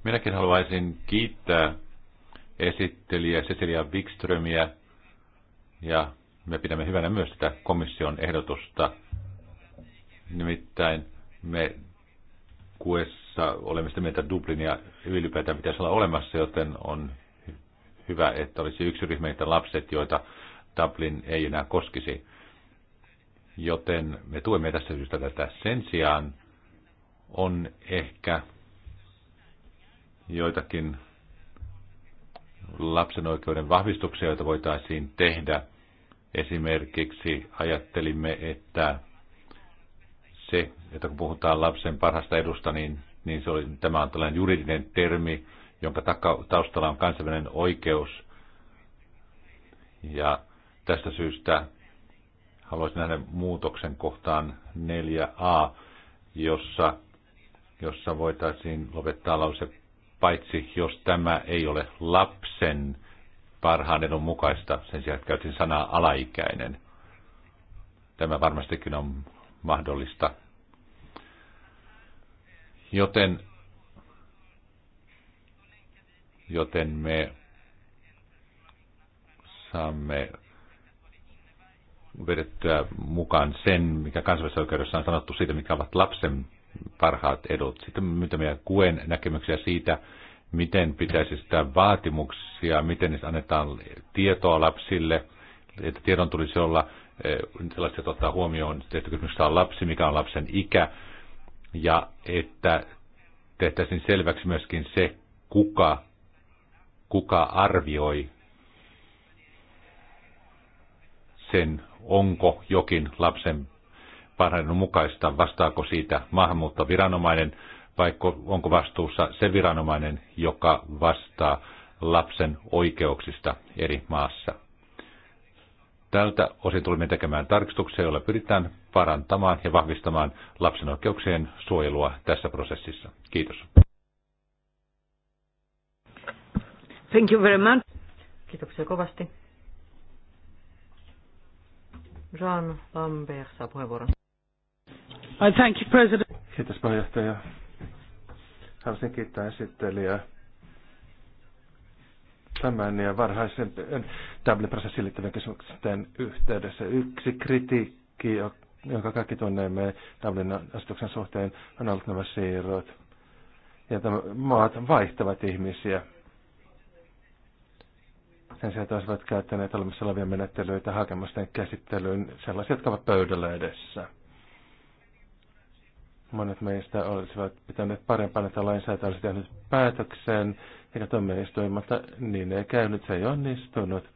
Minäkin haluaisin kiittää esittelijä Cecilia Wikströmiä ja me pidämme hyvänä myös tätä komission ehdotusta. Nimittäin me kuessa olemme sitä mieltä, että Dublinia ylipäätään pitäisi olla olemassa, joten on hyvä, että olisi yksi ryhmä niitä lapset, joita Dublin ei enää koskisi. Joten me tuemme tässä syystä tätä. Sen sijaan on ehkä joitakin lapsen oikeuden vahvistuksia, joita voitaisiin tehdä. Esimerkiksi ajattelimme, että se, että kun puhutaan lapsen parhasta edusta, niin, niin se oli, tämä on tällainen juridinen termi, jonka taustalla on kansainvälinen oikeus. Ja tästä syystä haluaisin nähdä muutoksen kohtaan 4a, jossa jossa voitaisiin lopettaa lause paitsi jos tämä ei ole lapsen parhaan edun mukaista, sen sijaan että käytin sanaa alaikäinen. Tämä varmastikin on mahdollista. Joten, joten me saamme vedettyä mukaan sen, mikä kansainvälisessä oikeudessa on sanottu siitä, mikä ovat lapsen parhaat edut. Sitten meidän kuen näkemyksiä siitä, miten pitäisi sitä vaatimuksia, miten niistä annetaan tietoa lapsille, että tiedon tulisi olla eh, sellaista, että ottaa huomioon, että kysymyksessä on lapsi, mikä on lapsen ikä, ja että tehtäisiin selväksi myöskin se, kuka, kuka arvioi sen, onko jokin lapsen parhaiden mukaista, vastaako siitä maahanmuuttoviranomainen vai onko vastuussa se viranomainen, joka vastaa lapsen oikeuksista eri maassa. Tältä osin tulimme tekemään tarkistuksia, joilla pyritään parantamaan ja vahvistamaan lapsen oikeuksien suojelua tässä prosessissa. Kiitos. Thank you very much. Kiitoksia kovasti. Jean Lambert saa puheenvuoron thank you, President. Kiitos puheenjohtaja. Haluaisin kiittää esittelijää tämän ja varhaisen eh, dublin prosessin liittyvien kysymysten yhteydessä. Yksi kritiikki, jonka kaikki tunnemme Dublin-asetuksen suhteen, on ollut nämä siirrot. Ja tämä, maat vaihtavat ihmisiä. Sen sijaan olisivat käyttäneet olemassa olevia menettelyitä hakemusten käsittelyyn, sellaisia, jotka ovat pöydällä edessä. Monet meistä olisivat pitäneet parempana, että lainsäätä olisi tehnyt päätöksen, eikä tuomioistuin, niin ei käynyt, se ei onnistunut.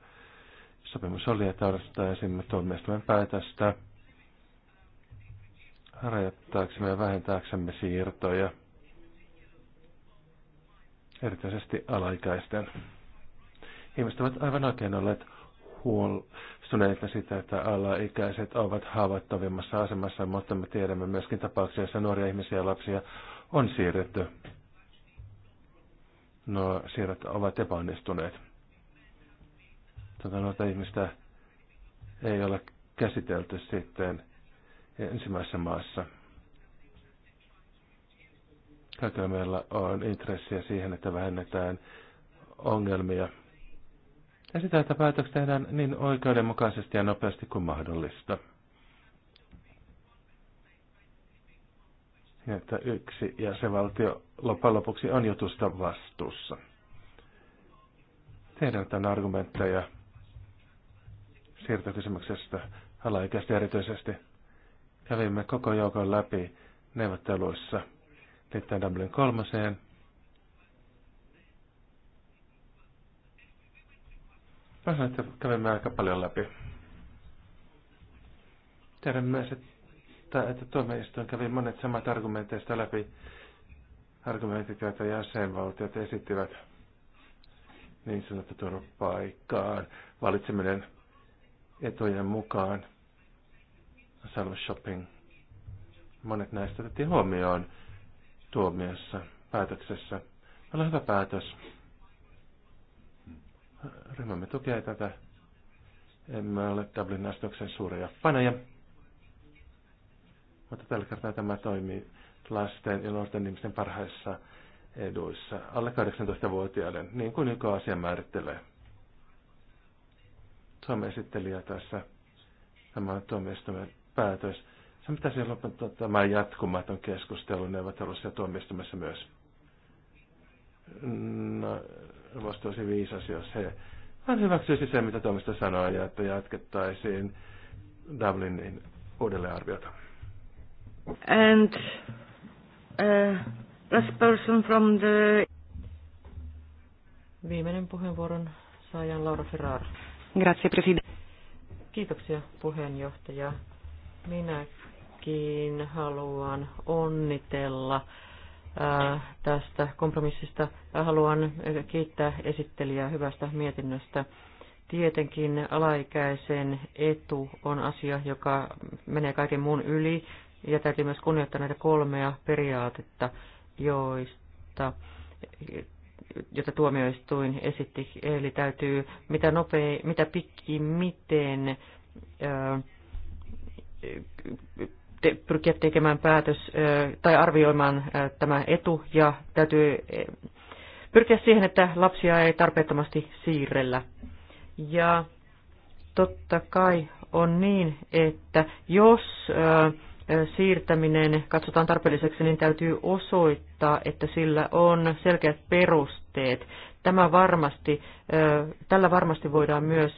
Sopimus oli, että odottaisimme tuomioistuimen päätöstä rajoittaaksemme ja vähentääksemme siirtoja, erityisesti alaikäisten. Ihmiset ovat aivan oikein olleet huol- huolestuneita sitä, että alaikäiset ovat haavoittavimmassa asemassa, mutta me tiedämme myöskin tapauksia, joissa nuoria ihmisiä ja lapsia on siirretty. No siirret ovat epäonnistuneet. Tätä tuota, noita ihmistä ei ole käsitelty sitten ensimmäisessä maassa. Kaikilla meillä on intressiä siihen, että vähennetään ongelmia – ja sitä, että päätökset tehdään niin oikeudenmukaisesti ja nopeasti kuin mahdollista. Ja että yksi ja valtio loppujen lopuksi on jutusta vastuussa. Tehdään tämän argumentteja siirtokysymyksestä alaikäisesti erityisesti. Kävimme koko joukon läpi neuvotteluissa liittyen Dublin kolmoseen – sanoin, että kävimme aika paljon läpi. Tiedän myös, että, että tuomioistuin kävi monet samat argumenteista läpi, argumentit, joita jäsenvaltiot esittivät niin sanottu turvapaikkaan, valitseminen etujen mukaan, salve shopping. Monet näistä otettiin huomioon tuomiossa, päätöksessä. Oli hyvä päätös. Ryhmämme tukee tätä. Emme ole Dublin astuksen suuria faneja. Mutta tällä kertaa tämä toimii lasten ja nuorten ihmisten parhaissa eduissa alle 18-vuotiaiden, niin kuin joka asia määrittelee. Suomen esittelijä tässä tämä tuomioistuimen päätös. Se siellä on tämä jatkumaton keskustelu neuvottelussa ja tuomioistuimessa myös. No, olisi tosi viisas, jos he hän hyväksyisi sen, mitä Tomista sanoi, ja että jatkettaisiin Dublinin uudelleenarviota. And uh, last person from the... Viimeinen puheenvuoron saajan Laura Ferrar. Grazie, presidente. Kiitoksia puheenjohtaja. Minäkin haluan onnitella tästä kompromissista. Haluan kiittää esittelijää hyvästä mietinnöstä. Tietenkin alaikäisen etu on asia, joka menee kaiken muun yli, ja täytyy myös kunnioittaa näitä kolmea periaatetta, joista jota tuomioistuin esitti. Eli täytyy mitä, nopea, mitä pikki, miten te, pyrkiä tekemään päätös tai arvioimaan tämä etu ja täytyy e, pyrkiä siihen, että lapsia ei tarpeettomasti siirrellä. Ja totta kai on niin, että jos siirtäminen katsotaan tarpeelliseksi, niin täytyy osoittaa, että sillä on selkeät perusteet. Tämä varmasti, tällä varmasti voidaan myös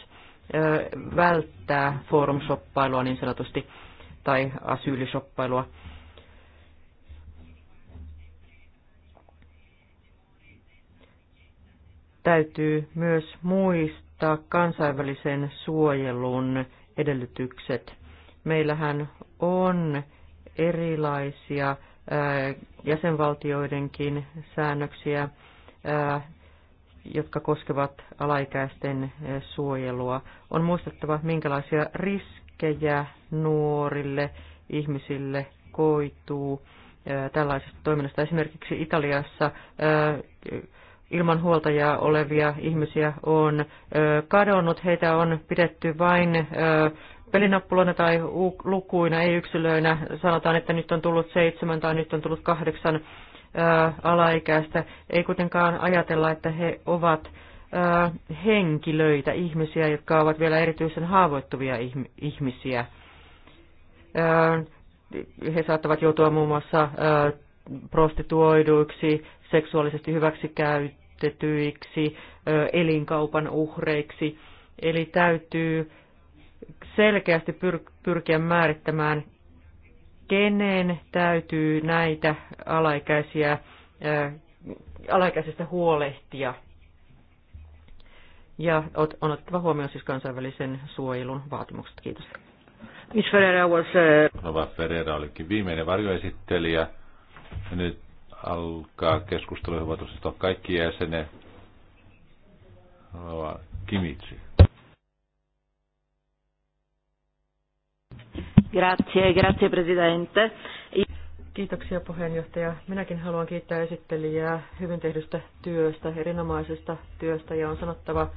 välttää foorumshoppailua niin sanotusti tai asyylishoppailua. Täytyy myös muistaa kansainvälisen suojelun edellytykset. Meillähän on erilaisia äh, jäsenvaltioidenkin säännöksiä, äh, jotka koskevat alaikäisten äh, suojelua. On muistettava, minkälaisia riskejä riskejä nuorille ihmisille koituu tällaisesta toiminnasta. Esimerkiksi Italiassa ilman huoltajaa olevia ihmisiä on kadonnut, heitä on pidetty vain pelinappuloina tai lukuina, ei yksilöinä. Sanotaan, että nyt on tullut seitsemän tai nyt on tullut kahdeksan alaikäistä. Ei kuitenkaan ajatella, että he ovat henkilöitä, ihmisiä, jotka ovat vielä erityisen haavoittuvia ihmisiä. He saattavat joutua muun muassa prostituoiduiksi, seksuaalisesti hyväksikäytetyiksi, elinkaupan uhreiksi. Eli täytyy selkeästi pyrkiä määrittämään, kenen täytyy näitä alaikäisiä, alaikäisistä huolehtia – ja on otettava huomioon siis kansainvälisen suojelun vaatimukset. Kiitos. Miss Ferreira was... Nova uh, Ferreira olikin viimeinen varjoesittelijä. Ja nyt alkaa keskustelu, hyvä tosiaan kaikki jäsenet. Nova Kimitsi. Grazie, grazie Presidente. Kiitoksia puheenjohtaja. Minäkin haluan kiittää esittelijää hyvin tehdystä työstä, erinomaisesta työstä ja on sanottava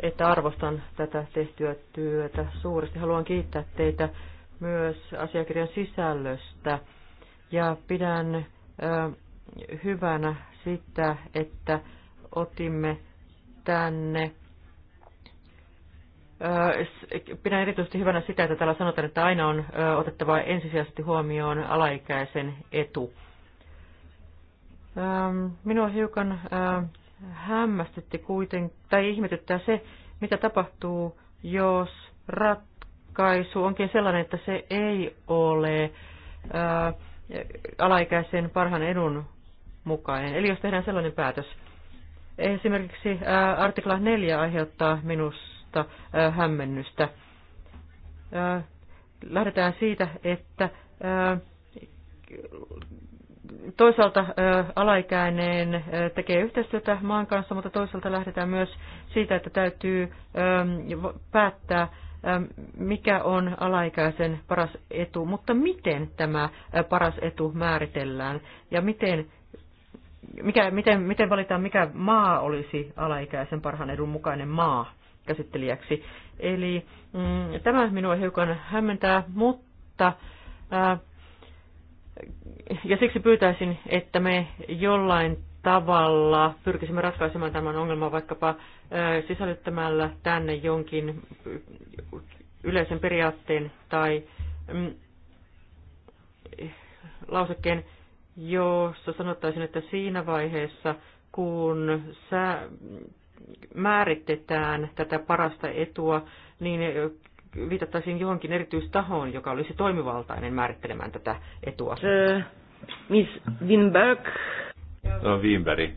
että arvostan tätä tehtyä työtä suuresti. Haluan kiittää teitä myös asiakirjan sisällöstä ja pidän hyvänä sitä, että otimme tänne Pidän erityisesti hyvänä sitä, että täällä sanotaan, että aina on otettava ensisijaisesti huomioon alaikäisen etu. Minua hiukan hämmästytti kuitenkin, tai ihmetyttää se, mitä tapahtuu, jos ratkaisu onkin sellainen, että se ei ole ää, alaikäisen parhaan edun mukainen. Eli jos tehdään sellainen päätös. Esimerkiksi ää, artikla 4 aiheuttaa minusta ää, hämmennystä. Ää, lähdetään siitä, että ää, toisaalta alaikäinen tekee yhteistyötä maan kanssa, mutta toisaalta lähdetään myös siitä, että täytyy päättää, mikä on alaikäisen paras etu, mutta miten tämä paras etu määritellään ja miten, mikä, miten, miten valitaan, mikä maa olisi alaikäisen parhaan edun mukainen maa käsittelijäksi. Eli mm, tämä minua hiukan hämmentää, mutta äh, ja siksi pyytäisin, että me jollain tavalla pyrkisimme ratkaisemaan tämän ongelman vaikkapa sisällyttämällä tänne jonkin yleisen periaatteen tai mm, lausekkeen, jossa sanottaisin, että siinä vaiheessa, kun sä määritetään tätä parasta etua, niin viitattaisiin johonkin erityistahoon, joka olisi toimivaltainen määrittelemään tätä etua. Uh, Miss Winberg. on no, Winberg.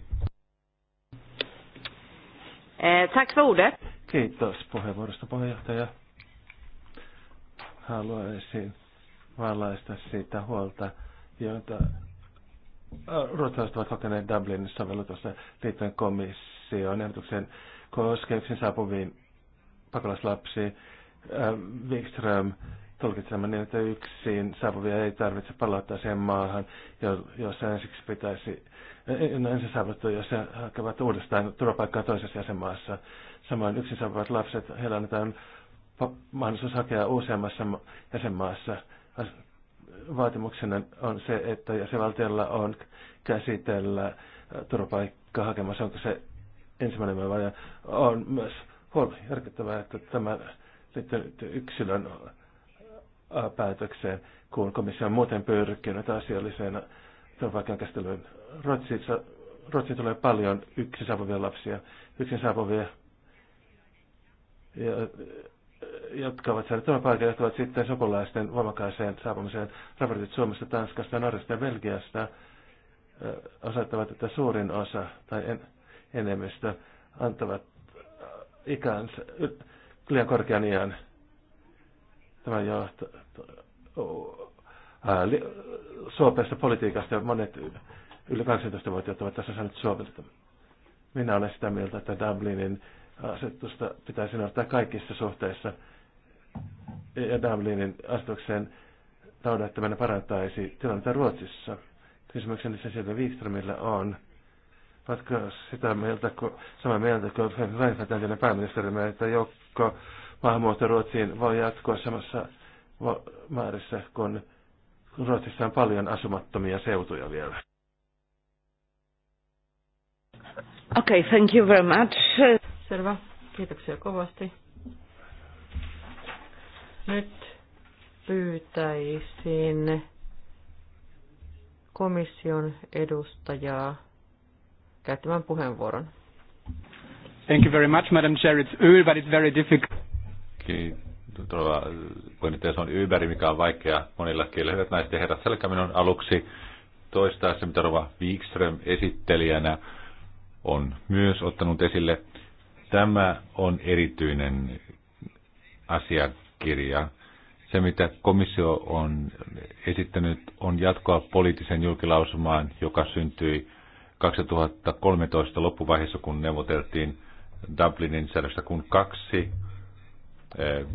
Eh, tack för ordet. Kiitos puheenvuorosta puheenjohtaja. Haluaisin valaista siitä huolta, jota ruotsalaiset ovat kokeneet Dublinin sovellutusta liittyen komission ehdotuksen koskeuksen saapuviin pakolaislapsiin Äh, Wikström tulkitsemaan niin, että yksin saapuvia ei tarvitse palauttaa sen maahan, jossa ensiksi pitäisi, no ensin saavuttu, jos he hakevat uudestaan turvapaikkaa toisessa jäsenmaassa. Samoin yksin saapuvat lapset, heillä annetaan mahdollisuus hakea useammassa jäsenmaassa. Vaatimuksena on se, että jäsenvaltiolla on käsitellä äh, turvapaikkaa hakemassa, onko se ensimmäinen vai on myös huoli järkyttävää, että tämä sitten yksilön päätökseen, kun komissio on muuten pyrkinyt asialliseen turvapaikan käsittelyyn. Ruotsissa, Ruotsiin tulee paljon yksin saapuvia lapsia, yksin saapuvia, ja, jotka ovat saaneet turvapaikan, jotka ovat sitten sukulaisten voimakkaaseen saapumiseen. Raportit Suomesta, Tanskasta, Norjasta ja Belgiasta osoittavat, että suurin osa tai en, enemmistö antavat ikänsä, liian korkean iän. Tämä johtaa suopeasta politiikasta ja monet yli 18-vuotiaat ovat tässä saaneet Suomelta. Minä olen sitä mieltä, että Dublinin asetusta pitäisi noudattaa kaikissa suhteissa ja Dublinin asetukseen taudattaminen parantaisi tilannetta Ruotsissa. Kysymykseni se sieltä Wikströmillä on. Oletko sitä mieltä, kun, samaa mieltä kuin Reinfeldt entinen pääministerimme, että joku pakko maahanmuutto Ruotsiin voi jatkua samassa määrässä, kun Ruotsissa on paljon asumattomia seutuja vielä. Okei, okay, thank you very much. Selvä. Kiitoksia kovasti. Nyt pyytäisin komission edustajaa käyttämään puheenvuoron. Thank you very much, Madam Chair. It's Uber, but it's very difficult. Todella, äh, se on Uber, mikä on vaikea monilla kielillä. Hyvät naiset ja herrat, selkä minun aluksi toistaa se, mitä Rova Wikström esittelijänä on myös ottanut esille. Tämä on erityinen asiakirja. Se, mitä komissio on esittänyt, on jatkoa poliittisen julkilausumaan, joka syntyi 2013 loppuvaiheessa, kun neuvoteltiin Dublinin säädöstä, kun kaksi eh,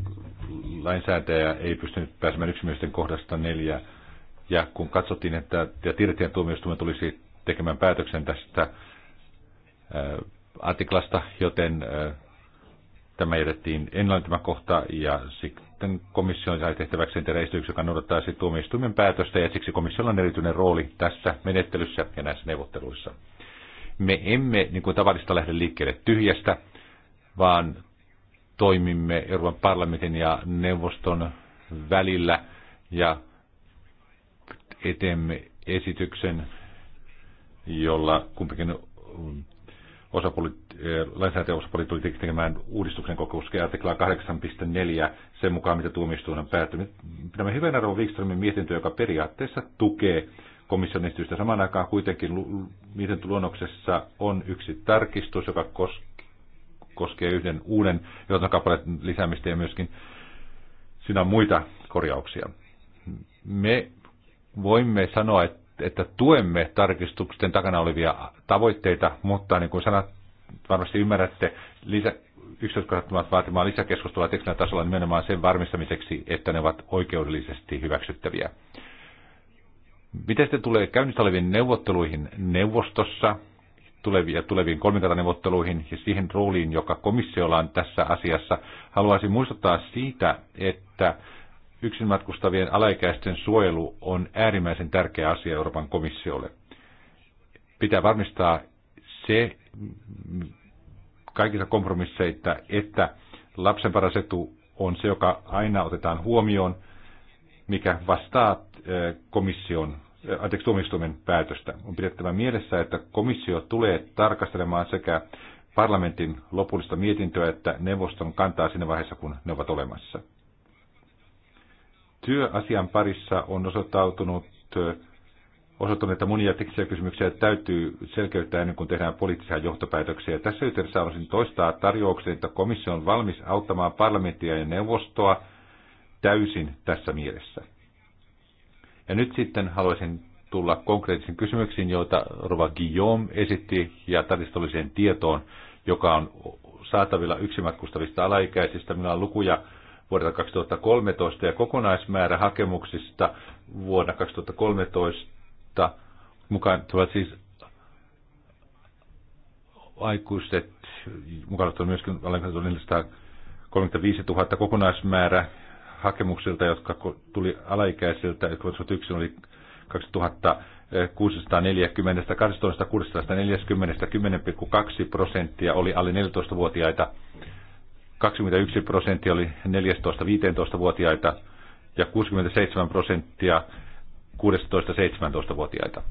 lainsäätäjä ei pystynyt pääsemään yksimielisten kohdasta neljä. Ja kun katsottiin, että ja Tirtien tuomioistuimen tulisi tekemään päätöksen tästä eh, artiklasta, joten eh, tämä jätettiin ennallaan tämä kohta ja sitten komissio sai tehtäväkseen tehdä esityksen, joka noudattaa tuomioistuimen päätöstä ja siksi komissiolla on erityinen rooli tässä menettelyssä ja näissä neuvotteluissa. Me emme niin kuin tavallista lähde liikkeelle tyhjästä, vaan toimimme Euroopan parlamentin ja neuvoston välillä ja etemme esityksen, jolla kumpikin eh, osapuoli, tuli tekemään uudistuksen kokouskin artiklaa 8.4 sen mukaan, mitä tuomioistuin on päättynyt. Pidämme hyvän arvon Wikströmin mietintö, joka periaatteessa tukee komission esitystä. Samaan aikaan kuitenkin luonnoksessa on yksi tarkistus, joka koskee yhden uuden johtokappaleen lisäämistä ja myöskin siinä on muita korjauksia. Me voimme sanoa, että tuemme tarkistusten takana olevia tavoitteita, mutta niin kuin sanat varmasti ymmärrätte, lisä, yksityiskohdat vaatimaan lisäkeskustelua tekstin tasolla nimenomaan sen varmistamiseksi, että ne ovat oikeudellisesti hyväksyttäviä. Miten sitten tulee käynnissä oleviin neuvotteluihin neuvostossa tuleviin, ja tuleviin kolmikantaneuvotteluihin ja siihen rooliin, joka komissiolla on tässä asiassa? Haluaisin muistuttaa siitä, että yksinmatkustavien alaikäisten suojelu on äärimmäisen tärkeä asia Euroopan komissiolle. Pitää varmistaa se kaikissa kompromisseissa, että lapsen paras etu on se, joka aina otetaan huomioon, mikä vastaa komission anteeksi, tuomioistuimen päätöstä. On pidettävä mielessä, että komissio tulee tarkastelemaan sekä parlamentin lopullista mietintöä että neuvoston kantaa siinä vaiheessa, kun ne ovat olemassa. Työasian parissa on osoittautunut osoittanut, että monia teknisiä kysymyksiä täytyy selkeyttää ennen kuin tehdään poliittisia johtopäätöksiä. Tässä yhteydessä haluaisin toistaa tarjouksen, että komissio on valmis auttamaan parlamenttia ja neuvostoa täysin tässä mielessä. Ja nyt sitten haluaisin tulla konkreettisiin kysymyksiin, joita Rova Guillaume esitti ja tarkistolliseen tietoon, joka on saatavilla yksimatkustavista alaikäisistä. Meillä on lukuja vuodelta 2013 ja kokonaismäärä hakemuksista vuonna 2013 mukaan tuovat siis aikuiset, mukaan on myöskin 435 000 kokonaismäärä hakemuksilta, jotka tuli alaikäisiltä, jotka olivat yksin, oli 2640, 10,2 prosenttia oli alle 14-vuotiaita, 21 prosenttia oli 14-15-vuotiaita ja 67 prosenttia 16-17-vuotiaita.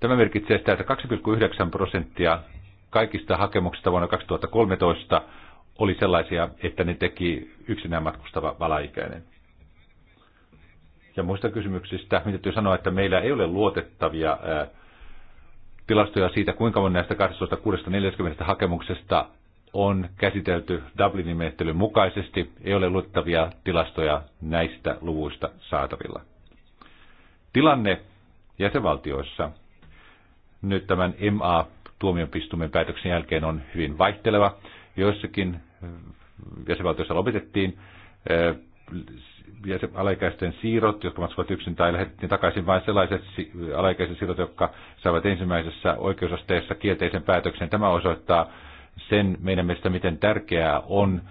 Tämä merkitsee sitä, että 2,9 prosenttia kaikista hakemuksista vuonna 2013 oli sellaisia, että ne teki yksinään matkustava valaikäinen. Ja muista kysymyksistä, mitä täytyy sanoa, että meillä ei ole luotettavia ää, tilastoja siitä, kuinka moni näistä 1840 hakemuksesta on käsitelty Dublinin menettelyn mukaisesti, ei ole luotettavia tilastoja näistä luvuista saatavilla. Tilanne jäsenvaltioissa nyt tämän MA-tuomionpistumen päätöksen jälkeen on hyvin vaihteleva. Joissakin jäsenvaltiossa lopetettiin alaikäisten siirrot, jotka maksavat yksin tai lähetettiin takaisin vain sellaiset alaikäiset siirrot, jotka saivat ensimmäisessä oikeusasteessa kielteisen päätöksen. Tämä osoittaa sen meidän mielestä, miten tärkeää on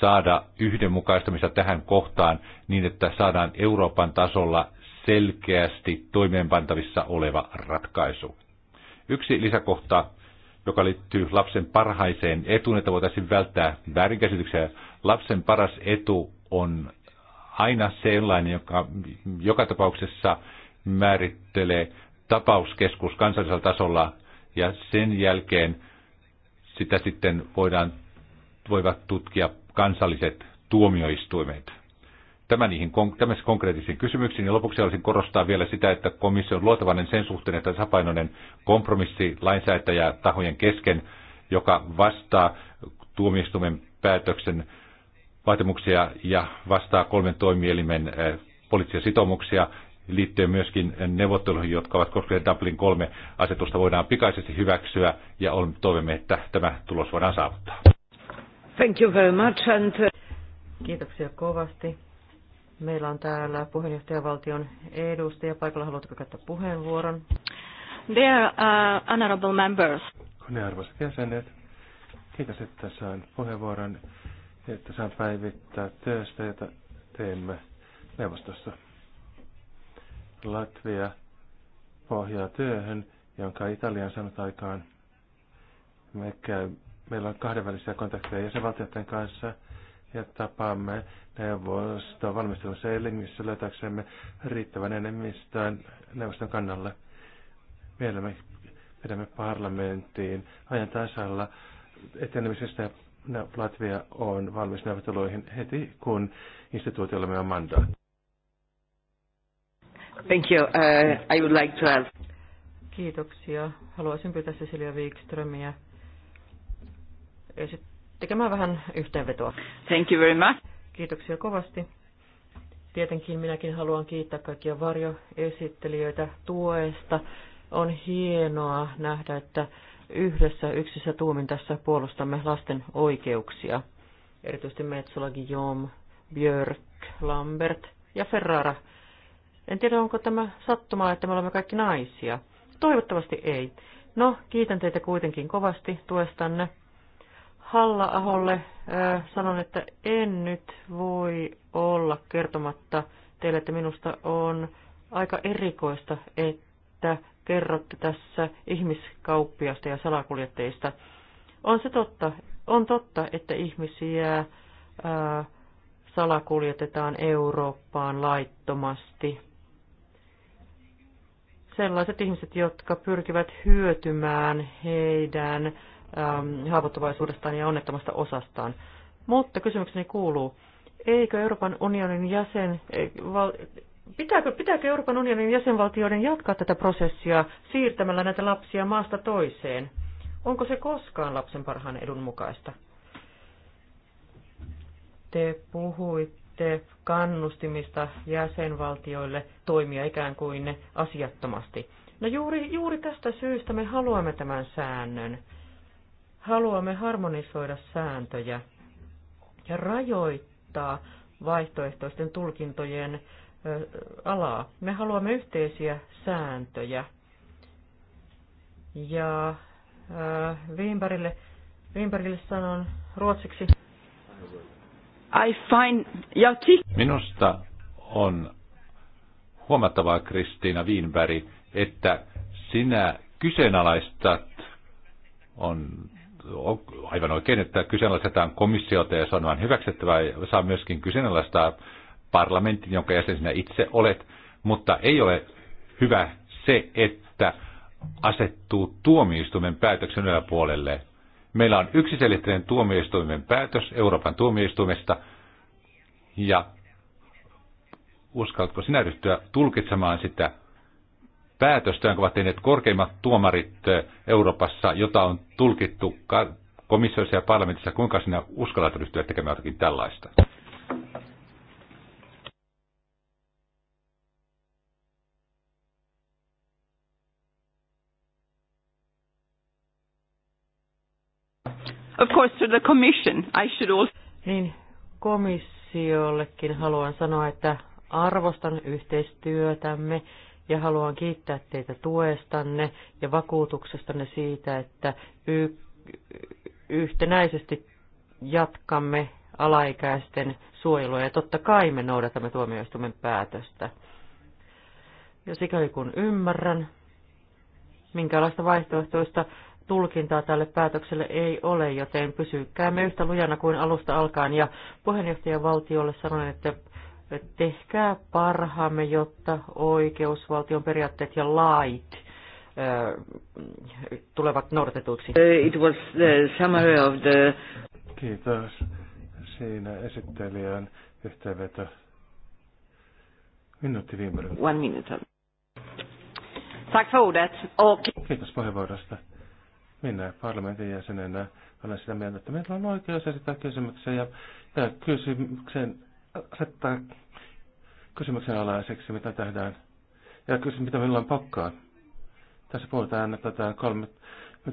saada yhdenmukaistamista tähän kohtaan niin, että saadaan Euroopan tasolla selkeästi toimeenpantavissa oleva ratkaisu. Yksi lisäkohta joka liittyy lapsen parhaiseen etuun, että voitaisiin välttää väärinkäsityksiä. Lapsen paras etu on aina sellainen, joka joka tapauksessa määrittelee tapauskeskus kansallisella tasolla ja sen jälkeen sitä sitten voidaan, voivat tutkia kansalliset tuomioistuimet. Tämä niihin siis konkreettisiin kysymyksiin. Ja lopuksi haluaisin korostaa vielä sitä, että komissio on luotavainen sen suhteen, että sapainoinen kompromissi lainsäätäjä tahojen kesken, joka vastaa tuomioistuimen päätöksen vaatimuksia ja vastaa kolmen toimielimen eh, poliittisia sitoumuksia liittyen myöskin neuvotteluihin, jotka ovat koskeneet Dublin 3 asetusta, voidaan pikaisesti hyväksyä ja toivomme, että tämä tulos voidaan saavuttaa. Thank you very much and... Uh, Kiitoksia kovasti. Meillä on täällä puheenjohtajavaltion edustaja. Paikalla haluatko käyttää puheenvuoron? Dear uh, honorable members. Kunnianarvoiset jäsenet, kiitos, että saan puheenvuoron, että saan päivittää työstä, jota teemme neuvostossa. Latvia pohjaa työhön, jonka Italian saanut aikaan. Me käy, meillä on kahdenvälisiä kontakteja jäsenvaltioiden kanssa – ja tapaamme neuvostoa valmistelussa elimissä löytääksemme riittävän enemmistön neuvoston kannalle. Mielemme pidämme parlamenttiin ajan tasalla etenemisestä Latvia on valmis neuvotteluihin heti, kun instituutiollamme on mandaatti. Thank you. Uh, I would like to have Kiitoksia. Haluaisin pyytää Cecilia Wikströmiä esit- tekemään vähän yhteenvetoa. Thank you very much. Kiitoksia kovasti. Tietenkin minäkin haluan kiittää kaikkia varjoesittelijöitä tuesta. On hienoa nähdä, että yhdessä yksissä tuumin tässä puolustamme lasten oikeuksia. Erityisesti Metsola, Guillaume, Björk, Lambert ja Ferrara. En tiedä, onko tämä sattumaa, että me olemme kaikki naisia. Toivottavasti ei. No, kiitän teitä kuitenkin kovasti tuestanne. Halla-aholle sanon, että en nyt voi olla kertomatta teille, että minusta on aika erikoista, että kerrotte tässä ihmiskauppiasta ja salakuljettajista. On se totta, on totta että ihmisiä ää, salakuljetetaan Eurooppaan laittomasti. Sellaiset ihmiset, jotka pyrkivät hyötymään heidän Ähm, haavoittuvaisuudestaan ja onnettomasta osastaan. Mutta kysymykseni kuuluu, eikö Euroopan unionin jäsen, eh, pitääkö, pitääkö Euroopan unionin jäsenvaltioiden jatkaa tätä prosessia siirtämällä näitä lapsia maasta toiseen? Onko se koskaan lapsen parhaan edun mukaista? Te puhuitte kannustimista jäsenvaltioille toimia ikään kuin ne asiattomasti. No juuri, juuri tästä syystä me haluamme tämän säännön Haluamme harmonisoida sääntöjä ja rajoittaa vaihtoehtoisten tulkintojen alaa. Me haluamme yhteisiä sääntöjä. Ja Wienbergille, Wienbergille sanon ruotsiksi. I find, ja Minusta on huomattavaa, Kristiina Wienberg, että sinä kyseenalaistat, on on aivan oikein, että kyseenalaistetaan komissiota ja se on vain hyväksyttävää ja saa myöskin kyseenalaistaa parlamentin, jonka jäsen sinä itse olet, mutta ei ole hyvä se, että asettuu tuomioistuimen päätöksen yläpuolelle. Meillä on yksiselitteinen tuomioistuimen päätös Euroopan tuomioistuimesta ja uskaltko sinä ryhtyä tulkitsemaan sitä päätöstä, jonka ovat tehneet korkeimmat tuomarit Euroopassa, jota on tulkittu komissiossa ja parlamentissa. Kuinka sinä uskallat ryhtyä tekemään jotakin tällaista? Of course to the commission, I should also... Niin, komissiollekin haluan sanoa, että arvostan yhteistyötämme ja haluan kiittää teitä tuestanne ja vakuutuksestanne siitä, että y- yhtenäisesti jatkamme alaikäisten suojelua ja totta kai me noudatamme tuomioistuimen päätöstä. Ja sikäli kun ymmärrän, minkälaista vaihtoehtoista tulkintaa tälle päätökselle ei ole, joten pysykäämme yhtä lujana kuin alusta alkaen. Ja valtiolle sanon, että tehkää parhaamme, jotta oikeusvaltion periaatteet ja lait tulevat noudatetuiksi. It was the summary of the... Kiitos. Siinä esittelijän yhteenveto. Minuutti viimeinen. One minute. Tack för ordet. Kiitos puheenvuorosta. Minä parlamentin jäsenenä olen sitä mieltä, että meillä on oikeus esittää kysymyksiä ja, ja kysymyksen asettaa kysymyksen alaiseksi, mitä tehdään. Ja kysymys, mitä meillä on pakkaa. Tässä puhutaan tätä kolme,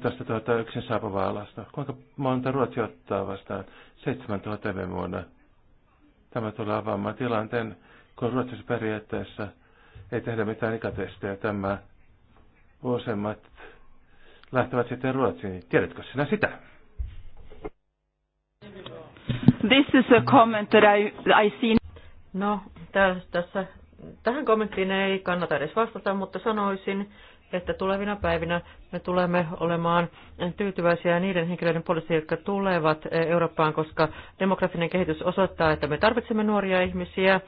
tästä tuota yksin saapuvaa alasta. Kuinka monta Ruotsi ottaa vastaan? 7000 viime vuonna. Tämä tulee avaamaan tilanteen, kun Ruotsissa periaatteessa ei tehdä mitään ikätestejä. Tämä useimmat lähtevät sitten Ruotsiin. Tiedätkö sinä sitä? This is a comment that I, I see. No, tässä, tähän kommenttiin ei kannata edes vastata, mutta sanoisin, että tulevina päivinä me tulemme olemaan tyytyväisiä niiden henkilöiden puolesta, jotka tulevat Eurooppaan, koska demografinen kehitys osoittaa, että me tarvitsemme nuoria ihmisiä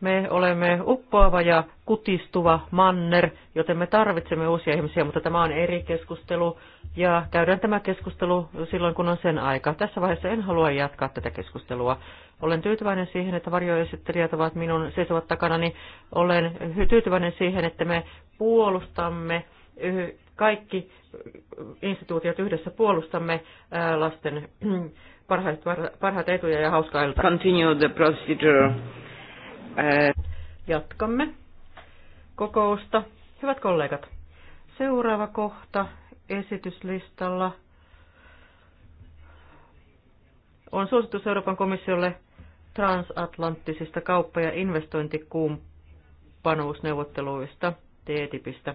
me olemme uppoava ja kutistuva manner, joten me tarvitsemme uusia ihmisiä, mutta tämä on eri keskustelu ja käydään tämä keskustelu silloin, kun on sen aika. Tässä vaiheessa en halua jatkaa tätä keskustelua. Olen tyytyväinen siihen, että varjoesittelijät ovat minun seisovat niin Olen tyytyväinen siihen, että me puolustamme kaikki instituutiot yhdessä puolustamme lasten parhaita, parhaita etuja ja hauskaa iltaa. Continue the procedure Jatkamme kokousta. Hyvät kollegat, seuraava kohta esityslistalla on suositus Euroopan komissiolle transatlanttisista kauppa- ja investointikumppanuusneuvotteluista, TTIPistä. E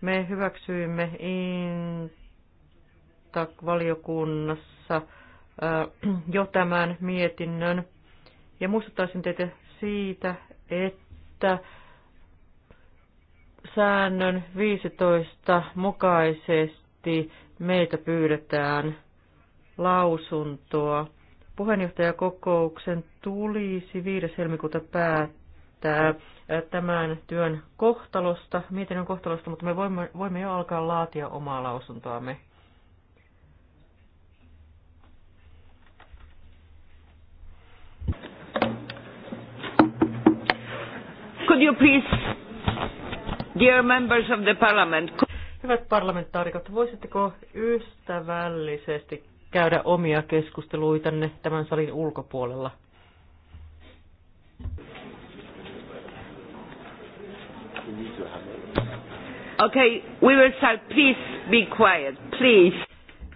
Me hyväksyimme valiokunnassa jo tämän mietinnön ja muistuttaisin teitä siitä, että säännön 15 mukaisesti meitä pyydetään lausuntoa. Puheenjohtajakokouksen tulisi 5. helmikuuta päättää tämän työn kohtalosta, on kohtalosta, mutta me voimme, voimme jo alkaa laatia omaa lausuntoamme could you please, dear members of the parliament... Hyvät parlamentaarikot, voisitteko ystävällisesti käydä omia keskusteluitanne tämän salin ulkopuolella? Okay, we will start. Please be quiet, please.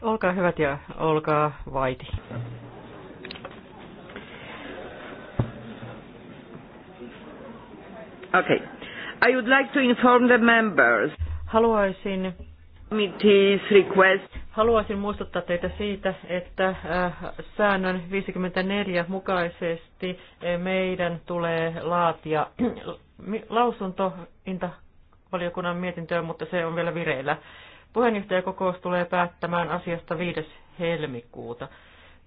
Olkaa hyvät ja olkaa vaiti. Okay. I would like to inform the members. Haluaisin Haluaisin muistuttaa teitä siitä, että äh, säännön 54 mukaisesti eh, meidän tulee laatia lausunto valiokunnan mietintöön, mutta se on vielä vireillä. Puheenjohtajakokous tulee päättämään asiasta 5. helmikuuta.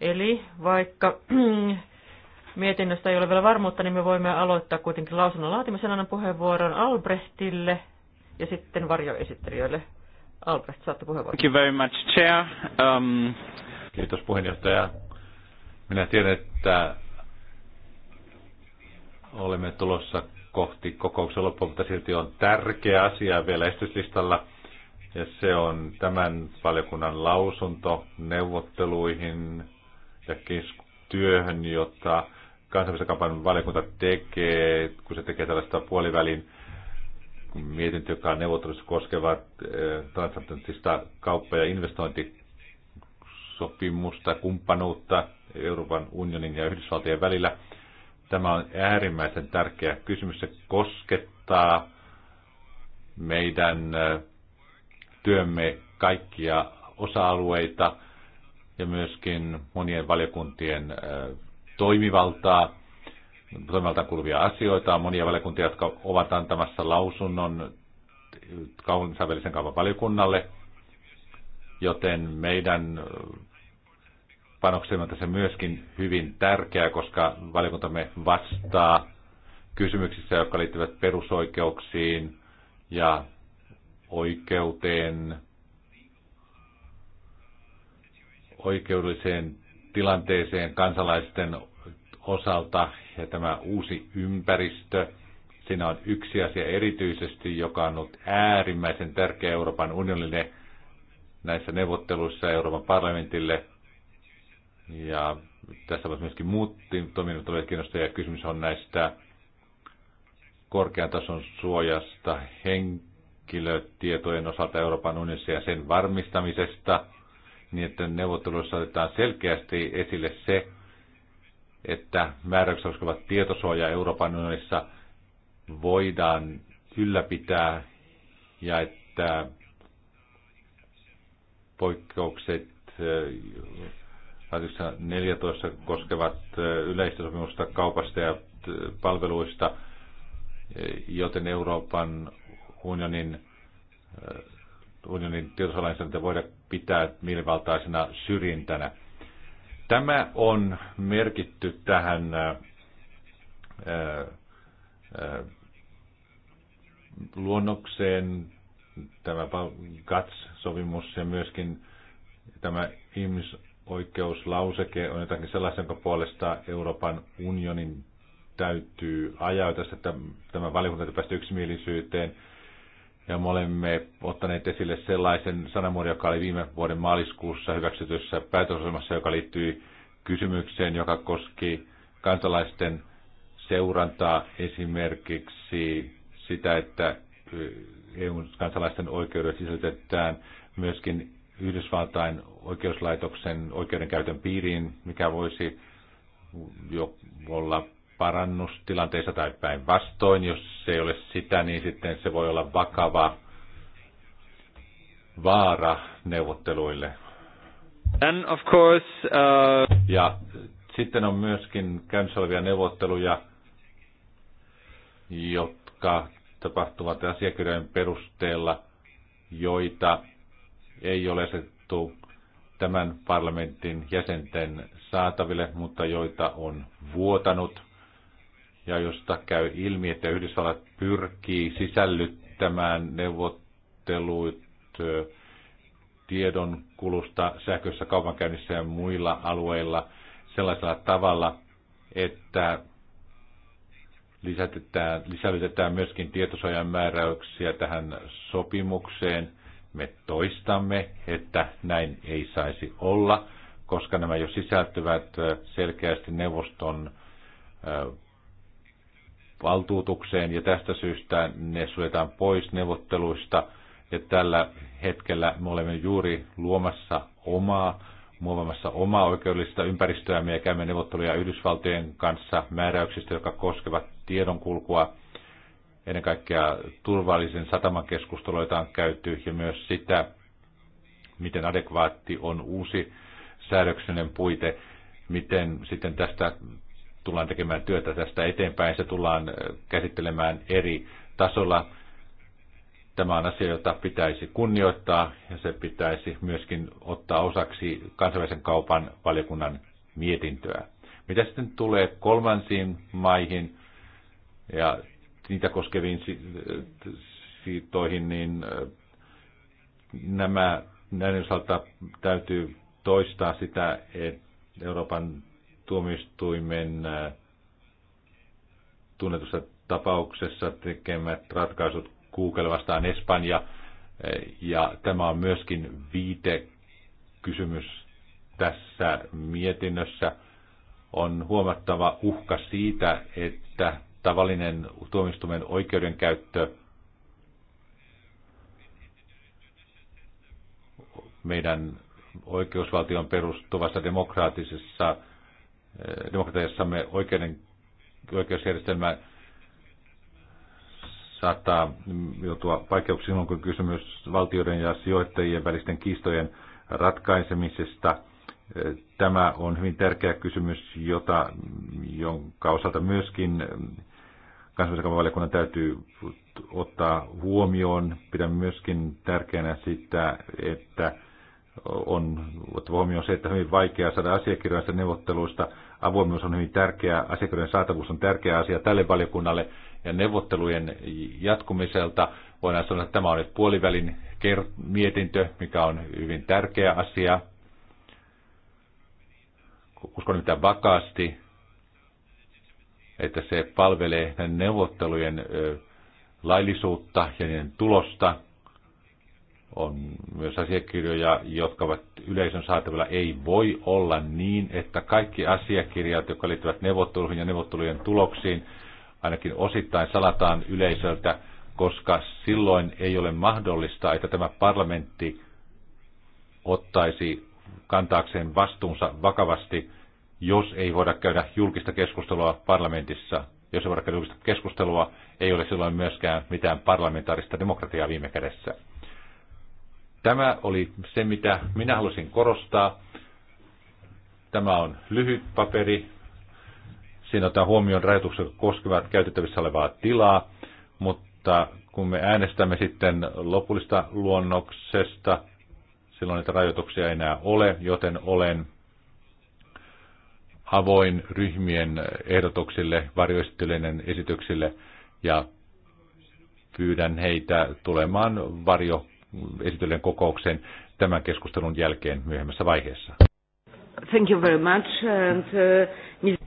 Eli vaikka mietinnöstä ei ole vielä varmuutta, niin me voimme aloittaa kuitenkin lausunnon laatimisen annan puheenvuoron Albrechtille ja sitten varjoesittelijöille. Albrecht, saatte puheenvuoron. Thank you very much, Chair. Um... Kiitos puheenjohtaja. Minä tiedän, että olemme tulossa kohti kokouksen loppua, mutta silti on tärkeä asia vielä estyslistalla. Ja se on tämän valiokunnan lausunto neuvotteluihin ja työhön, jota kansainvälisen kampanjan valiokunta tekee, kun se tekee tällaista puolivälin mietintöä, joka on neuvottelussa koskevat eh, transatlanttista kauppa- ja investointisopimusta, kumppanuutta Euroopan unionin ja Yhdysvaltojen välillä. Tämä on äärimmäisen tärkeä kysymys. Se koskettaa meidän eh, työmme kaikkia osa-alueita ja myöskin monien valiokuntien eh, toimivaltaa, toimivalta kuuluvia asioita. On monia valiokuntia, jotka ovat antamassa lausunnon kansainvälisen kaupan valiokunnalle, joten meidän panoksemme on tässä myöskin hyvin tärkeää, koska valiokuntamme vastaa kysymyksissä, jotka liittyvät perusoikeuksiin ja oikeuteen, oikeudelliseen tilanteeseen kansalaisten osalta ja tämä uusi ympäristö. Siinä on yksi asia erityisesti, joka on ollut äärimmäisen tärkeä Euroopan unionille näissä neuvotteluissa Euroopan parlamentille. Ja tässä on myöskin muut toiminnot olivat kiinnostavia. Kysymys on näistä korkean tason suojasta henkilötietojen osalta Euroopan unionissa ja sen varmistamisesta – niin että neuvotteluissa otetaan selkeästi esille se, että määräykset koskevat tietosuoja Euroopan unionissa voidaan ylläpitää ja että poikkeukset 14 eh, koskevat eh, yleistä sopimusta kaupasta ja eh, palveluista, joten Euroopan unionin unionin tietosuojalainsäädäntöä voida pitää mielivaltaisena syrjintänä. Tämä on merkitty tähän ää, ää, luonnokseen, tämä GATS-sovimus ja myöskin tämä ihmisoikeuslauseke on jotakin sellaisen jonka puolesta Euroopan unionin täytyy ajaa. että tämä valiokunta päästä yksimielisyyteen ja me olemme ottaneet esille sellaisen sanamuodon, joka oli viime vuoden maaliskuussa hyväksytyssä päätösohjelmassa, joka liittyy kysymykseen, joka koski kansalaisten seurantaa esimerkiksi sitä, että EU-kansalaisten oikeudet sisältetään myöskin Yhdysvaltain oikeuslaitoksen oikeudenkäytön piiriin, mikä voisi jo olla Parannustilanteissa tai tai päinvastoin. Jos se ei ole sitä, niin sitten se voi olla vakava vaara neuvotteluille. And of course, uh... Ja sitten on myöskin käynnissä olevia neuvotteluja, jotka tapahtuvat asiakirjojen perusteella, joita ei ole asetettu tämän parlamentin jäsenten saataville, mutta joita on vuotanut ja josta käy ilmi, että Yhdysvallat pyrkii sisällyttämään neuvottelut tiedon kulusta sähköisessä kaupankäynnissä ja muilla alueilla sellaisella tavalla, että lisätetään, sisällytetään myöskin tietosuojan määräyksiä tähän sopimukseen. Me toistamme, että näin ei saisi olla, koska nämä jo sisältyvät selkeästi neuvoston valtuutukseen ja tästä syystä ne suljetaan pois neuvotteluista. Ja tällä hetkellä me olemme juuri luomassa omaa, muovamassa omaa oikeudellista ympäristöä Me käymme neuvotteluja Yhdysvaltojen kanssa määräyksistä, jotka koskevat tiedonkulkua. Ennen kaikkea turvallisen sataman keskusteluita on käyty ja myös sitä, miten adekvaatti on uusi säädöksinen puite, miten sitten tästä tullaan tekemään työtä tästä eteenpäin. Se tullaan käsittelemään eri tasolla. Tämä on asia, jota pitäisi kunnioittaa ja se pitäisi myöskin ottaa osaksi kansainvälisen kaupan valiokunnan mietintöä. Mitä sitten tulee kolmansiin maihin ja niitä koskeviin siitoihin, niin nämä, näiden osalta täytyy toistaa sitä, että Euroopan tuomioistuimen tunnetussa tapauksessa tekemät ratkaisut Google vastaan Espanja. Ja tämä on myöskin viite kysymys tässä mietinnössä. On huomattava uhka siitä, että tavallinen tuomistumen oikeudenkäyttö meidän oikeusvaltion perustuvassa demokraattisessa Eh, demokratiassamme oikeuden, oikeusjärjestelmä saattaa joutua vaikeuksiin silloin, kun kysymys valtioiden ja sijoittajien välisten kiistojen ratkaisemisesta. Eh, tämä on hyvin tärkeä kysymys, jota, jonka osalta myöskin valiokunnan täytyy ottaa huomioon. Pidän myöskin tärkeänä sitä, että on huomioon se, että on hyvin vaikea saada asiakirjoista neuvotteluista – avoimuus on hyvin tärkeä, asiakirjojen saatavuus on tärkeä asia tälle valiokunnalle ja neuvottelujen jatkumiselta voidaan sanoa, että tämä on nyt puolivälin mietintö, mikä on hyvin tärkeä asia. Uskon nyt vakaasti, että se palvelee neuvottelujen laillisuutta ja niiden tulosta. On myös asiakirjoja, jotka ovat yleisön saatavilla. Ei voi olla niin, että kaikki asiakirjat, jotka liittyvät neuvotteluihin ja neuvottelujen tuloksiin, ainakin osittain salataan yleisöltä, koska silloin ei ole mahdollista, että tämä parlamentti ottaisi kantaakseen vastuunsa vakavasti, jos ei voida käydä julkista keskustelua parlamentissa. Jos ei voida käydä julkista keskustelua, ei ole silloin myöskään mitään parlamentaarista demokratiaa viime kädessä. Tämä oli se, mitä minä halusin korostaa. Tämä on lyhyt paperi. Siinä otetaan huomioon rajoitukset koskevat käytettävissä olevaa tilaa, mutta kun me äänestämme sitten lopullista luonnoksesta, silloin niitä rajoituksia ei enää ole, joten olen avoin ryhmien ehdotuksille, varjoistelijoiden esityksille ja pyydän heitä tulemaan varjo esitellen kokoukseen tämän keskustelun jälkeen myöhemmässä vaiheessa. Thank you very much. And, uh,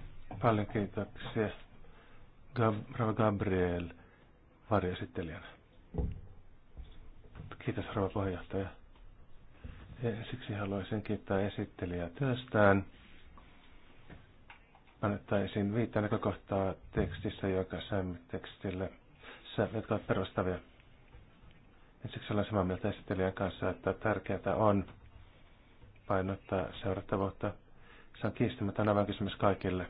Paljon kiitoksia. Rava Gabriel varjoesittelijänä. Kiitos rouva puheenjohtaja. Siksi haluaisin kiittää esittelijää työstään. Annettaisiin viittä näkökohtaa tekstissä, joka saimme tekstille, jotka ovat perustavia. Ensiksi olen samaa mieltä esittelijän kanssa, että tärkeää on painottaa seurattavuutta. Se on kiistämätön kysymys kaikille.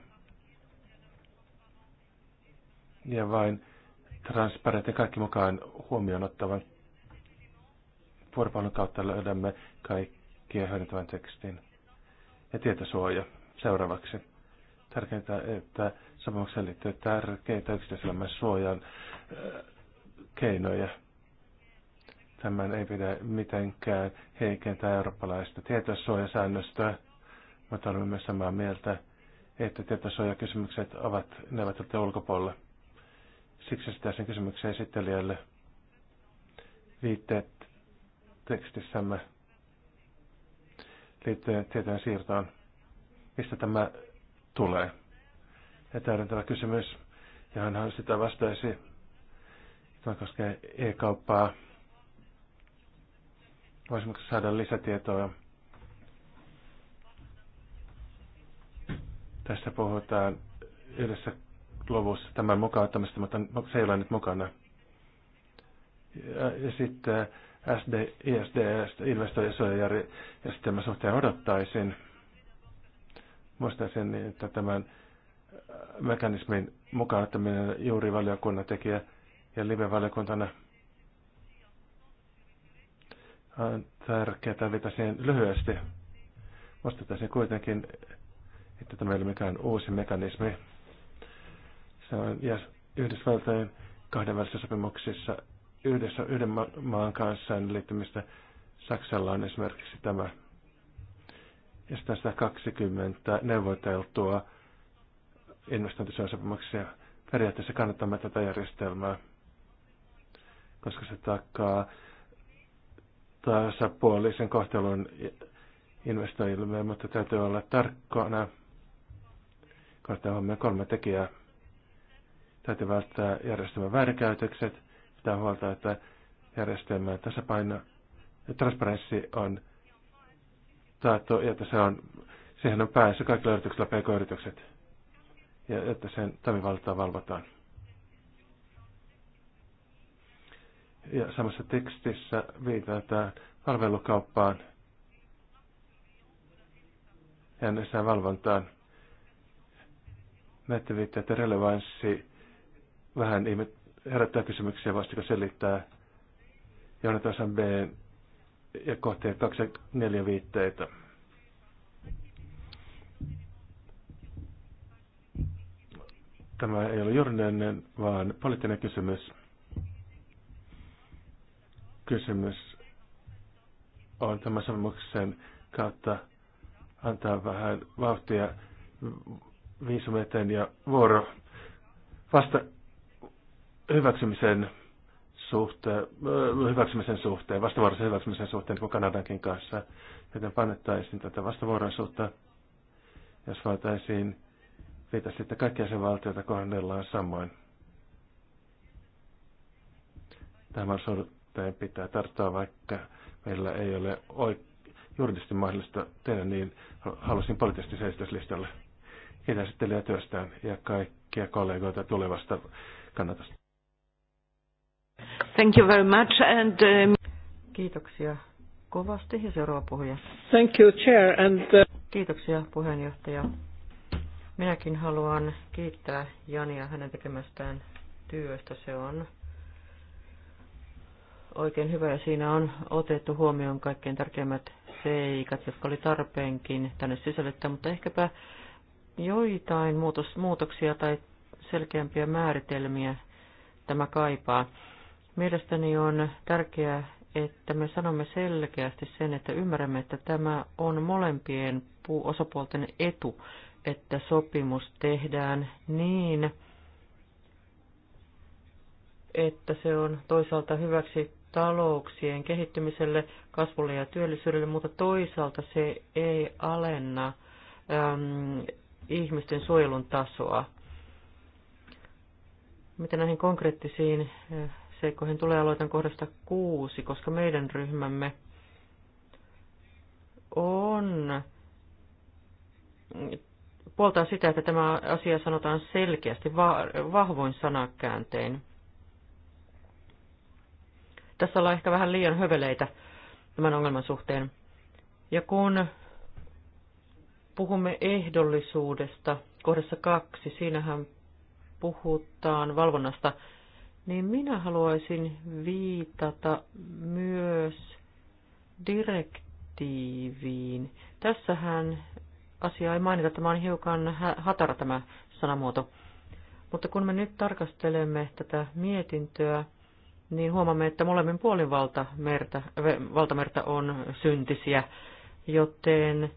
Ja vain transparentin kaikki mukaan huomioon ottavan vuoropuhelun kautta löydämme kaikkien hyödyntävän tekstin. Ja tietosuoja seuraavaksi. Tärkeintä, että sopimukseen liittyy tärkeitä yksityiselämän suojan äh, keinoja Tämän ei pidä mitenkään heikentää eurooppalaista tietosuojasäännöstöä, mutta olemme myös samaa mieltä, että tietosuojakysymykset ovat neuvottelujen ulkopuolella. Siksi sen kysymyksen esittelijälle viitteet tekstissämme liittyen tietojen siirtoon. Mistä tämä tulee? Ja täydentävä kysymys, johon hän sitä vastaisi. Tämä koskee e-kauppaa. Voisimmeko saada lisätietoa? Tässä puhutaan yhdessä luvussa tämän mukauttamista, mutta se ei ole nyt mukana. Ja, ja sitten SD, ISDS, investoijasuojajärjestelmän suhteen odottaisin. Muistaisin, että tämän äh, mekanismin mukaan ottaminen juuri valiokunnan tekijä ja live-valiokuntana on tärkeää vetää siihen lyhyesti. Vastataan kuitenkin, että tämä ei ole mikään uusi mekanismi. Se on Yhdysvaltojen kahdenvälisissä sopimuksissa yhdessä yhden ma- maan kanssa liittymistä. Saksalla on esimerkiksi tämä. Ja sitten 120 neuvoteltua investointisuojasopimuksia. Periaatteessa kannattamme tätä järjestelmää, koska se takaa tasapuolisen kohtelun investoijille, mutta täytyy olla tarkkana. Kohta on kolme tekijää. Täytyy välttää järjestelmän väärinkäytökset. Pitää huolta, että järjestelmän tasapaino ja transparenssi on taattu, ja että se on, siihen on päässä kaikilla yrityksillä pk-yritykset, ja että sen toimivaltaa valvotaan. Ja samassa tekstissä viitataan palvelukauppaan ja näissä valvontaan. Näette viitteiden relevanssi vähän herättää kysymyksiä, vastikka selittää Jonatasan B ja kohteen 24 viitteitä. Tämä ei ole juridinen, vaan poliittinen kysymys kysymys on tämän sopimuksen kautta antaa vähän vauhtia viisumeiden ja vuoro vasta hyväksymisen suhteen, äh, hyväksymisen suhteen, vastavuoroisen hyväksymisen suhteen niin kuin Kanadankin kanssa, joten panettaisiin tätä vastavuoroisuutta, jos voitaisiin viitä sitten kaikkia sen valtioita kohdellaan samoin. Tämä on erittäin pitää tarttua, vaikka meillä ei ole oik- juridisesti mahdollista tehdä niin, halusin poliittisesti seistyslistalle. Kiitän työstään ja kaikkia kollegoita tulevasta kannatusta. Thank you very much and, um... Kiitoksia kovasti ja seuraava puhuja. Thank you, Chair. And, uh... Kiitoksia puheenjohtaja. Minäkin haluan kiittää Jania hänen tekemästään työstä. Se on oikein hyvä ja siinä on otettu huomioon kaikkein tärkeimmät seikat, jotka oli tarpeenkin tänne sisällyttää, mutta ehkäpä joitain muutos, muutoksia tai selkeämpiä määritelmiä tämä kaipaa. Mielestäni on tärkeää, että me sanomme selkeästi sen, että ymmärrämme, että tämä on molempien osapuolten etu, että sopimus tehdään niin, että se on toisaalta hyväksi talouksien kehittymiselle, kasvulle ja työllisyydelle, mutta toisaalta se ei alenna äm, ihmisten suojelun tasoa. Mitä näihin konkreettisiin seikkoihin tulee, aloitan kohdasta kuusi, koska meidän ryhmämme on puoltaa sitä, että tämä asia sanotaan selkeästi vahvoin sanakääntein tässä ollaan ehkä vähän liian höveleitä tämän ongelman suhteen. Ja kun puhumme ehdollisuudesta, kohdassa kaksi, siinähän puhutaan valvonnasta, niin minä haluaisin viitata myös direktiiviin. Tässähän asia ei mainita, tämä on hiukan hatara tämä sanamuoto. Mutta kun me nyt tarkastelemme tätä mietintöä, niin huomaamme, että molemmin puolin valtamerta, valtamerta on syntisiä, joten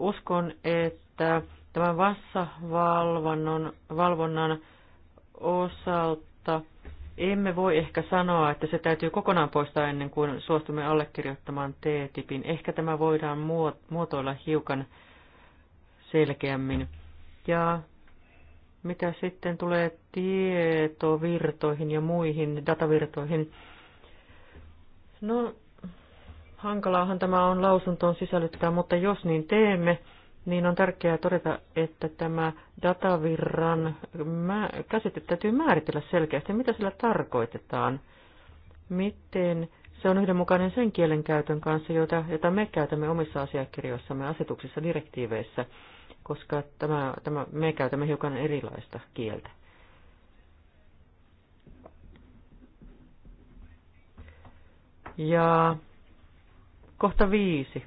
uskon, että tämän vassavalvonnan valvonnan osalta emme voi ehkä sanoa, että se täytyy kokonaan poistaa ennen kuin suostumme allekirjoittamaan T-tipin. Ehkä tämä voidaan muotoilla hiukan selkeämmin. Ja mitä sitten tulee tietovirtoihin ja muihin datavirtoihin? No, hankalaahan tämä on lausuntoon sisällyttää, mutta jos niin teemme, niin on tärkeää todeta, että tämä datavirran käsite täytyy määritellä selkeästi, mitä sillä tarkoitetaan, miten se on yhdenmukainen sen kielen käytön kanssa, jota, jota me käytämme omissa asiakirjoissamme, asetuksissa, direktiiveissä – koska tämä, tämä, me käytämme hiukan erilaista kieltä. Ja kohta viisi.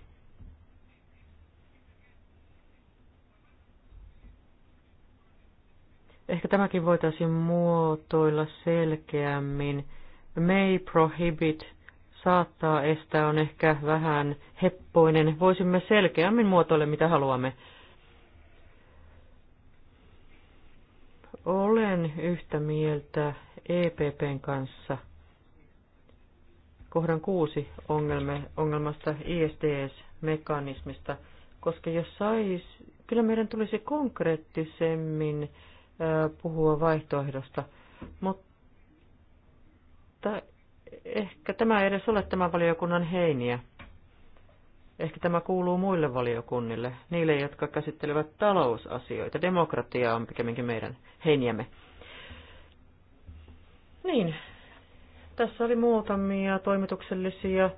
Ehkä tämäkin voitaisiin muotoilla selkeämmin. May prohibit saattaa estää on ehkä vähän heppoinen. Voisimme selkeämmin muotoilla, mitä haluamme. Olen yhtä mieltä EPPn kanssa kohdan kuusi ongelma ongelmasta ISDS-mekanismista, koska jos sais, kyllä meidän tulisi konkreettisemmin ää, puhua vaihtoehdosta, mutta ehkä tämä ei edes ole tämän valiokunnan heiniä. Ehkä tämä kuuluu muille valiokunnille, niille, jotka käsittelevät talousasioita. Demokratia on pikemminkin meidän heiniämme. Niin, tässä oli muutamia toimituksellisia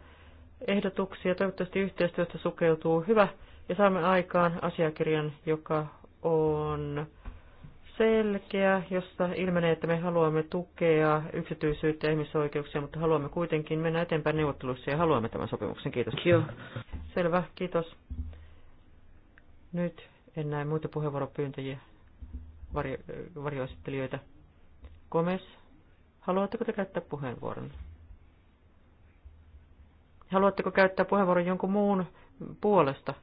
ehdotuksia. Toivottavasti yhteistyöstä sukeutuu hyvä ja saamme aikaan asiakirjan, joka on selkeä, jossa ilmenee, että me haluamme tukea yksityisyyttä ja ihmisoikeuksia, mutta haluamme kuitenkin mennä eteenpäin neuvotteluissa ja haluamme tämän sopimuksen. Kiitos. Kiitos. Selvä, kiitos. Nyt en näe muita puheenvuoropyyntöjiä, varjo, varjoesittelijöitä. Komes, haluatteko te käyttää puheenvuoron? Haluatteko käyttää puheenvuoron jonkun muun puolesta?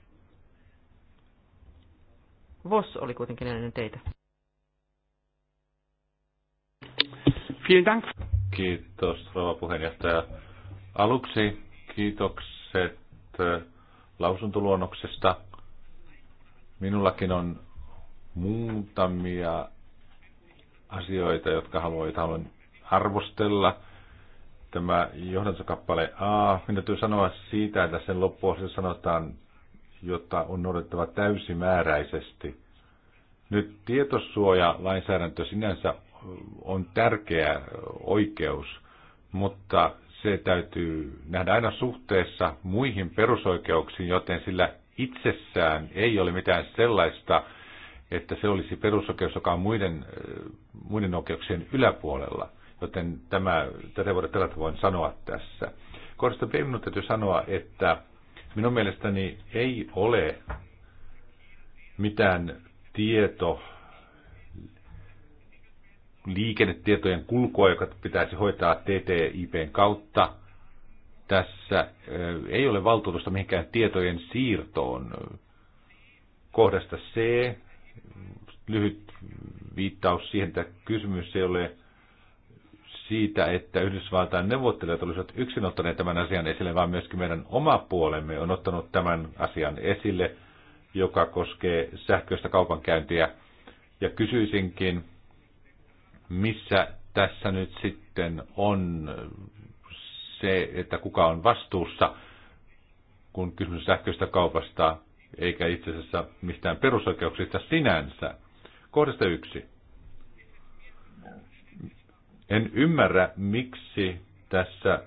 Voss oli kuitenkin ennen teitä. Kiitos, rouva puheenjohtaja. Aluksi kiitokset lausuntoluonnoksesta. Minullakin on muutamia asioita, jotka haluan, haluan arvostella. Tämä johdantokappale A, minä täytyy sanoa siitä, että sen loppuosassa sanotaan, jotta on noudattava täysimääräisesti. Nyt tietosuoja-lainsäädäntö sinänsä on tärkeä oikeus, mutta se täytyy nähdä aina suhteessa muihin perusoikeuksiin, joten sillä itsessään ei ole mitään sellaista, että se olisi perusoikeus, joka on muiden, äh, muiden oikeuksien yläpuolella. Joten tämä, tätä voidaan tällä tavoin sanoa tässä. Korostan minun täytyy sanoa, että minun mielestäni ei ole mitään tieto liikennetietojen kulkua, joka pitäisi hoitaa TTIPn kautta. Tässä ei ole valtuutusta mihinkään tietojen siirtoon. Kohdasta C, lyhyt viittaus siihen, että kysymys ei ole siitä, että Yhdysvaltain neuvottelijat olisivat yksin ottaneet tämän asian esille, vaan myöskin meidän oma puolemme on ottanut tämän asian esille, joka koskee sähköistä kaupankäyntiä. Ja kysyisinkin, missä tässä nyt sitten on se, että kuka on vastuussa, kun kysymys sähköistä kaupasta, eikä itse asiassa mistään perusoikeuksista sinänsä. Kohdasta yksi. En ymmärrä, miksi tässä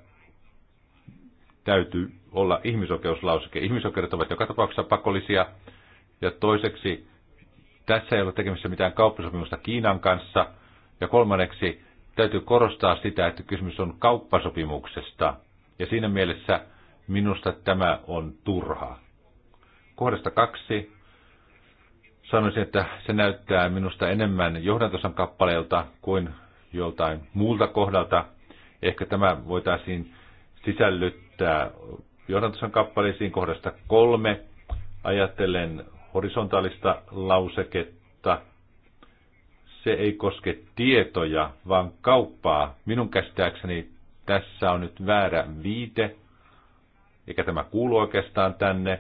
täytyy olla ihmisoikeuslauseke. Ihmisoikeudet ovat joka tapauksessa pakollisia. Ja toiseksi, tässä ei ole tekemistä mitään kauppasopimusta Kiinan kanssa – ja kolmanneksi täytyy korostaa sitä, että kysymys on kauppasopimuksesta. Ja siinä mielessä minusta tämä on turha. Kohdasta kaksi sanoisin, että se näyttää minusta enemmän johdantosan kappaleelta kuin joltain muulta kohdalta. Ehkä tämä voitaisiin sisällyttää johdantosan kappaleisiin kohdasta kolme. Ajattelen horisontaalista lauseketta, se ei koske tietoja, vaan kauppaa. Minun käsittääkseni tässä on nyt väärä viite, eikä tämä kuulu oikeastaan tänne.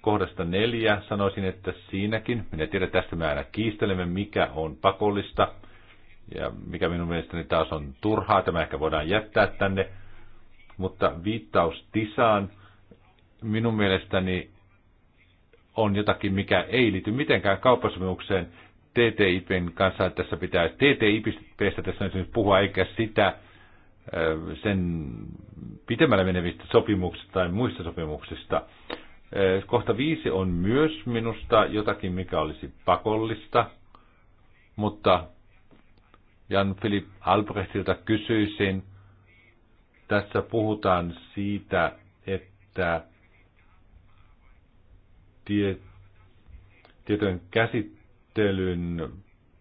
Kohdasta neljä sanoisin, että siinäkin, minä tiedän tästä me aina kiistelemme, mikä on pakollista ja mikä minun mielestäni taas on turhaa, tämä ehkä voidaan jättää tänne, mutta viittaus tisaan minun mielestäni on jotakin, mikä ei liity mitenkään kauppasopimukseen, TTIPin kanssa, tässä pitää TTIPistä tässä nyt puhua, eikä sitä sen pitemmällä menevistä sopimuksista tai muista sopimuksista. Kohta viisi on myös minusta jotakin, mikä olisi pakollista, mutta Jan-Philip Albrechtilta kysyisin, tässä puhutaan siitä, että tietojen käsittely määrittelyn,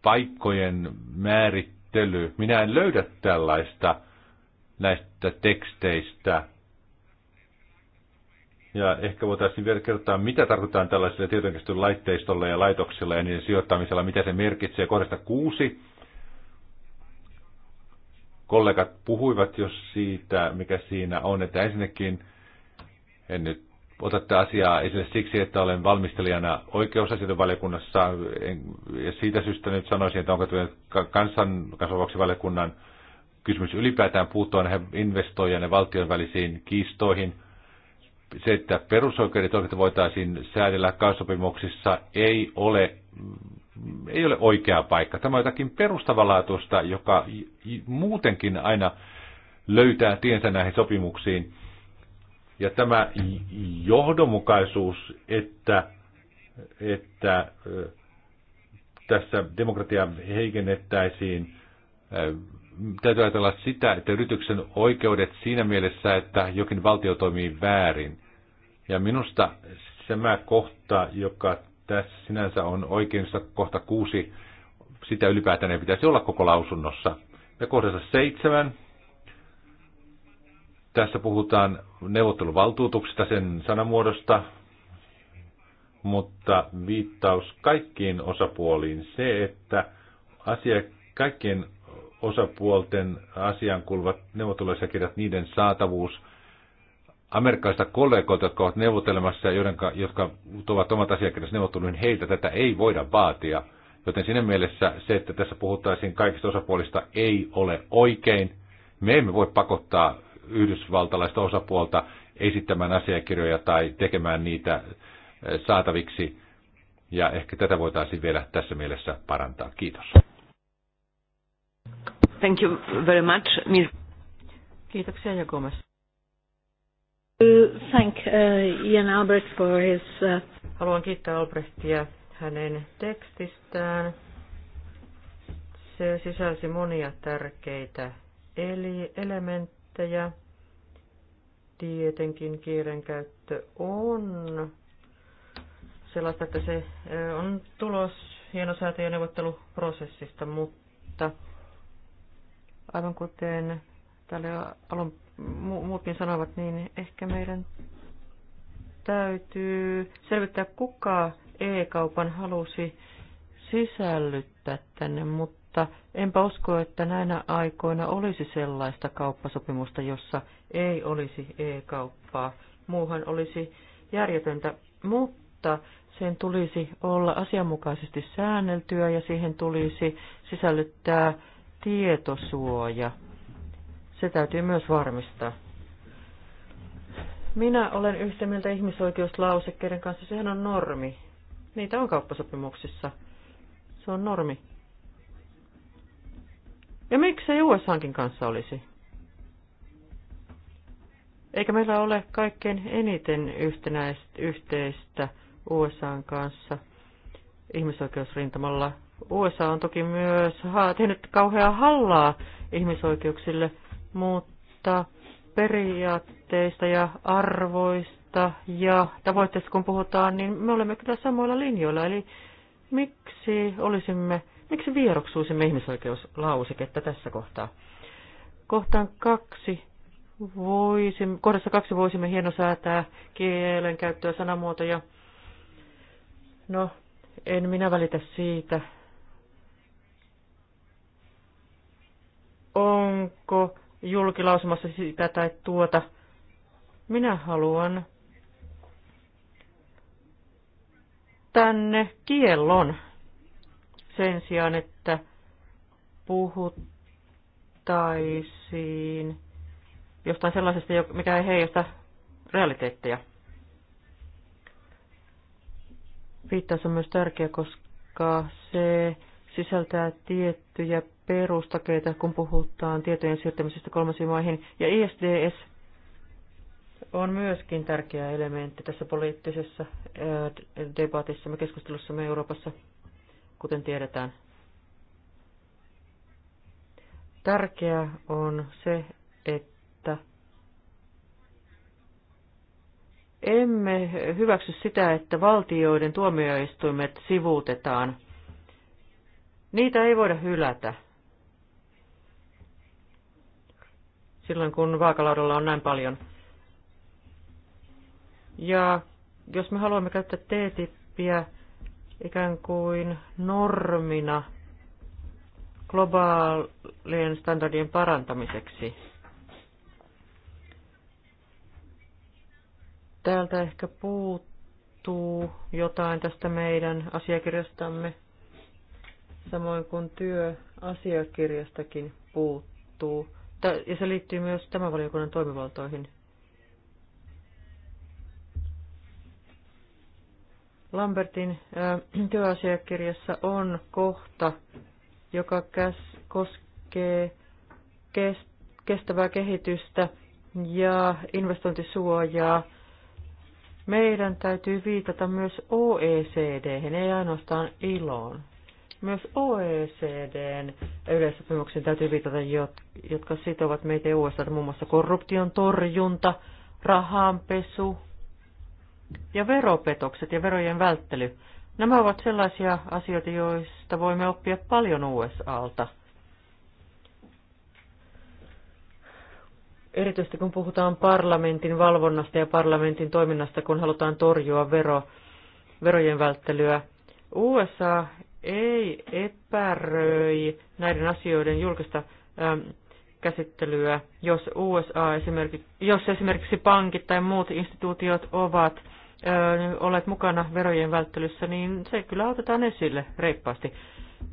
paikkojen määrittely. Minä en löydä tällaista näistä teksteistä. Ja ehkä voitaisiin vielä kertoa, mitä tarkoitetaan tällaisella tietojenkäsittelyn laitteistolla ja laitoksilla ja niiden sijoittamisella, mitä se merkitsee. Kohdasta kuusi kollegat puhuivat jo siitä, mikä siinä on, että ensinnäkin, en nyt otatte asiaa esille siksi, että olen valmistelijana oikeusasioiden valiokunnassa. Ja siitä syystä nyt sanoisin, että onko kansan, valiokunnan kysymys ylipäätään puuttua näihin investoijien ja valtion välisiin kiistoihin. Se, että perusoikeudet oikeutta voitaisiin säädellä kauppasopimuksissa, ei ole, ei ole oikea paikka. Tämä on jotakin perustavanlaatuista, joka muutenkin aina löytää tiensä näihin sopimuksiin ja tämä johdonmukaisuus, että, että tässä demokratia heikennettäisiin, täytyy ajatella sitä, että yrityksen oikeudet siinä mielessä, että jokin valtio toimii väärin. Ja minusta tämä kohta, joka tässä sinänsä on oikein, kohta kuusi, sitä ylipäätään ei pitäisi olla koko lausunnossa. Ja kohdassa seitsemän, tässä puhutaan neuvotteluvaltuutuksista, sen sanamuodosta, mutta viittaus kaikkiin osapuoliin, se, että asia, kaikkien osapuolten asian kuuluvat neuvotteluasiakirjat, niiden saatavuus, amerikkalaisista kollegoita, jotka ovat neuvottelemassa ja jotka, jotka ovat omat asiakirjansa neuvotteluihin, heiltä tätä ei voida vaatia. Joten sinne mielessä se, että tässä puhuttaisiin kaikista osapuolista, ei ole oikein. Me emme voi pakottaa yhdysvaltalaista osapuolta esittämään asiakirjoja tai tekemään niitä eh, saataviksi. Ja ehkä tätä voitaisiin vielä tässä mielessä parantaa. Kiitos. Thank you very much. Ms. Kiitoksia ja Gomez. Thank eh, Ian Albert for his... Eh, Haluan kiittää Albrechtia hänen tekstistään. Se sisälsi monia tärkeitä eli elementtejä. Tietenkin kielenkäyttö on sellaista, että se on tulos neuvotteluprosessista, mutta aivan kuten täällä alun, muutkin sanovat, niin ehkä meidän täytyy selvittää, kuka e-kaupan halusi sisällyttää tänne, mutta enpä usko, että näinä aikoina olisi sellaista kauppasopimusta, jossa ei olisi e-kauppaa. Muuhan olisi järjetöntä, mutta sen tulisi olla asianmukaisesti säänneltyä ja siihen tulisi sisällyttää tietosuoja. Se täytyy myös varmistaa. Minä olen yhtä mieltä ihmisoikeuslausekkeiden kanssa. Sehän on normi. Niitä on kauppasopimuksissa. Se on normi. Ja miksei USAkin kanssa olisi? Eikä meillä ole kaikkein eniten yhtenäistä, yhteistä USAn kanssa ihmisoikeusrintamalla. USA on toki myös tehnyt kauheaa hallaa ihmisoikeuksille, mutta periaatteista ja arvoista ja tavoitteista kun puhutaan, niin me olemme kyllä samoilla linjoilla. Eli miksi olisimme, miksi vieroksuisimme ihmisoikeuslauseketta tässä kohtaa? Kohtaan kaksi voisimme, kohdassa kaksi voisimme säätää kielen käyttöä sanamuotoja. No, en minä välitä siitä. Onko julkilausumassa sitä tai tuota? Minä haluan tänne kiellon sen sijaan, että puhuttaisiin jostain sellaisesta, mikä ei heijasta realiteetteja. Viittaus on myös tärkeä, koska se sisältää tiettyjä perustakeita, kun puhutaan tietojen siirtämisestä kolmansiin maihin. Ja ISDS on myöskin tärkeä elementti tässä poliittisessa äh, debatissa, me me Euroopassa, kuten tiedetään. Tärkeää on se, että emme hyväksy sitä, että valtioiden tuomioistuimet sivuutetaan. Niitä ei voida hylätä. Silloin kun vaakalaudalla on näin paljon. Ja jos me haluamme käyttää T-tippiä ikään kuin normina globaalien standardien parantamiseksi, Täältä ehkä puuttuu jotain tästä meidän asiakirjastamme, samoin kuin työasiakirjastakin puuttuu. Ja se liittyy myös tämän valiokunnan toimivaltoihin. Lambertin äh, työasiakirjassa on kohta, joka käs, koskee kestävää kehitystä ja investointisuojaa meidän täytyy viitata myös OECD, ei ainoastaan iloon. Myös OECDn yleissopimuksiin täytyy viitata, jotka sitovat meitä USA, muun muassa korruption torjunta, rahanpesu ja veropetokset ja verojen välttely. Nämä ovat sellaisia asioita, joista voimme oppia paljon USAlta – erityisesti kun puhutaan parlamentin valvonnasta ja parlamentin toiminnasta, kun halutaan torjua vero, verojen välttelyä. USA ei epäröi näiden asioiden julkista ähm, käsittelyä, jos, USA esimerkiksi, jos esimerkiksi pankit tai muut instituutiot ovat ö, äh, olet mukana verojen välttelyssä, niin se kyllä otetaan esille reippaasti.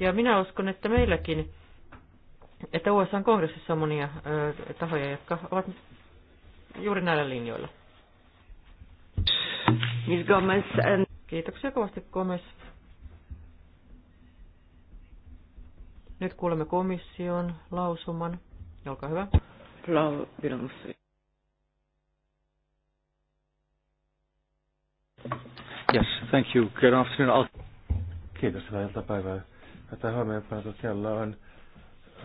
Ja minä uskon, että meilläkin että USA kongressissa on monia ö, tahoja, jotka ovat juuri näillä linjoilla. Miss Gomez. And... Kiitoksia kovasti Gomez. Nyt kuulemme komission lausuman. Olkaa hyvä. Yes, thank you. Good afternoon. I'll... Kiitos, hyvää iltapäivää. Tämä huomioon kello on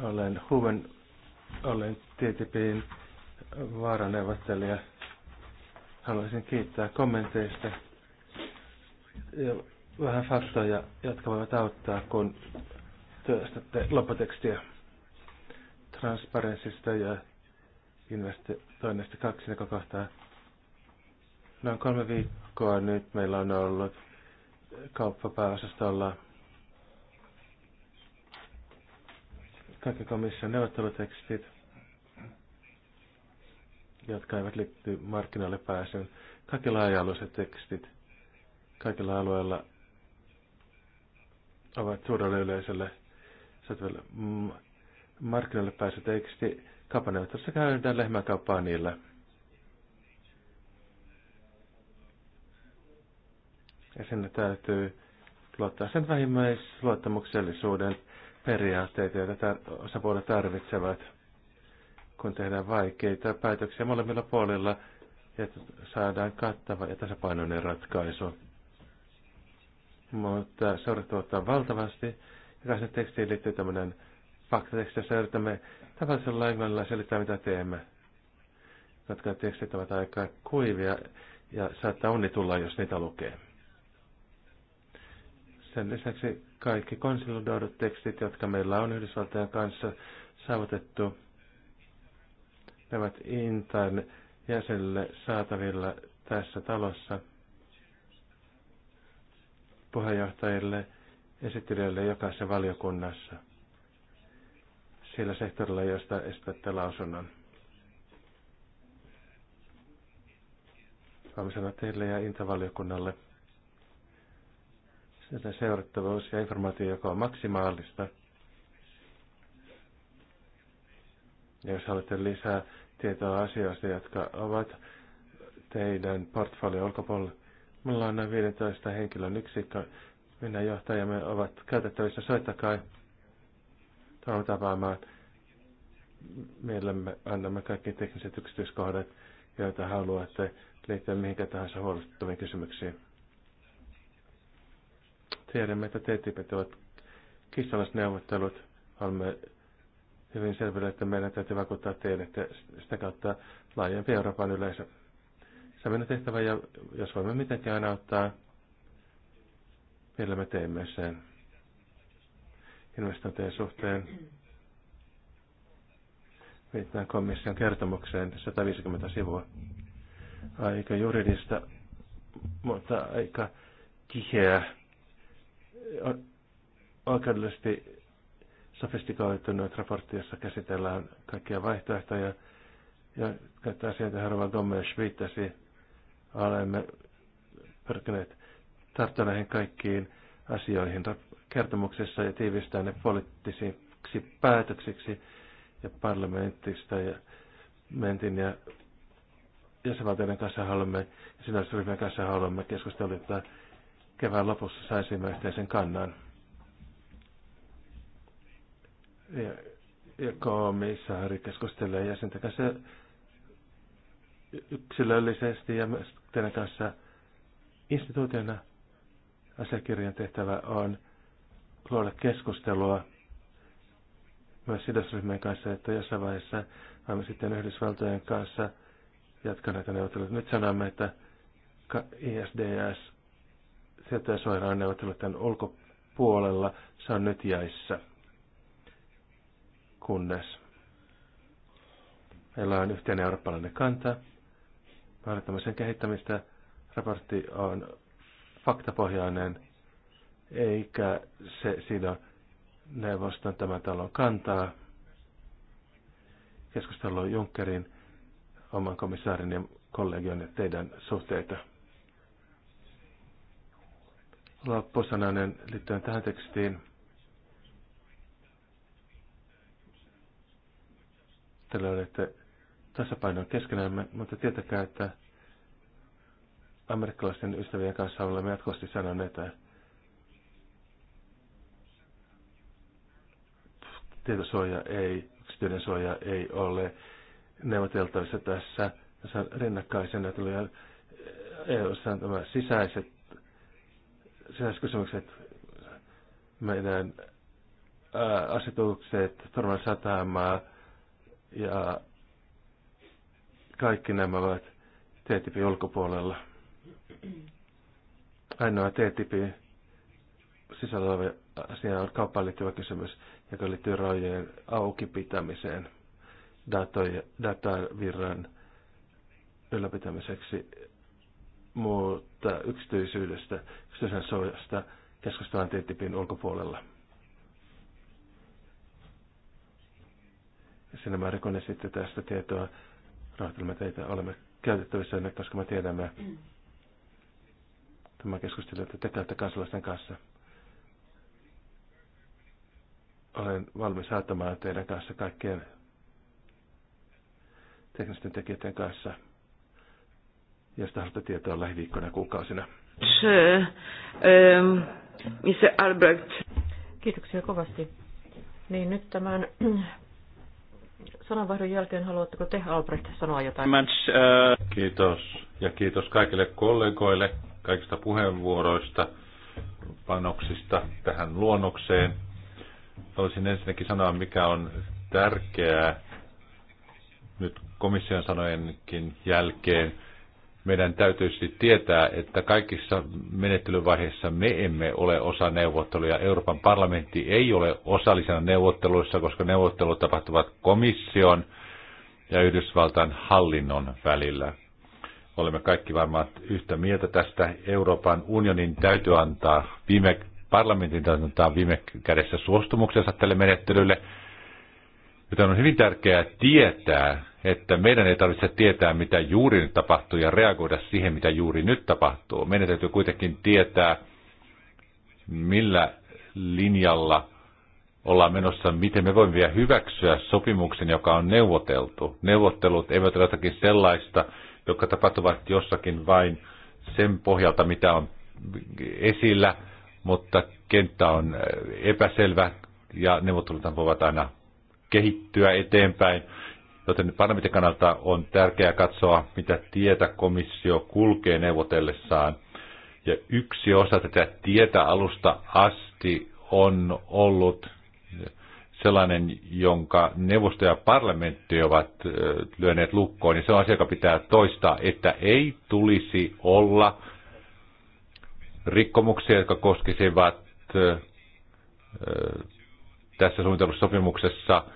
olen Huven, olen TTPin vaaraneuvottelija. Haluaisin kiittää kommenteista ja vähän faktoja, jotka voivat auttaa, kun työstätte lopputekstiä transparenssista ja investoinnista kaksi näkökohtaa. Noin kolme viikkoa nyt meillä on ollut kauppapääosastolla kaikki komission neuvottelutekstit, jotka eivät liitty markkinoille pääsyyn, kaikki laaja-alueiset tekstit kaikilla alueilla ovat suurelle yleisölle saatavilla. Mm, markkinoille pääsy teksti kaupaneuvottelussa käydään lehmäkauppaa niillä. Ja sinne täytyy luottaa sen vähimmäisluottamuksellisuuden periaatteita, joita osapuolet tarvitsevat, kun tehdään vaikeita päätöksiä molemmilla puolilla, että saadaan kattava ja tasapainoinen ratkaisu. Mutta seurat tuottaa valtavasti. Jokaisen tekstiin liittyy tämmöinen faktateksti, jossa yritämme tavallisella englannilla selittää, mitä teemme. Jotka tekstit ovat aika kuivia ja saattaa onni tulla, jos niitä lukee. Sen lisäksi kaikki konsolidoidut tekstit, jotka meillä on Yhdysvaltain kanssa saavutettu, ne ovat Intan jäsenille saatavilla tässä talossa puheenjohtajille, esittelijöille jokaisessa valiokunnassa sillä sektorilla, josta esitätte lausunnon. Haluan sanoa teille ja Intavaliokunnalle tätä seurattavuus ja informaatio, joka on maksimaalista. Ja jos haluatte lisää tietoa asioista, jotka ovat teidän portfolio ulkopuolella, mulla on noin 15 henkilön yksikkö. Minä johtajamme ovat käytettävissä, soittakaa. Tulemme tapaamaan. Mielellämme annamme kaikki tekniset yksityiskohdat, joita haluatte liittyä mihinkä tahansa huolestuttaviin kysymyksiin. Tiedämme, että TTIP ovat kissalaisneuvottelut. Olemme hyvin selville, että meidän täytyy vakuuttaa teille, että sitä kautta laajempi Euroopan yleisö. Se on tehtävä, ja jos voimme mitenkään auttaa, millä me teemme sen investointien suhteen. Viittaan komission kertomukseen 150 sivua. Aika juridista, mutta aika kiheä oikeudellisesti sofistikoitunut raportti, jossa käsitellään kaikkia vaihtoehtoja. Ja käyttää sieltä Herva Gomes viittasi, olemme pyrkineet tarttua näihin kaikkiin asioihin kertomuksessa ja tiivistää ne poliittisiksi päätöksiksi ja parlamentista ja mentin ja jäsenvaltioiden kanssa haluamme, ja sidosryhmien kanssa haluamme keskustella kevään lopussa saisimme yhteisen kannan. Ja, ja komissaari keskustelee jäsenten kanssa yksilöllisesti ja myös teidän kanssa instituutiona asiakirjan tehtävä on luoda keskustelua myös sidosryhmien kanssa, että jossain vaiheessa olemme sitten Yhdysvaltojen kanssa jatkaneet näitä Nyt sanomme, että ISDS Soiraan neuvottelut tämän ulkopuolella. Se on nyt jäissä, kunnes meillä on yhteinen eurooppalainen kanta. sen kehittämistä raportti on faktapohjainen, eikä se sido neuvoston tämän talon kantaa. Keskustelu Junckerin, oman komissaarin ja kollegion ja teidän suhteita loppusananen liittyen tähän tekstiin. Te löydätte tasapainon keskenämme, mutta tietäkää, että amerikkalaisten ystävien kanssa olemme jatkuvasti sanoneet, että tietosuoja ei, yksityinen suoja ei ole neuvoteltavissa tässä. Tässä on rinnakkaisena tulee EU-ssa tämä sisäiset sisäiskysymykset, meidän ää, asetukset, Turvan satamaa ja kaikki nämä ovat TTIP ulkopuolella. Ainoa TTIP sisällä oleva asia on kauppaan liittyvä kysymys, joka liittyy rajojen auki pitämiseen datavirran ylläpitämiseksi mutta yksityisyydestä, yksityisen suojasta keskustellaan TTIPin ulkopuolella. siinä mä rikon sitten tästä tietoa. Rahoitelemme teitä, olemme käytettävissä, koska me tiedämme tämä keskustelu, että te käytte kansalaisten kanssa. Olen valmis saattamaan teidän kanssa kaikkien teknisten tekijöiden kanssa josta haluatte tietoa lähiviikkoina ja kuukausina. Um, Missä Albert? Kiitoksia kovasti. Niin nyt tämän sananvaihdon jälkeen haluatteko te Albrecht sanoa jotain? Uh, kiitos ja kiitos kaikille kollegoille kaikista puheenvuoroista, panoksista tähän luonnokseen. Haluaisin ensinnäkin sanoa, mikä on tärkeää nyt komission sanojenkin jälkeen – meidän täytyisi tietää, että kaikissa menettelyvaiheissa me emme ole osa neuvotteluja. Euroopan parlamentti ei ole osallisena neuvotteluissa, koska neuvottelut tapahtuvat komission ja Yhdysvaltain hallinnon välillä. Olemme kaikki varmaan yhtä mieltä tästä. Euroopan unionin täytyy antaa viime, parlamentin täytyy antaa viime kädessä suostumuksensa tälle menettelylle, joten on hyvin tärkeää tietää, että meidän ei tarvitse tietää, mitä juuri nyt tapahtuu ja reagoida siihen, mitä juuri nyt tapahtuu. Meidän täytyy kuitenkin tietää, millä linjalla ollaan menossa, miten me voimme vielä hyväksyä sopimuksen, joka on neuvoteltu. Neuvottelut eivät ole jotakin sellaista, jotka tapahtuvat jossakin vain sen pohjalta, mitä on esillä, mutta kenttä on epäselvä ja neuvottelut voivat aina kehittyä eteenpäin. Joten parlamentin kannalta on tärkeää katsoa, mitä tietä komissio kulkee neuvotellessaan. Ja yksi osa tätä tietä alusta asti on ollut sellainen, jonka neuvosto ja parlamentti ovat lyöneet lukkoon, ja se on asia, joka pitää toistaa, että ei tulisi olla rikkomuksia, jotka koskisivat tässä suunnitelmassa sopimuksessa –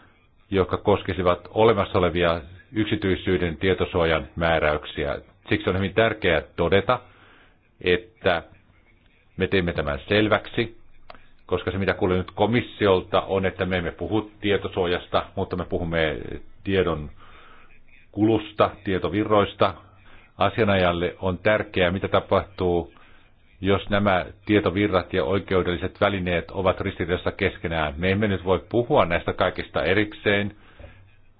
jotka koskisivat olemassa olevia yksityisyyden tietosuojan määräyksiä. Siksi on hyvin tärkeää todeta, että me teemme tämän selväksi, koska se mitä kuulen nyt komissiolta on, että me emme puhu tietosuojasta, mutta me puhumme tiedon kulusta, tietovirroista. Asianajalle on tärkeää, mitä tapahtuu jos nämä tietovirrat ja oikeudelliset välineet ovat ristiriidassa keskenään. Me emme nyt voi puhua näistä kaikista erikseen.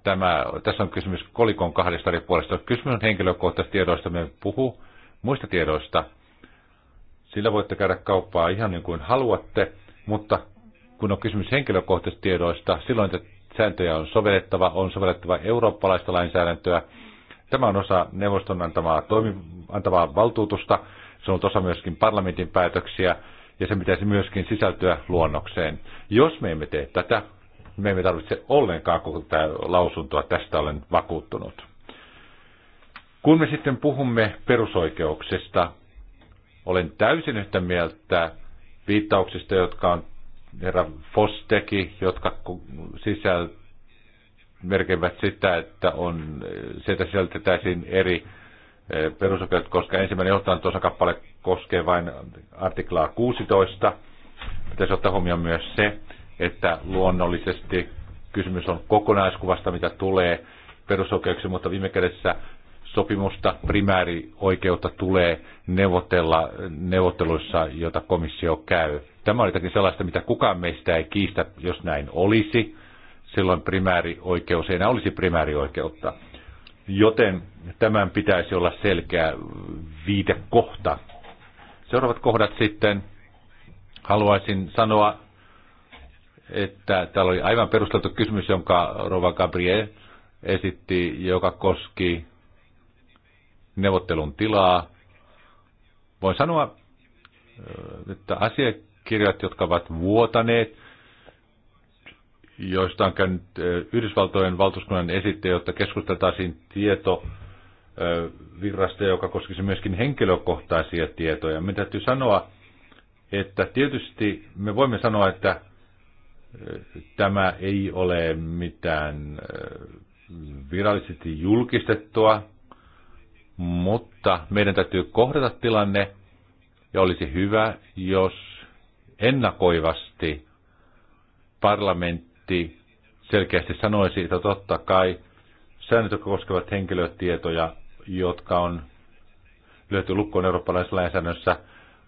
Tämä, tässä on kysymys kolikon kahdesta eri puolesta. Kysymys on henkilökohtaisista tiedoista, me puhu muista tiedoista. Sillä voitte käydä kauppaa ihan niin kuin haluatte, mutta kun on kysymys henkilökohtaisista tiedoista, silloin sääntöjä on sovellettava, on sovellettava eurooppalaista lainsäädäntöä. Tämä on osa neuvoston antamaa, toimi, antavaa valtuutusta, se on osa myöskin parlamentin päätöksiä ja se pitäisi myöskin sisältyä luonnokseen. Jos me emme tee tätä, me emme tarvitse ollenkaan koko tätä lausuntoa, tästä olen vakuuttunut. Kun me sitten puhumme perusoikeuksista, olen täysin yhtä mieltä viittauksista, jotka on herra Fosteki, jotka sisältävät merkevät sitä, että on, sieltä sisältetäisiin eri Eh, perusoikeudet, koska ensimmäinen tuossa kappale koskee vain artiklaa 16. Pitäisi ottaa huomioon myös se, että luonnollisesti kysymys on kokonaiskuvasta, mitä tulee perusoikeuksiin, mutta viime kädessä sopimusta, primäärioikeutta tulee neuvotella neuvotteluissa, jota komissio käy. Tämä oli jotakin sellaista, mitä kukaan meistä ei kiistä, jos näin olisi. Silloin primäärioikeus ei enää olisi primäärioikeutta. Joten tämän pitäisi olla selkeä viitekohta. Seuraavat kohdat sitten haluaisin sanoa, että täällä oli aivan perusteltu kysymys, jonka Rova Gabriel esitti, joka koski neuvottelun tilaa. Voin sanoa, että asiakirjat, jotka ovat vuotaneet, joista on käynyt Yhdysvaltojen valtuuskunnan esittäjä, jotta keskusteltaisiin tieto virrasta, joka koskisi myöskin henkilökohtaisia tietoja. Me täytyy sanoa, että tietysti me voimme sanoa, että tämä ei ole mitään virallisesti julkistettua, mutta meidän täytyy kohdata tilanne ja olisi hyvä, jos ennakoivasti parlamentti parlamentti selkeästi sanoisi, että totta kai säännöt, jotka koskevat henkilötietoja, jotka on löytyy lukkoon eurooppalaisessa lainsäädännössä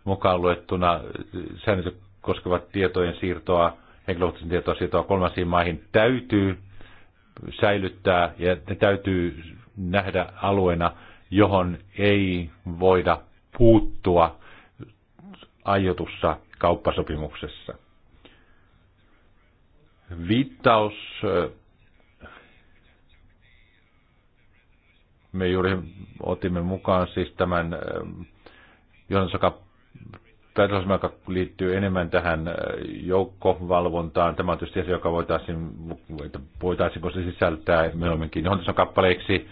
mukaan luettuna, säännöt koskevat tietojen siirtoa, henkilökohtaisen tietoa siirtoa kolmansiin maihin, täytyy säilyttää ja ne täytyy nähdä alueena, johon ei voida puuttua aiotussa kauppasopimuksessa viittaus. Me juuri otimme mukaan siis tämän Johannes päätösasema, joka liittyy enemmän tähän joukkovalvontaan. Tämä on tietysti asia, joka voitaisiin, voitaisiinko se sisältää myöhemminkin Jonsan kappaleiksi.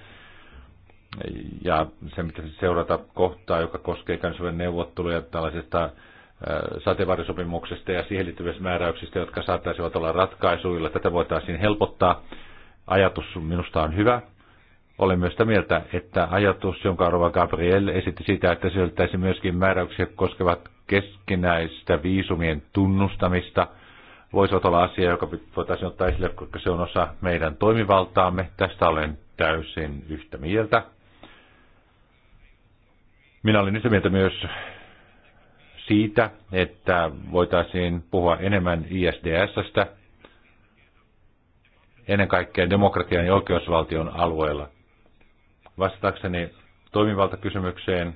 Ja se, mitä seurata kohtaa, joka koskee kansainvälisen neuvotteluja tällaisesta sateenvarjosopimuksesta ja siihen liittyvistä määräyksistä, jotka saattaisivat olla ratkaisuilla. Tätä voitaisiin helpottaa. Ajatus minusta on hyvä. Olen myös sitä mieltä, että ajatus, jonka Rova Gabriel esitti sitä, että sieltäisi myöskin määräyksiä koskevat keskinäistä viisumien tunnustamista, voisivat olla asia, joka voitaisiin ottaa esille, koska se on osa meidän toimivaltaamme. Tästä olen täysin yhtä mieltä. Minä olin yhtä mieltä myös siitä, että voitaisiin puhua enemmän ISDSstä, ennen kaikkea demokratian ja oikeusvaltion alueella. Vastatakseni toimivaltakysymykseen,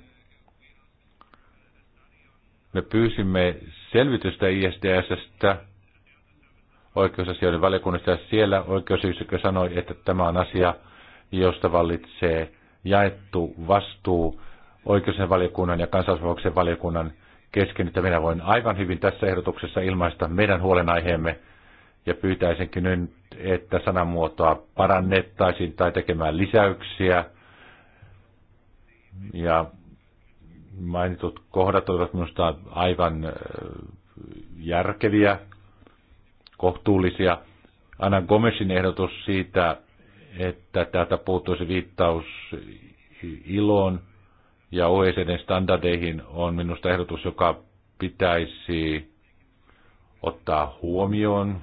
me pyysimme selvitystä ISDSstä oikeusasioiden valiokunnassa, ja siellä oikeusyksikkö sanoi, että tämä on asia, josta vallitsee jaettu vastuu oikeusvaliokunnan ja kansallisvapauksen valiokunnan kesken, että minä voin aivan hyvin tässä ehdotuksessa ilmaista meidän huolenaiheemme ja pyytäisinkin nyt, että sanamuotoa parannettaisiin tai tekemään lisäyksiä. Ja mainitut kohdat olivat minusta aivan järkeviä, kohtuullisia. Anna Gomesin ehdotus siitä, että täältä puuttuisi viittaus iloon ja OECD-standardeihin on minusta ehdotus, joka pitäisi ottaa huomioon.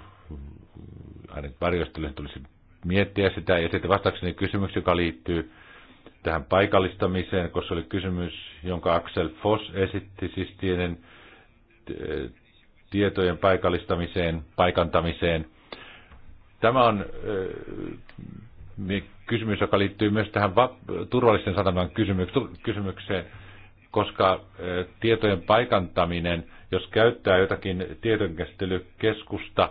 Aina varjostelujen tulisi miettiä sitä. Ja sitten vastaakseni kysymys, joka liittyy tähän paikallistamiseen, koska oli kysymys, jonka Axel Foss esitti, siis tienen tietojen paikallistamiseen, paikantamiseen. Tämä on kysymys, joka liittyy myös tähän turvallisten sataman kysymykseen, koska tietojen paikantaminen, jos käyttää jotakin tietojenkäsittelykeskusta,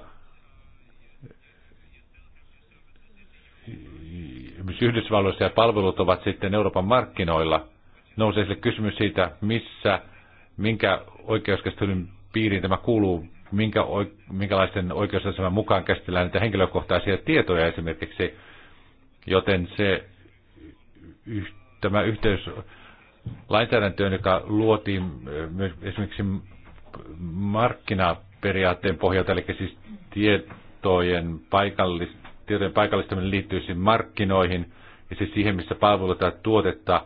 esimerkiksi Yhdysvalloissa ja palvelut ovat sitten Euroopan markkinoilla, nousee sille kysymys siitä, missä, minkä oikeuskäsittelyn piiriin tämä kuuluu, minkä, minkälaisten oikeusaseman mukaan käsitellään niitä henkilökohtaisia tietoja esimerkiksi joten se, tämä yhteys lainsäädäntöön, joka luotiin äh, myös esimerkiksi markkinaperiaatteen pohjalta, eli siis tietojen, paikallis, tietojen paikallistaminen siis markkinoihin ja siis siihen, missä palveluita tai tuotetta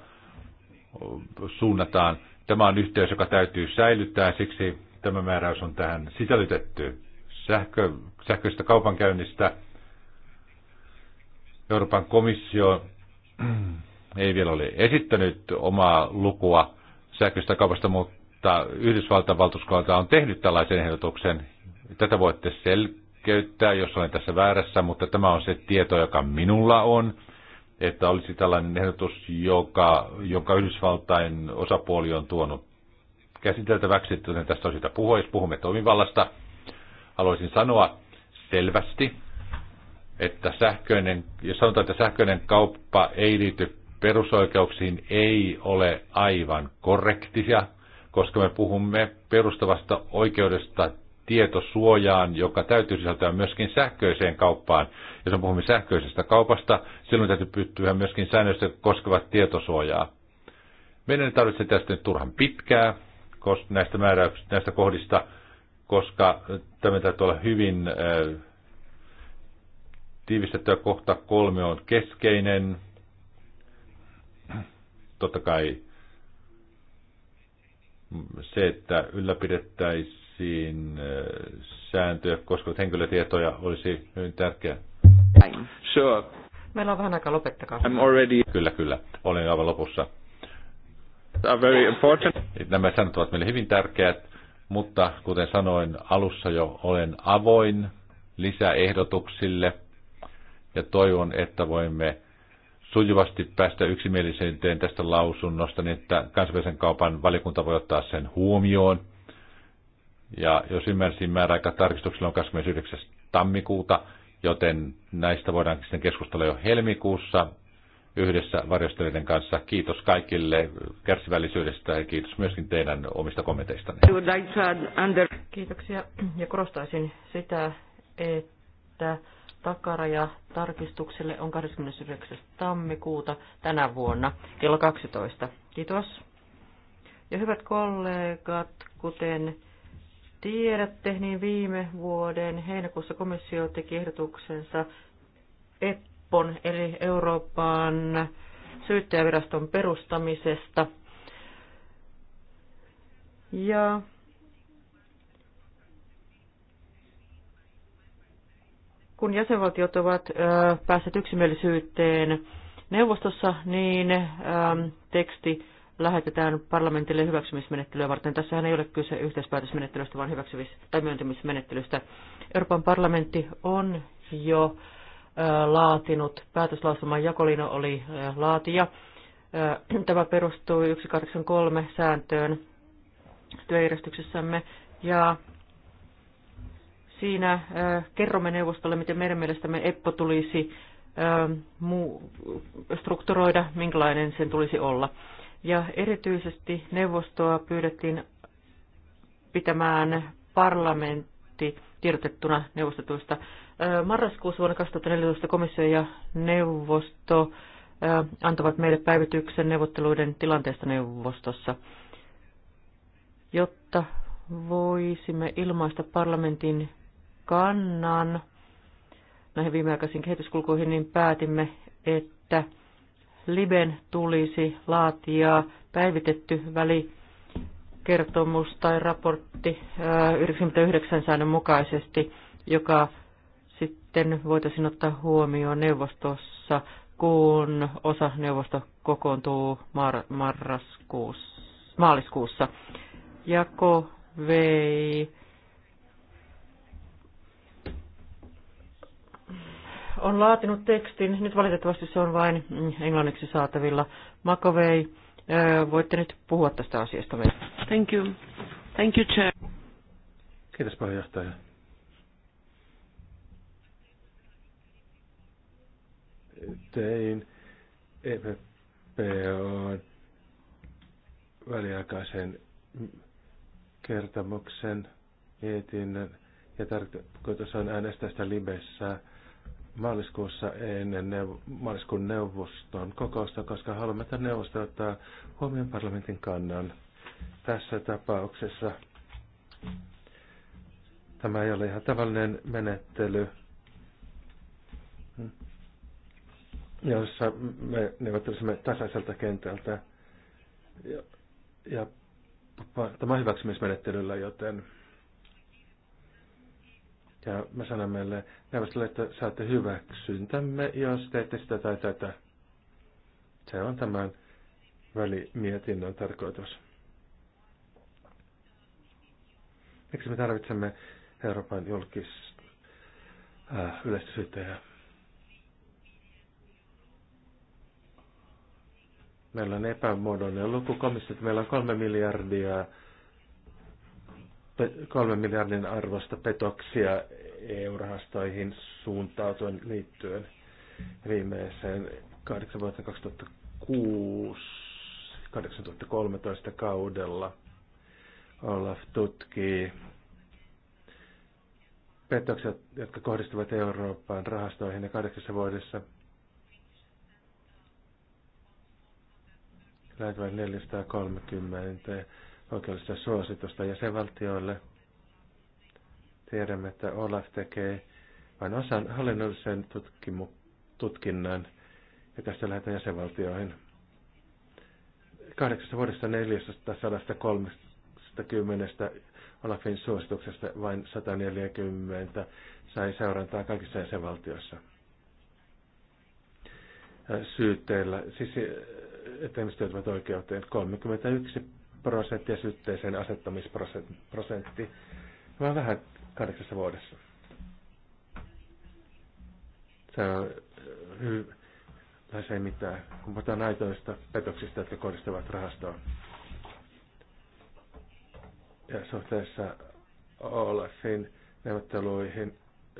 suunnataan. Tämä on yhteys, joka täytyy säilyttää, siksi tämä määräys on tähän sisällytetty. Sähkö, sähköistä kaupankäynnistä – Euroopan komissio ei vielä ole esittänyt omaa lukua sähköistä kaupasta, mutta Yhdysvaltain valtuuskunta on tehnyt tällaisen ehdotuksen. Tätä voitte selkeyttää, jos olen tässä väärässä, mutta tämä on se tieto, joka minulla on, että olisi tällainen ehdotus, joka, jonka Yhdysvaltain osapuoli on tuonut käsiteltäväksi, joten tästä on sitä puhua, jos puhumme toimivallasta. Haluaisin sanoa selvästi, että sähköinen, jos sanotaan, että sähköinen kauppa ei liity perusoikeuksiin, ei ole aivan korrektisia, koska me puhumme perustavasta oikeudesta tietosuojaan, joka täytyy sisältää myöskin sähköiseen kauppaan. Jos me puhumme sähköisestä kaupasta, silloin täytyy pyytää myöskin säännöistä koskevat tietosuojaa. Meidän ei tarvitse tästä nyt turhan pitkää koska näistä määräyksistä, näistä kohdista, koska tämä täytyy olla hyvin äh, tiivistettyä kohta kolme on keskeinen. Totta kai se, että ylläpidettäisiin äh, sääntöjä koska henkilötietoja olisi hyvin tärkeää. Sure. Meillä on vähän aikaa, lopettakaa. I'm already... Kyllä, kyllä. Olen aivan lopussa. Are very important. Nämä sanat ovat meille hyvin tärkeät, mutta kuten sanoin alussa jo, olen avoin lisäehdotuksille – ja toivon, että voimme sujuvasti päästä yksimielisyyteen tästä lausunnosta, niin että kansainvälisen kaupan valiokunta voi ottaa sen huomioon. Ja jos ymmärsin, määräaika tarkistuksella on 29. tammikuuta, joten näistä voidaan sitten keskustella jo helmikuussa yhdessä varjostelijoiden kanssa. Kiitos kaikille kärsivällisyydestä ja kiitos myöskin teidän omista kommenteistanne. Kiitoksia ja korostaisin sitä, että Takaraja tarkistukselle on 29. tammikuuta tänä vuonna kello 12. Kiitos. Ja hyvät kollegat, kuten tiedätte, niin viime vuoden heinäkuussa komissio teki ehdotuksensa EPPON eli Euroopan syyttäjäviraston perustamisesta. Ja kun jäsenvaltiot ovat päässeet yksimielisyyteen neuvostossa, niin teksti lähetetään parlamentille hyväksymismenettelyä varten. Tässähän ei ole kyse yhteispäätösmenettelystä, vaan hyväksymis- tai myöntämismenettelystä. Euroopan parlamentti on jo laatinut päätöslausuman. Jakolino oli laatija. Tämä perustuu 183 sääntöön työjärjestyksessämme ja Siinä äh, kerromme neuvostolle, miten meidän mielestämme EPPO tulisi ähm, strukturoida, minkälainen sen tulisi olla. Ja erityisesti neuvostoa pyydettiin pitämään parlamentti tiedotettuna neuvostetuista. Äh, marraskuussa vuonna 2014 komissio ja neuvosto äh, antavat meille päivityksen neuvotteluiden tilanteesta neuvostossa, jotta voisimme ilmaista parlamentin kannan näihin viimeaikaisiin kehityskulkuihin, niin päätimme, että Liben tulisi laatia päivitetty välikertomus tai raportti 99 äh, säännön mukaisesti, joka sitten voitaisiin ottaa huomioon neuvostossa, kun osa neuvosto kokoontuu mar- marraskuussa, maaliskuussa. Jako vei on laatinut tekstin. Nyt valitettavasti se on vain englanniksi saatavilla. Makovei, voitte nyt puhua tästä asiasta meille. Thank you. Thank you, Chair. Kiitos johtaja. Tein EPPOn väliaikaisen kertomuksen mietinnön ja tarkoitus on äänestää sitä libessä maaliskuussa ennen neuv- maaliskuun neuvoston kokousta, koska haluamme, että neuvosto ottaa huomioon parlamentin kannan tässä tapauksessa. Tämä ei ole ihan tavallinen menettely, jossa me neuvottelisimme tasaiselta kentältä ja, ja tämä hyväksymismenettelyllä, joten ja me sanomme meille neuvostolle, että saatte hyväksyntämme, jos teette sitä tai tätä. Se on tämän välimietinnön tarkoitus. Miksi me tarvitsemme Euroopan julkis äh, Meillä on epämuodollinen luku että Meillä on kolme miljardia kolmen miljardin arvosta petoksia EU-rahastoihin suuntautuen liittyen viimeiseen kahdeksan vuotta 2006 2013 kaudella. Olaf tutkii petoksia, jotka kohdistuvat Eurooppaan rahastoihin ja kahdeksassa vuodessa Lähetään 430 oikeudellista suositusta jäsenvaltioille. Tiedämme, että Olaf tekee vain osan hallinnollisen tutkinnan ja tästä lähdetään jäsenvaltioihin. Kahdeksassa vuodessa 430 Olafin suosituksesta vain 140 sai seurantaa kaikissa jäsenvaltioissa syytteillä, siis eh, että ihmiset joutuvat oikeuteen 31 prosentti ja syytteeseen asettamisprosentti. oon vähän kahdeksassa vuodessa. Se on eh, Tai se ei mitään, kun puhutaan aitoista petoksista, jotka kohdistuvat rahastoon. Ja suhteessa Olafin neuvotteluihin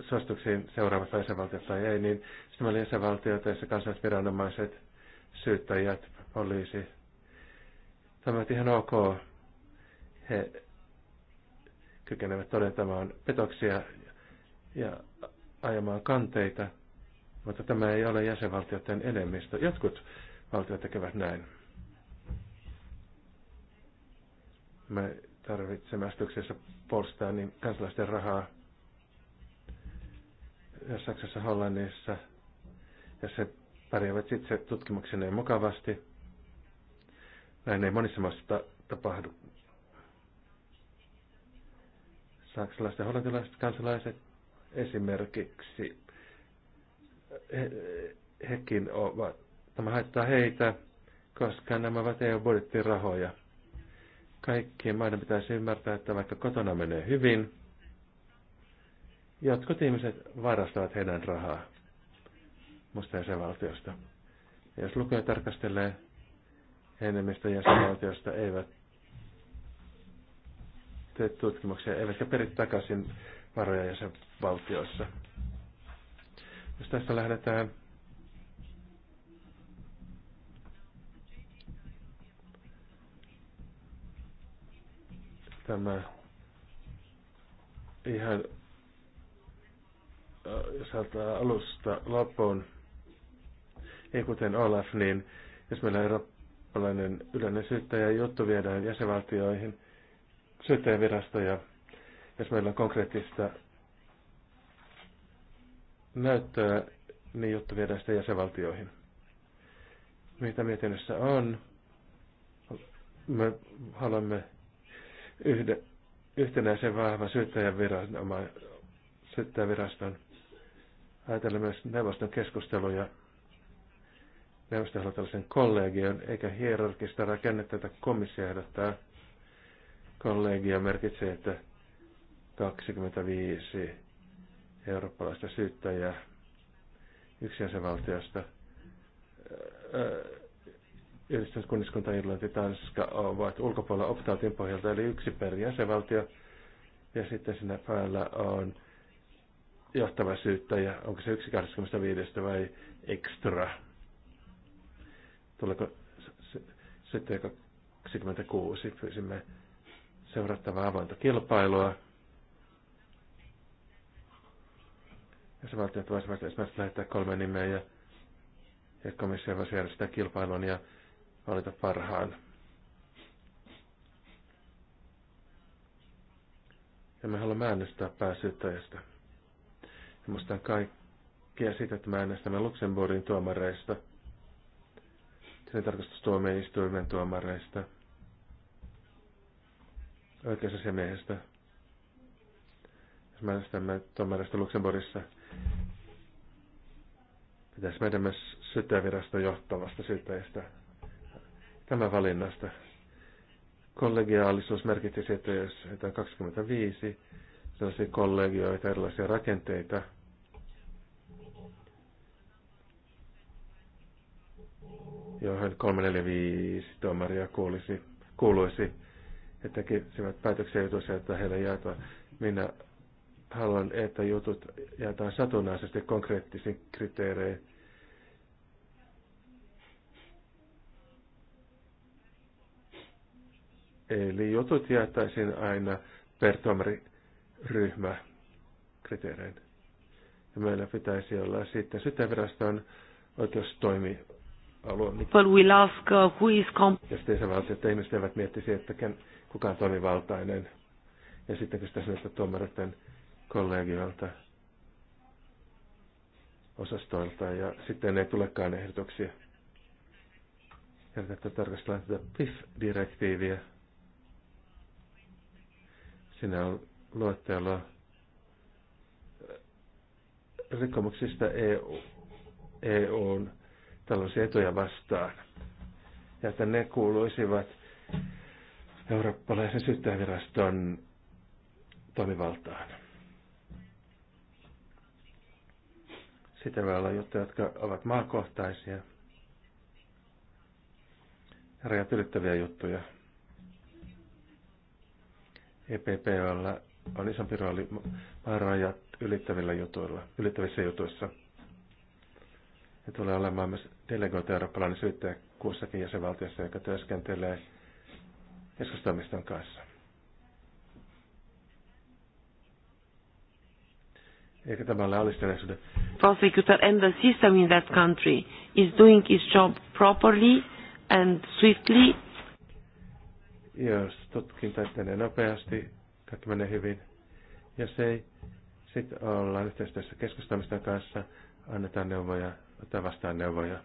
suostuksiin seuraavat jäsenvaltiot tai ei, niin sitten meillä jäsenvaltiot, joissa viranomaiset, syyttäjät, poliisi, sanoivat ihan ok. He kykenevät todentamaan petoksia ja ajamaan kanteita, mutta tämä ei ole jäsenvaltioiden enemmistö. Jotkut valtiot tekevät näin. Me tarvitsemme astuksessa puolustaa niin kansalaisten rahaa ja Saksassa, Hollannissa, ja se pärjäävät itse tutkimuksineen mukavasti – näin ei monissa maissa tapahdu. Saksalaiset ja hollantilaiset kansalaiset esimerkiksi, he, hekin ovat, tämä haittaa heitä, koska nämä ovat EU-budjettirahoja. Kaikkien maiden pitäisi ymmärtää, että vaikka kotona menee hyvin, jotkut ihmiset varastavat heidän rahaa musta valtiosta Ja jos lukuja tarkastelee, enemmistö jäsenvaltioista eivät tee tutkimuksia, eivätkä peri takaisin varoja jäsenvaltioissa. Jos tässä lähdetään tämä ihan jos alusta loppuun, ei kuten Olaf, niin jos meillä on eurooppalainen yleinen syyttäjä juttu viedään jäsenvaltioihin, syyttäjävirasto ja jos meillä on konkreettista näyttöä, niin juttu viedään sitten jäsenvaltioihin. Mitä mietinnössä on? Me haluamme yhden, yhtenäisen vahvan syyttäjäviraston, viraston, syyttäjän myös neuvoston keskusteluja neuvosto tällaisen kollegion eikä hierarkista rakennetta, että komissio ehdottaa. Kollegio merkitsee, että 25 eurooppalaista syyttäjää yksi jäsenvaltiosta. Yhdistynyt kunniskunta Irlanti, Tanska ovat ulkopuolella optaatin pohjalta, eli yksi per jäsenvaltio. Ja sitten siinä päällä on johtava syyttäjä, onko se 1,25 vai extra Tuleeko sitten 26 pyysimme seurattavaa avointa kilpailua. Ja se valtiot voisivat esimerkiksi lähettää kolme nimeä ja, ja komissio voisi järjestää kilpailun ja valita parhaan. Ja me haluamme äänestää pääsyyttäjästä. Ja muistan kaikkia siitä, että me äänestämme Luxemburgin tuomareista – tilintarkastustuomioistuimen tuomareista, oikeusasiamiehestä. Jos mä äänestämme tuomareista Luxemburgissa, pitäisi meidän myös syyttäjäviraston johtavasta syyttäjistä tämä valinnasta. Kollegiaalisuus sitä, että jos 25 sellaisia kollegioita, erilaisia rakenteita, johon 345 tuomaria kuulisi, kuuluisi ja tekisivät päätöksiä jutuissa, että heille jaetaan. Minä haluan, että jutut jaetaan satunnaisesti konkreettisiin kriteereihin. Eli jutut jaettaisiin aina per tuomariryhmä kriteerein. Ja meillä pitäisi olla sitten syteviraston oikeustoimi People will ask uh, who is Ja sitten se vaan, että ihmiset eivät miettisi, että ken, kuka on toimivaltainen. Ja sitten kun sitä sanotaan tuomareiden kollegiolta, osastoilta ja sitten ei tulekaan ehdotuksia. Herkättä tarkastellaan tätä PIF-direktiiviä. Siinä on luetteloa äh, rikkomuksista EU, EUn tällaisia etuja vastaan. Ja että ne kuuluisivat eurooppalaisen syyttäjäviraston toimivaltaan. Sitten voi olla juttuja, jotka ovat maakohtaisia ja rajat ylittäviä juttuja. EPPllä on isompi rooli maan rajat ylittävillä jutuilla, ylittävissä jutuissa – ja tulee olemaan myös delegoitu eurooppalainen syyttäjä kuussakin jäsenvaltiossa, joka työskentelee keskustoimiston kanssa. Eikä tämä ole Prosecutor and the system in that country is doing its job properly and swiftly. Jos tutkinta etenee nopeasti, kaikki menee hyvin. Jos ei, sitten ollaan yhteistyössä keskustamista kanssa, annetaan neuvoja ottaa vastaan neuvoja.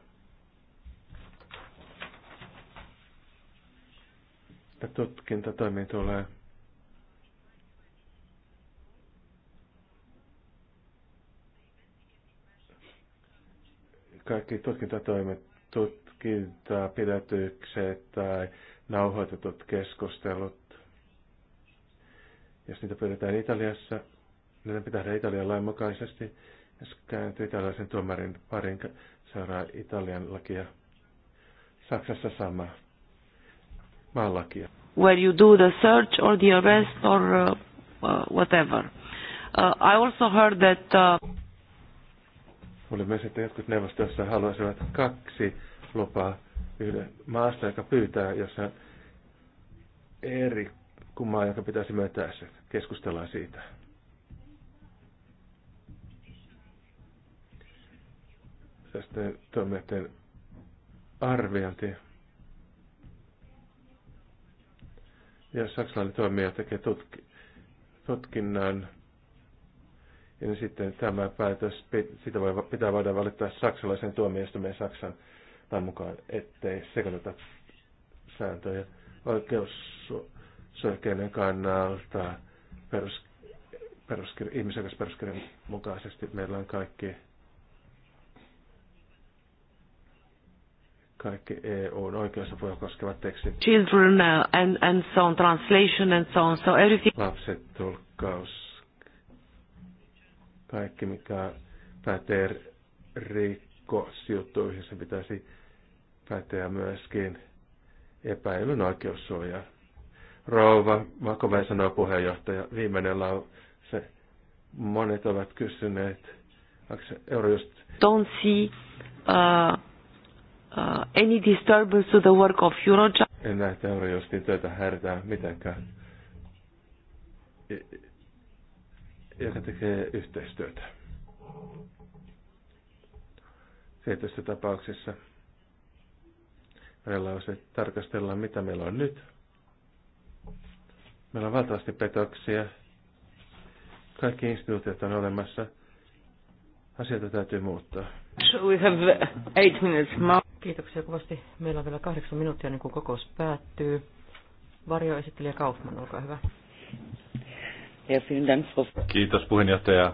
Ja tutkintatoimi tulee kaikki tutkintatoimet, tutkintaa, pidätykset tai nauhoitetut keskustelut. Jos niitä pyydetään Italiassa, ne pitää tehdä Italian lain mukaisesti kääntyy italialaisen tuomarin parin seuraa Italian lakia. Saksassa sama. Maan lakia. Where you do the search or the arrest or uh, uh whatever. Uh, I also heard that... Uh... myös, että jotkut neuvostossa haluaisivat kaksi lupaa yhden maasta, joka pyytää, jossa eri kummaa, joka pitäisi myöntää se. Keskustellaan siitä. tästä toimijoiden arviointi. Jos saksalainen toimija tekee tutki, tutkinnan, ja niin sitten tämä päätös, sitä voi, pitää voida valittaa saksalaisen tuomioistuimen Saksan tai mukaan, ettei sekoiteta sääntöjä oikeussuojelun kannalta perus, peruskir, ihmisoikeusperuskirjan mukaisesti meillä on kaikki kaikki EUn oikeusapua koskevat tekstit. Children uh, and, and so on, translation and so on, so everything. Lapset, tulkkaus, kaikki mikä pätee rikkosjuttuihin, se pitäisi päteä myöskin epäilyn oikeussuojaan. Rouva Makovei sanoo puheenjohtaja, viimeinen lause. Monet ovat kysyneet, Eurojust... Don't see uh, uh, any disturbance to the work of Eurojust. En näe Eurojustin työtä häiritään mitenkään, joka tekee yhteistyötä. Tietyissä tapauksissa meillä on se, tarkastellaan mitä meillä on nyt. Meillä on valtavasti petoksia. Kaikki instituutiot on olemassa. Asioita täytyy muuttaa. So We have eight minutes more. Kiitoksia kovasti. Meillä on vielä kahdeksan minuuttia, niin kuin kokous päättyy. esittelijä Kaufman, olkaa hyvä. Kiitos puheenjohtaja.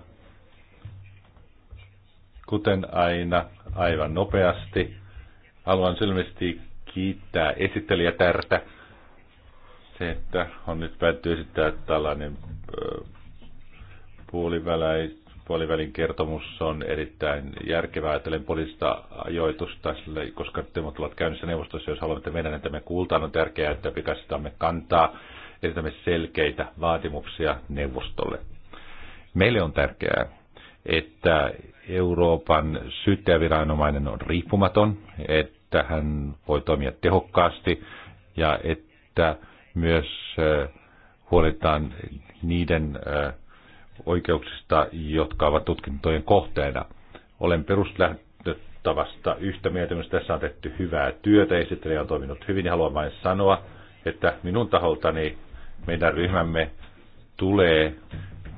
Kuten aina, aivan nopeasti. Haluan selvästi kiittää esittelijätärtä. Se, että on nyt päätty esittää tällainen puoliväläis, puolivälin kertomus on erittäin järkevää ajatellen poliittista ajoitusta, koska teemot ovat käynnissä neuvostossa, jos haluamme, mennä meidän me kuultaan, on tärkeää, että pikaisestamme kantaa, esitämme selkeitä vaatimuksia neuvostolle. Meille on tärkeää, että Euroopan syyttäjäviranomainen on riippumaton, että hän voi toimia tehokkaasti ja että myös äh, huolitaan niiden äh, oikeuksista, jotka ovat tutkintojen kohteena. Olen peruslähtötavasta yhtä mieltä, myös tässä on tehty hyvää työtä, esittelijä on toiminut hyvin ja haluan vain sanoa, että minun taholtani meidän ryhmämme tulee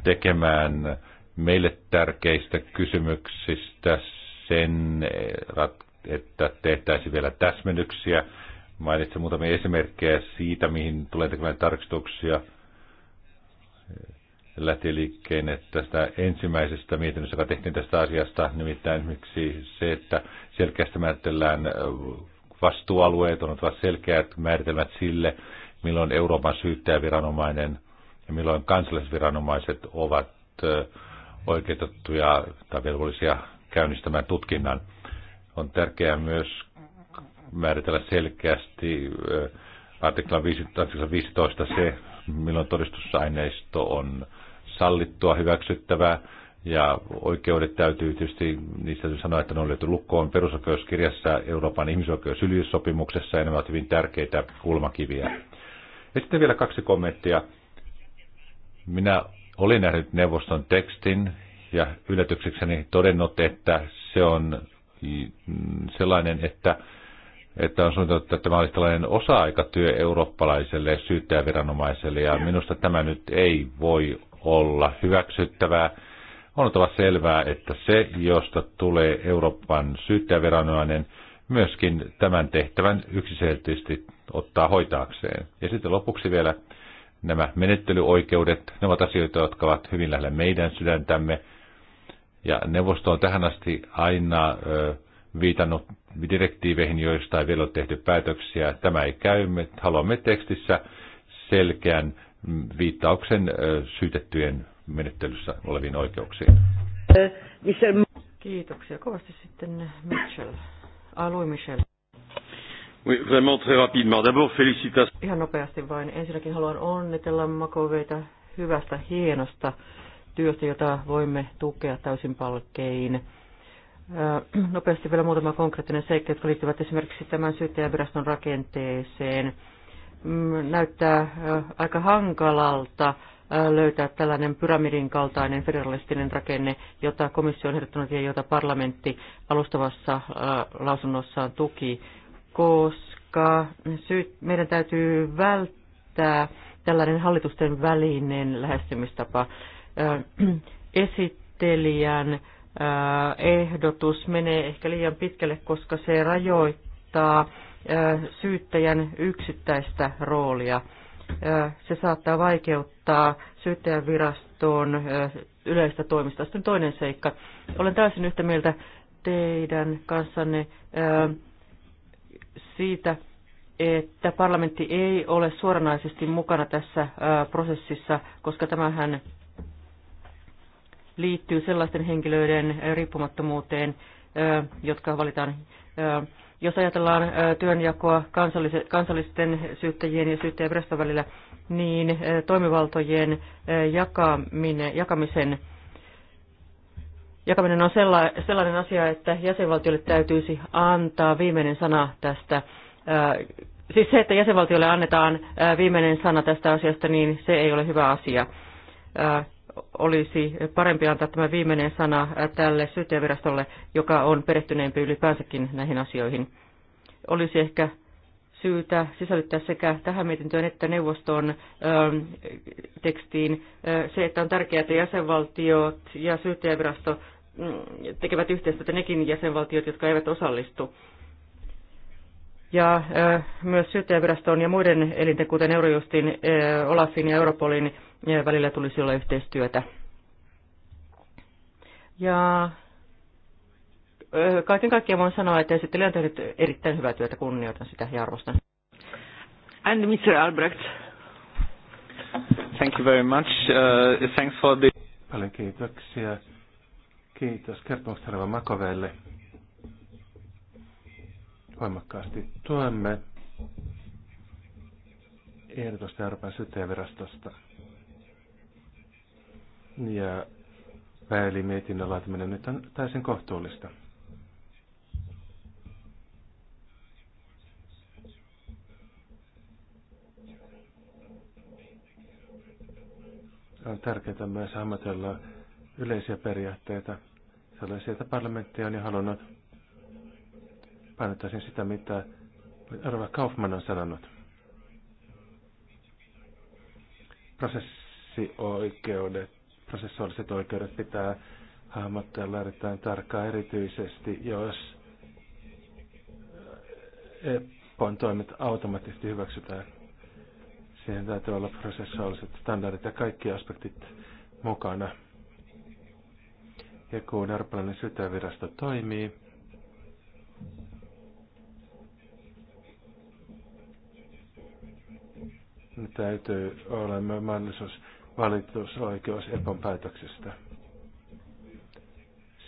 tekemään meille tärkeistä kysymyksistä sen, että tehtäisiin vielä täsmennyksiä. Mainitsen muutamia esimerkkejä siitä, mihin tulee tekemään tarkistuksia – lähti liikkeen tästä ensimmäisestä mietinnöstä, joka tehtiin tästä asiasta, nimittäin miksi se, että selkeästi määritellään vastuualueet, on ottava selkeät määritelmät sille, milloin Euroopan syyttäjäviranomainen ja milloin kansallisviranomaiset ovat oikeutettuja tai velvollisia käynnistämään tutkinnan. On tärkeää myös määritellä selkeästi artikla 15 se, milloin todistusaineisto on sallittua, hyväksyttävää. Ja oikeudet täytyy tietysti, niistä täytyy sanoa, että ne on löyty lukkoon perusoikeuskirjassa, Euroopan ihmisoikeusyljyssopimuksessa ja ne ovat hyvin tärkeitä kulmakiviä. Ja sitten vielä kaksi kommenttia. Minä olin nähnyt neuvoston tekstin, ja yllätyksekseni todennut, että se on sellainen, että että on sanottu, että tämä olisi tällainen osa-aikatyö eurooppalaiselle syyttäjäviranomaiselle, ja minusta tämä nyt ei voi olla hyväksyttävää. On oltava selvää, että se, josta tulee Euroopan syyttäjäviranomainen, myöskin tämän tehtävän yksiselitteisesti ottaa hoitaakseen. Ja sitten lopuksi vielä nämä menettelyoikeudet, ne ovat asioita, jotka ovat hyvin lähellä meidän sydäntämme. Ja neuvosto on tähän asti aina ö, viitannut direktiiveihin, joista ei vielä ole tehty päätöksiä. Tämä ei käy. Me haluamme tekstissä selkeän viittauksen syytettyjen menettelyssä oleviin oikeuksiin. Kiitoksia kovasti sitten Mitchell. Alui Michel. Oui, vraiment très rapidement. D'abord, félicitations. Ihan nopeasti vain. Ensinnäkin haluan onnitella Makoveita hyvästä, hienosta työstä, jota voimme tukea täysin palkein. Nopeasti vielä muutama konkreettinen seikka, jotka liittyvät esimerkiksi tämän syyttäjäviraston rakenteeseen. Mm, näyttää aika hankalalta löytää tällainen pyramidin kaltainen federalistinen rakenne, jota komissio on ehdottanut ja jota parlamentti alustavassa lausunnossaan tuki, koska meidän täytyy välttää tällainen hallitusten välinen lähestymistapa. Esittelijän ehdotus menee ehkä liian pitkälle, koska se rajoittaa syyttäjän yksittäistä roolia. Se saattaa vaikeuttaa syyttäjän viraston yleistä toimista. Sitten toinen seikka. Olen täysin yhtä mieltä teidän kanssanne siitä, että parlamentti ei ole suoranaisesti mukana tässä prosessissa, koska tämähän liittyy sellaisten henkilöiden riippumattomuuteen, jotka valitaan. Jos ajatellaan työnjakoa kansallisten syyttäjien ja syyttäjäviraston välillä, niin toimivaltojen jakaminen, jakamisen jakaminen on sellainen asia, että jäsenvaltiolle täytyisi antaa viimeinen sana tästä. Siis se, että jäsenvaltiolle annetaan viimeinen sana tästä asiasta, niin se ei ole hyvä asia olisi parempi antaa tämä viimeinen sana tälle syyttäjävirastolle, joka on perehtyneempi ylipäänsäkin näihin asioihin. Olisi ehkä syytä sisällyttää sekä tähän mietintöön että neuvoston ö, ähm, tekstiin äh, se, että on tärkeää, että jäsenvaltiot ja syyttäjävirasto mm, tekevät yhteistyötä nekin jäsenvaltiot, jotka eivät osallistu. Ja ö, äh, myös syyttäjäviraston ja muiden elinten, kuten Eurojustin, ö, äh, Olafin ja Europolin ja välillä tulisi olla yhteistyötä. Ja kaiken kaikkiaan voin sanoa, että esittelijä on tehnyt erittäin hyvää työtä, kunnioitan sitä ja arvostan. And Mr. Albrecht. Thank you very much. Uh, thanks for the... Paljon kiitoksia. Kiitos kertomuksesta Reva Makovelle. Voimakkaasti tuemme ehdotusta Euroopan syyttäjävirastosta. Ja pääelimietinnön laatiminen nyt on täysin kohtuullista. On tärkeää myös hahmotella yleisiä periaatteita, sellaisia, että parlamentti on jo halunnut. Painottaisin sitä, mitä Arva Kaufman on sanonut. Prosessioikeudet prosessuaaliset oikeudet pitää hahmottella erittäin tarkkaan erityisesti, jos eh, EPPOn toimet automaattisesti hyväksytään. Siihen täytyy olla prosessuaaliset standardit ja kaikki aspektit mukana. Ja kun eurooppalainen sytävirasto toimii, niin täytyy olla mahdollisuus valitusoikeus EPOn päätöksestä.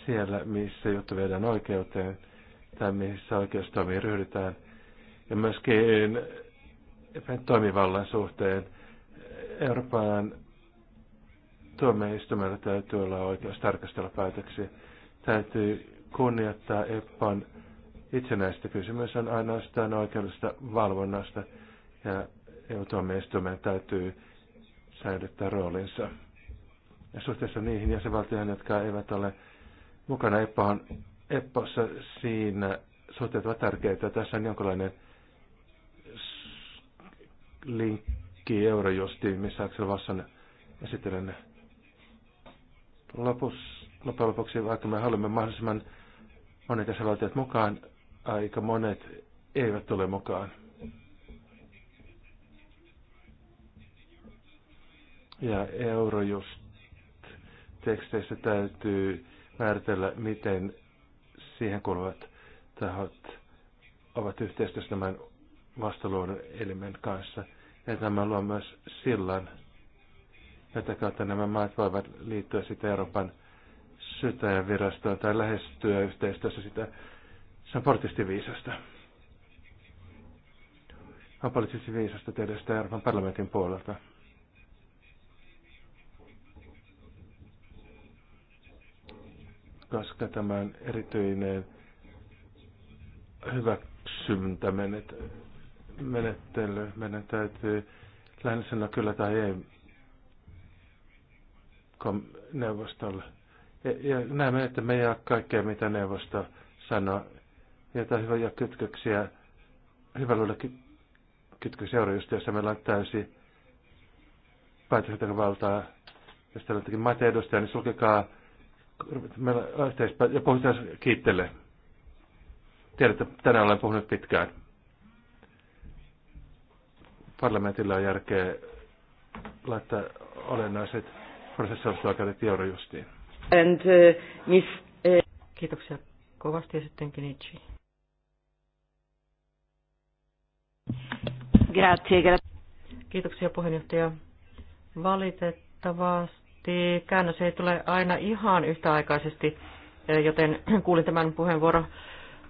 Siellä, missä juttu viedään oikeuteen tai missä oikeustoimiin ryhdytään, ja myöskin toimivallan suhteen Euroopan tuomioistuimella täytyy olla oikeus tarkastella päätöksiä. Täytyy kunnioittaa EPPAn itsenäistä. Kysymys on ainoastaan oikeudesta valvonnasta ja EU-tuomioistuimen täytyy säilyttää roolinsa. Ja suhteessa niihin jäsenvaltioihin, jotka eivät ole mukana EPPOhan, EPPOssa siinä suhteet ovat tärkeitä. Tässä on jonkinlainen linkki Eurojustiin, missä Axel Vasson esittelen lopussa, loppujen lopuksi, vaikka me haluamme mahdollisimman monet jäsenvaltiot mukaan, aika monet eivät tule mukaan. Ja Eurojust teksteissä täytyy määritellä, miten siihen kuuluvat tahot ovat yhteistyössä tämän vastaluodon elimen kanssa. Ja tämä luo myös sillan, jota kautta nämä maat voivat liittyä sitä Euroopan virastoon tai lähestyä yhteistyössä sitä. Se on poliittisesti viisasta. On poliittisesti viisasta tehdä sitä Euroopan parlamentin puolelta. koska tämä on erityinen hyväksyntämenettely. Meidän täytyy lähinnä kyllä tai ei neuvostolle. Ja, ja näemme, että me jää kaikkea, mitä neuvosto sanoo. hyvä ja kytköksiä, luoda kytköksiä just jossa meillä on täysi päätöksentekovaltaa. Jos teillä on jotakin maita edustajia, niin sulkekaa meillä yhteispäin ja puhutaan kiittele. Tiedätte, tänään olen puhunut pitkään. Parlamentilla on järkeä laittaa olennaiset prosessorisuokäydet eurojustiin. And, uh, miss, uh... Kiitoksia kovasti ja sitten Kenichi. Grazie, grazie. Kiitoksia puheenjohtaja. Valitettavasti käännös ei tule aina ihan yhtäaikaisesti, eh, joten kuulin tämän puheenvuoron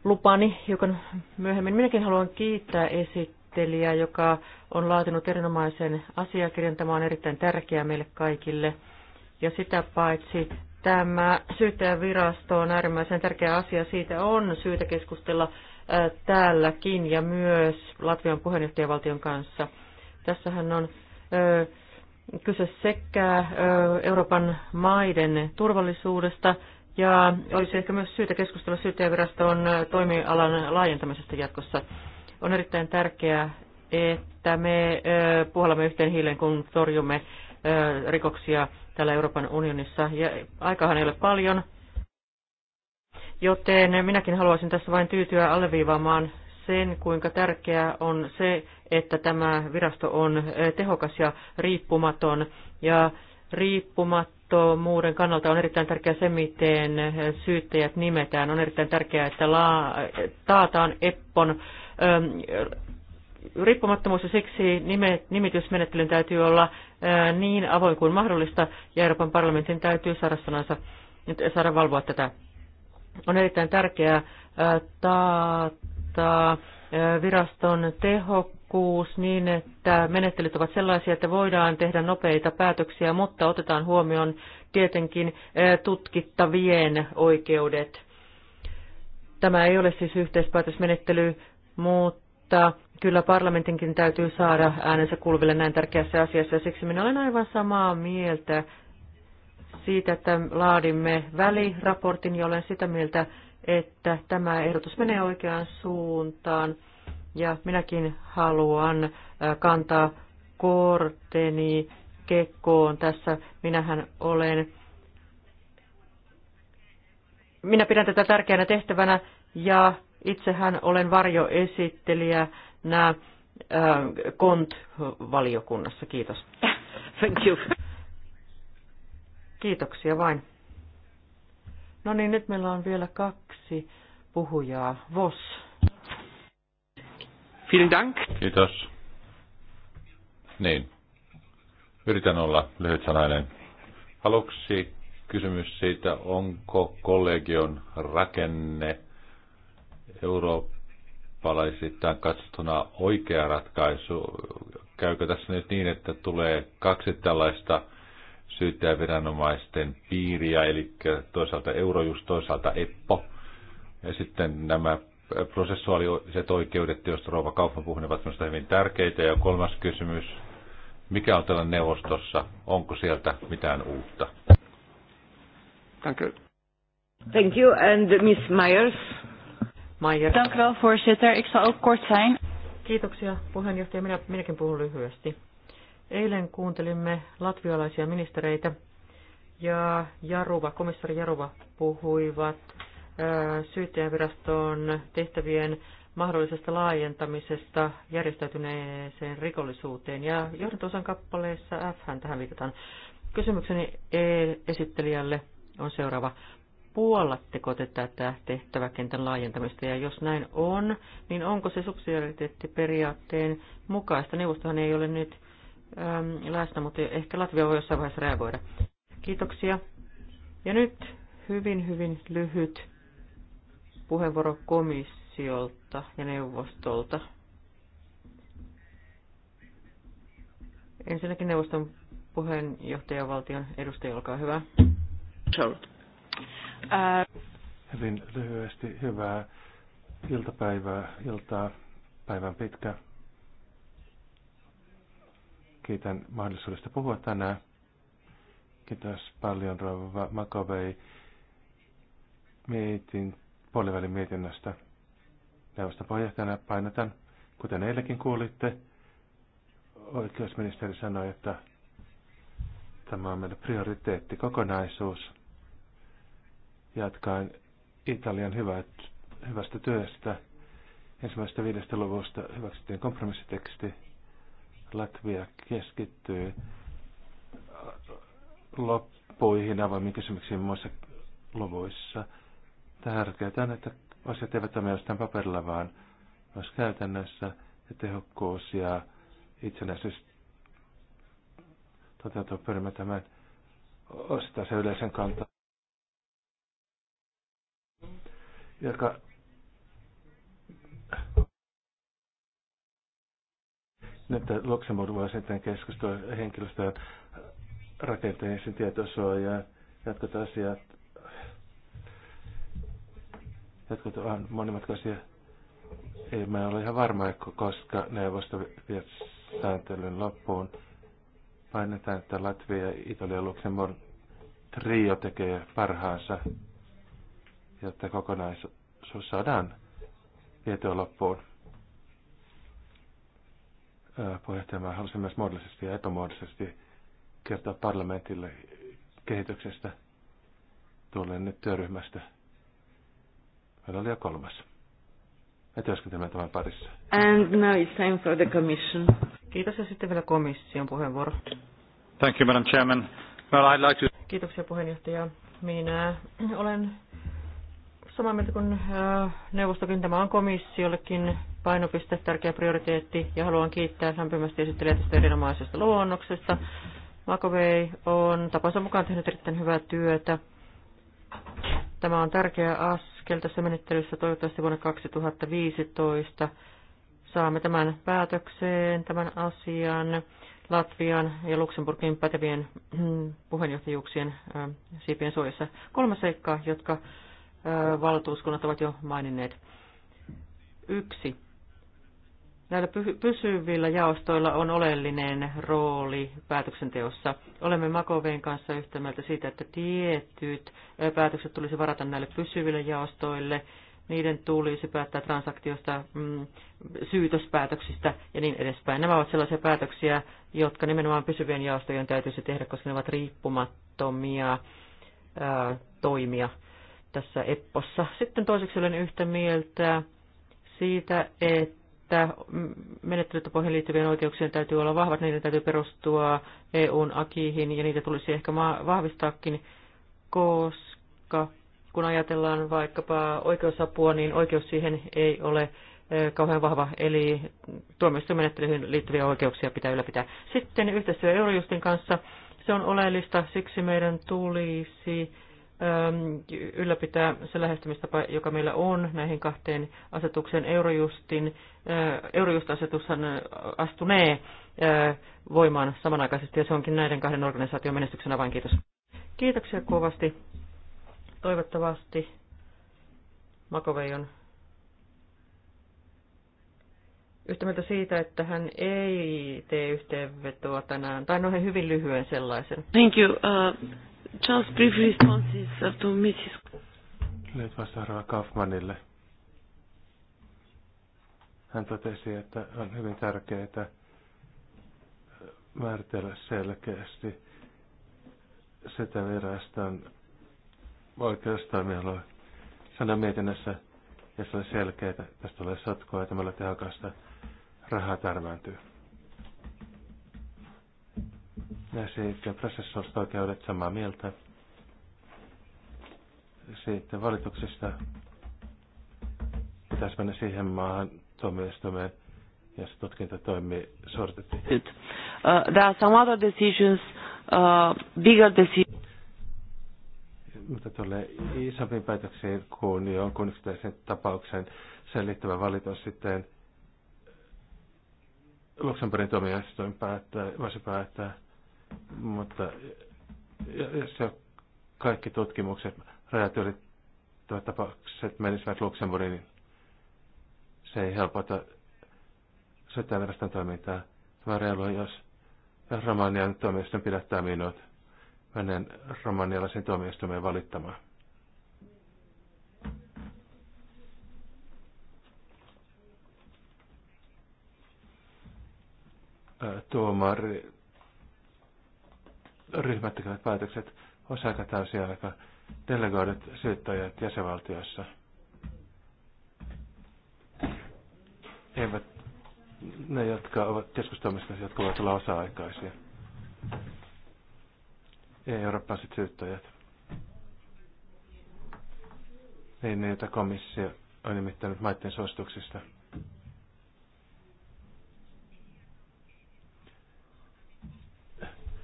lupani hiukan myöhemmin. Minäkin haluan kiittää esittelijää, joka on laatinut erinomaisen asiakirjan. Tämä on erittäin tärkeää meille kaikille. Ja sitä paitsi tämä syyttäjävirasto on äärimmäisen tärkeä asia. Siitä on syytä keskustella eh, täälläkin ja myös Latvian puheenjohtajavaltion kanssa. Tässähän on eh, kyse sekä Euroopan maiden turvallisuudesta ja olisi ehkä myös syytä keskustella syyttäjäviraston toimialan laajentamisesta jatkossa. On erittäin tärkeää, että me puhallamme yhteen hiileen, kun torjumme rikoksia täällä Euroopan unionissa. Ja aikahan ei ole paljon, joten minäkin haluaisin tässä vain tyytyä alleviivaamaan sen, kuinka tärkeää on se, että tämä virasto on tehokas ja riippumaton. Ja riippumattomuuden kannalta on erittäin tärkeää se, miten syyttäjät nimetään. On erittäin tärkeää, että laa taataan EPPON riippumattomuus ja siksi nimitysmenettelyn täytyy olla niin avoin kuin mahdollista ja Euroopan parlamentin täytyy saada sanansa, saada valvoa tätä. On erittäin tärkeää taata varmistaa viraston tehokkuus niin, että menettelyt ovat sellaisia, että voidaan tehdä nopeita päätöksiä, mutta otetaan huomioon tietenkin tutkittavien oikeudet. Tämä ei ole siis yhteispäätösmenettely, mutta kyllä parlamentinkin täytyy saada äänensä kuuluville näin tärkeässä asiassa, ja siksi minä olen aivan samaa mieltä siitä, että laadimme väliraportin, ja olen sitä mieltä, että tämä ehdotus menee oikeaan suuntaan ja minäkin haluan äh, kantaa korteni kekkoon tässä. Minähän olen, minä pidän tätä tärkeänä tehtävänä ja itsehän olen varjoesittelijä nää äh, KONT-valiokunnassa. Kiitos. Thank you. Kiitoksia vain. No niin, nyt meillä on vielä kaksi puhujaa. Vos. Vielen Dank. Kiitos. Niin. Yritän olla lyhyt sanainen. Aluksi kysymys siitä, onko kollegion rakenne eurooppalaisittain katsottuna oikea ratkaisu. Käykö tässä nyt niin, että tulee kaksi tällaista syyttäjäviranomaisten piiriä, eli toisaalta Eurojust, toisaalta EPPO. Ja sitten nämä prosessuaaliset oikeudet, joista Rova Kaufman puhui, ovat minusta hyvin tärkeitä. Ja kolmas kysymys, mikä on tällä neuvostossa? Onko sieltä mitään uutta? Thank you. Thank you. And Miss Myers. Myers. Dank wel, voorzitter. Ik zal ook kort zijn. Kiitoksia puheenjohtaja. Minä, minäkin puhun lyhyesti. Eilen kuuntelimme latvialaisia ministereitä ja Jaruva, komissari Jaruva puhuivat syyttäjäviraston tehtävien mahdollisesta laajentamisesta järjestäytyneeseen rikollisuuteen. Ja johdantosan kappaleessa F tähän viitataan. Kysymykseni e- esittelijälle on seuraava. Puolatteko te tätä tehtäväkentän laajentamista, ja jos näin on, niin onko se subsidiariteettiperiaatteen mukaista? Neuvostohan ei ole nyt äm, läsnä, mutta ehkä Latvia voi jossain vaiheessa reagoida. Kiitoksia. Ja nyt hyvin, hyvin lyhyt puheenvuoro komissiolta ja neuvostolta. Ensinnäkin neuvoston puheenjohtajavaltion edustaja, olkaa hyvä. Äh. Hyvin lyhyesti hyvää iltapäivää, iltaa, päivän pitkä Kiitän mahdollisuudesta puhua tänään. Kiitos paljon Rova Makovei mietin, puolivälin mietinnöstä. Neuvoston puheenjohtajana painotan, kuten eilenkin kuulitte, oikeusministeri sanoi, että tämä on meille prioriteetti kokonaisuus. Jatkaen Italian hyvät, hyvästä työstä. Ensimmäisestä viidestä luvusta hyväksyttiin kompromissiteksti, Latvia keskittyy loppuihin avoimiin kysymyksiin muissa luvuissa. Tärkeää on, että asiat eivät ole mielestäni paperilla, vaan myös käytännössä ja tehokkuus ja itsenäisyys toteutuu pyrimme tämän ostaa se yleisen kantaa, joka Nyt Luxemburg voi sitten keskustella henkilöstön rakenteisiin tietosuojaan. Jotkut asiat, jotkut on monimutkaisia. Ei mä ole ihan varma, koska neuvosto vie sääntelyn loppuun. Painetaan, että Latvia, Italia ja Luxemburg trio tekee parhaansa, jotta kokonaisuus saadaan vietyä loppuun puheenjohtajamaa halusin myös muodollisesti ja epämuodollisesti kertoa parlamentille kehityksestä tulleen nyt työryhmästä. Meillä oli jo kolmas. Me työskentelemme tämän parissa. And now it's time for the commission. Kiitos ja sitten vielä komission puheenvuoro. Thank you, Madam Chairman. Well, I'd like to... Kiitoksia puheenjohtaja. Minä olen samaa mieltä kuin neuvostokin. Tämä on komissiollekin painopiste, tärkeä prioriteetti, ja haluan kiittää lämpimästi esittelijä tästä erinomaisesta luonnoksesta. Makovei on tapansa mukaan tehnyt erittäin hyvää työtä. Tämä on tärkeä askel tässä menettelyssä. Toivottavasti vuonna 2015 saamme tämän päätökseen, tämän asian. Latvian ja Luxemburgin pätevien mm, puheenjohtajuuksien siipien suojassa. Kolme seikkaa, jotka valtuuskunnat ovat jo maininneet. Yksi. Näillä pysyvillä jaostoilla on oleellinen rooli päätöksenteossa. Olemme Makoveen kanssa yhtä mieltä siitä, että tietyt päätökset tulisi varata näille pysyville jaostoille. Niiden tulisi päättää transaktiosta, mm, syytöspäätöksistä ja niin edespäin. Nämä ovat sellaisia päätöksiä, jotka nimenomaan pysyvien jaostojen täytyisi tehdä, koska ne ovat riippumattomia toimia tässä EPPOssa. Sitten toiseksi olen yhtä mieltä siitä, että että menettelytapoihin liittyvien oikeuksien täytyy olla vahvat, niiden täytyy perustua EUn akiihin ja niitä tulisi ehkä vahvistaakin, koska kun ajatellaan vaikkapa oikeusapua, niin oikeus siihen ei ole kauhean vahva, eli tuomioistuinmenettelyihin liittyviä oikeuksia pitää ylläpitää. Sitten yhteistyö Eurojustin kanssa, se on oleellista, siksi meidän tulisi Ähm, ylläpitää se lähestymistapa, joka meillä on näihin kahteen asetukseen. Eurojustin, äh, Eurojust-asetushan äh, astunee äh, voimaan samanaikaisesti ja se onkin näiden kahden organisaation menestyksen avain. Kiitos. Kiitoksia kovasti. Toivottavasti Makovei on yhtä mieltä siitä, että hän ei tee yhteenvetoa tänään, tai noin hyvin lyhyen sellaisen. Thank you. Uh... Just brief responses to Mrs. Lyhyt vastaharva Kaufmanille. Hän totesi, että on hyvin tärkeää määritellä selkeästi sitä viraston oikeustoimialue. Sanan mietinnässä, jos oli selkeää, tästä tulee sotkua ja tämällä tehokasta rahaa tarvääntyy. Ja sitten prosessuaalista oikeudet samaa mieltä. Se, että valituksesta pitäisi mennä siihen maahan tuomioistuimeen, jossa tutkinta toimii suoritettiin. Uh, there are some other decisions, uh, bigger decisions. Mutta tulee isompiin päätöksiin kuin jonkun yksittäisen tapauksen sen liittyvä valitus sitten Luxemburgin tuomioistuin päättää, voisi päättää mutta jos kaikki tutkimukset, rajat ylittävät tapaukset menisivät Luxemburgiin, niin se ei helpota sotilaiden toimintaa. Tämä on jos, jos Romanian tuomioistuin pidättää minut, menen romanialaisen tuomioistuimeen valittamaan. Tuomari ryhmät tekevät päätökset, osa aika, delegoidut syyttäjät jäsenvaltioissa eivät ne, jotka ovat keskustelmista, jotka ovat olla osa-aikaisia. Ei eurooppalaiset syyttäjät. Ei niin, ne, joita komissio on nimittänyt maiden suosituksista.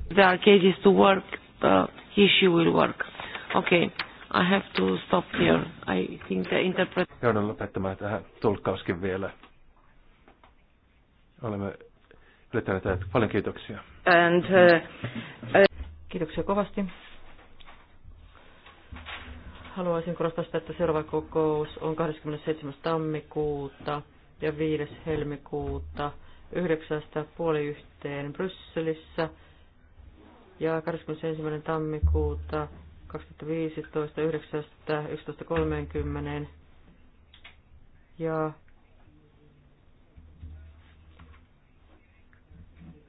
there are cases to work, uh, he, she will work. Okay, I have to stop here. I think the interpret... Joudun lopettamaan tähän tulkkauskin vielä. Olemme ylittäneet ajat. Paljon kiitoksia. And, uh, uh... Kiitoksia kovasti. Haluaisin korostaa sitä, että seuraava kokous on 27. tammikuuta ja 5. helmikuuta yhdeksästä puoli yhteen Brysselissä ja 21. tammikuuta 2015 9.11.30 ja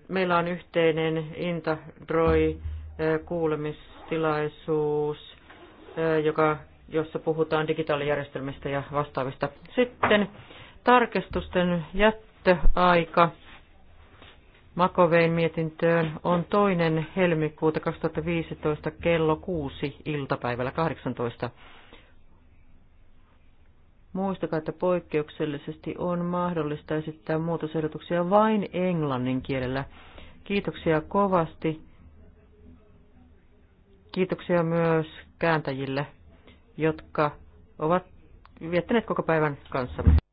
meillä on yhteinen Intadroi kuulemistilaisuus, joka, jossa puhutaan digitaalijärjestelmistä ja vastaavista. Sitten tarkistusten jättöaika Makovein mietintöön on toinen helmikuuta 2015 kello 6 iltapäivällä 18. Muistakaa, että poikkeuksellisesti on mahdollista esittää muutosehdotuksia vain englannin kielellä. Kiitoksia kovasti. Kiitoksia myös kääntäjille, jotka ovat viettäneet koko päivän kanssamme.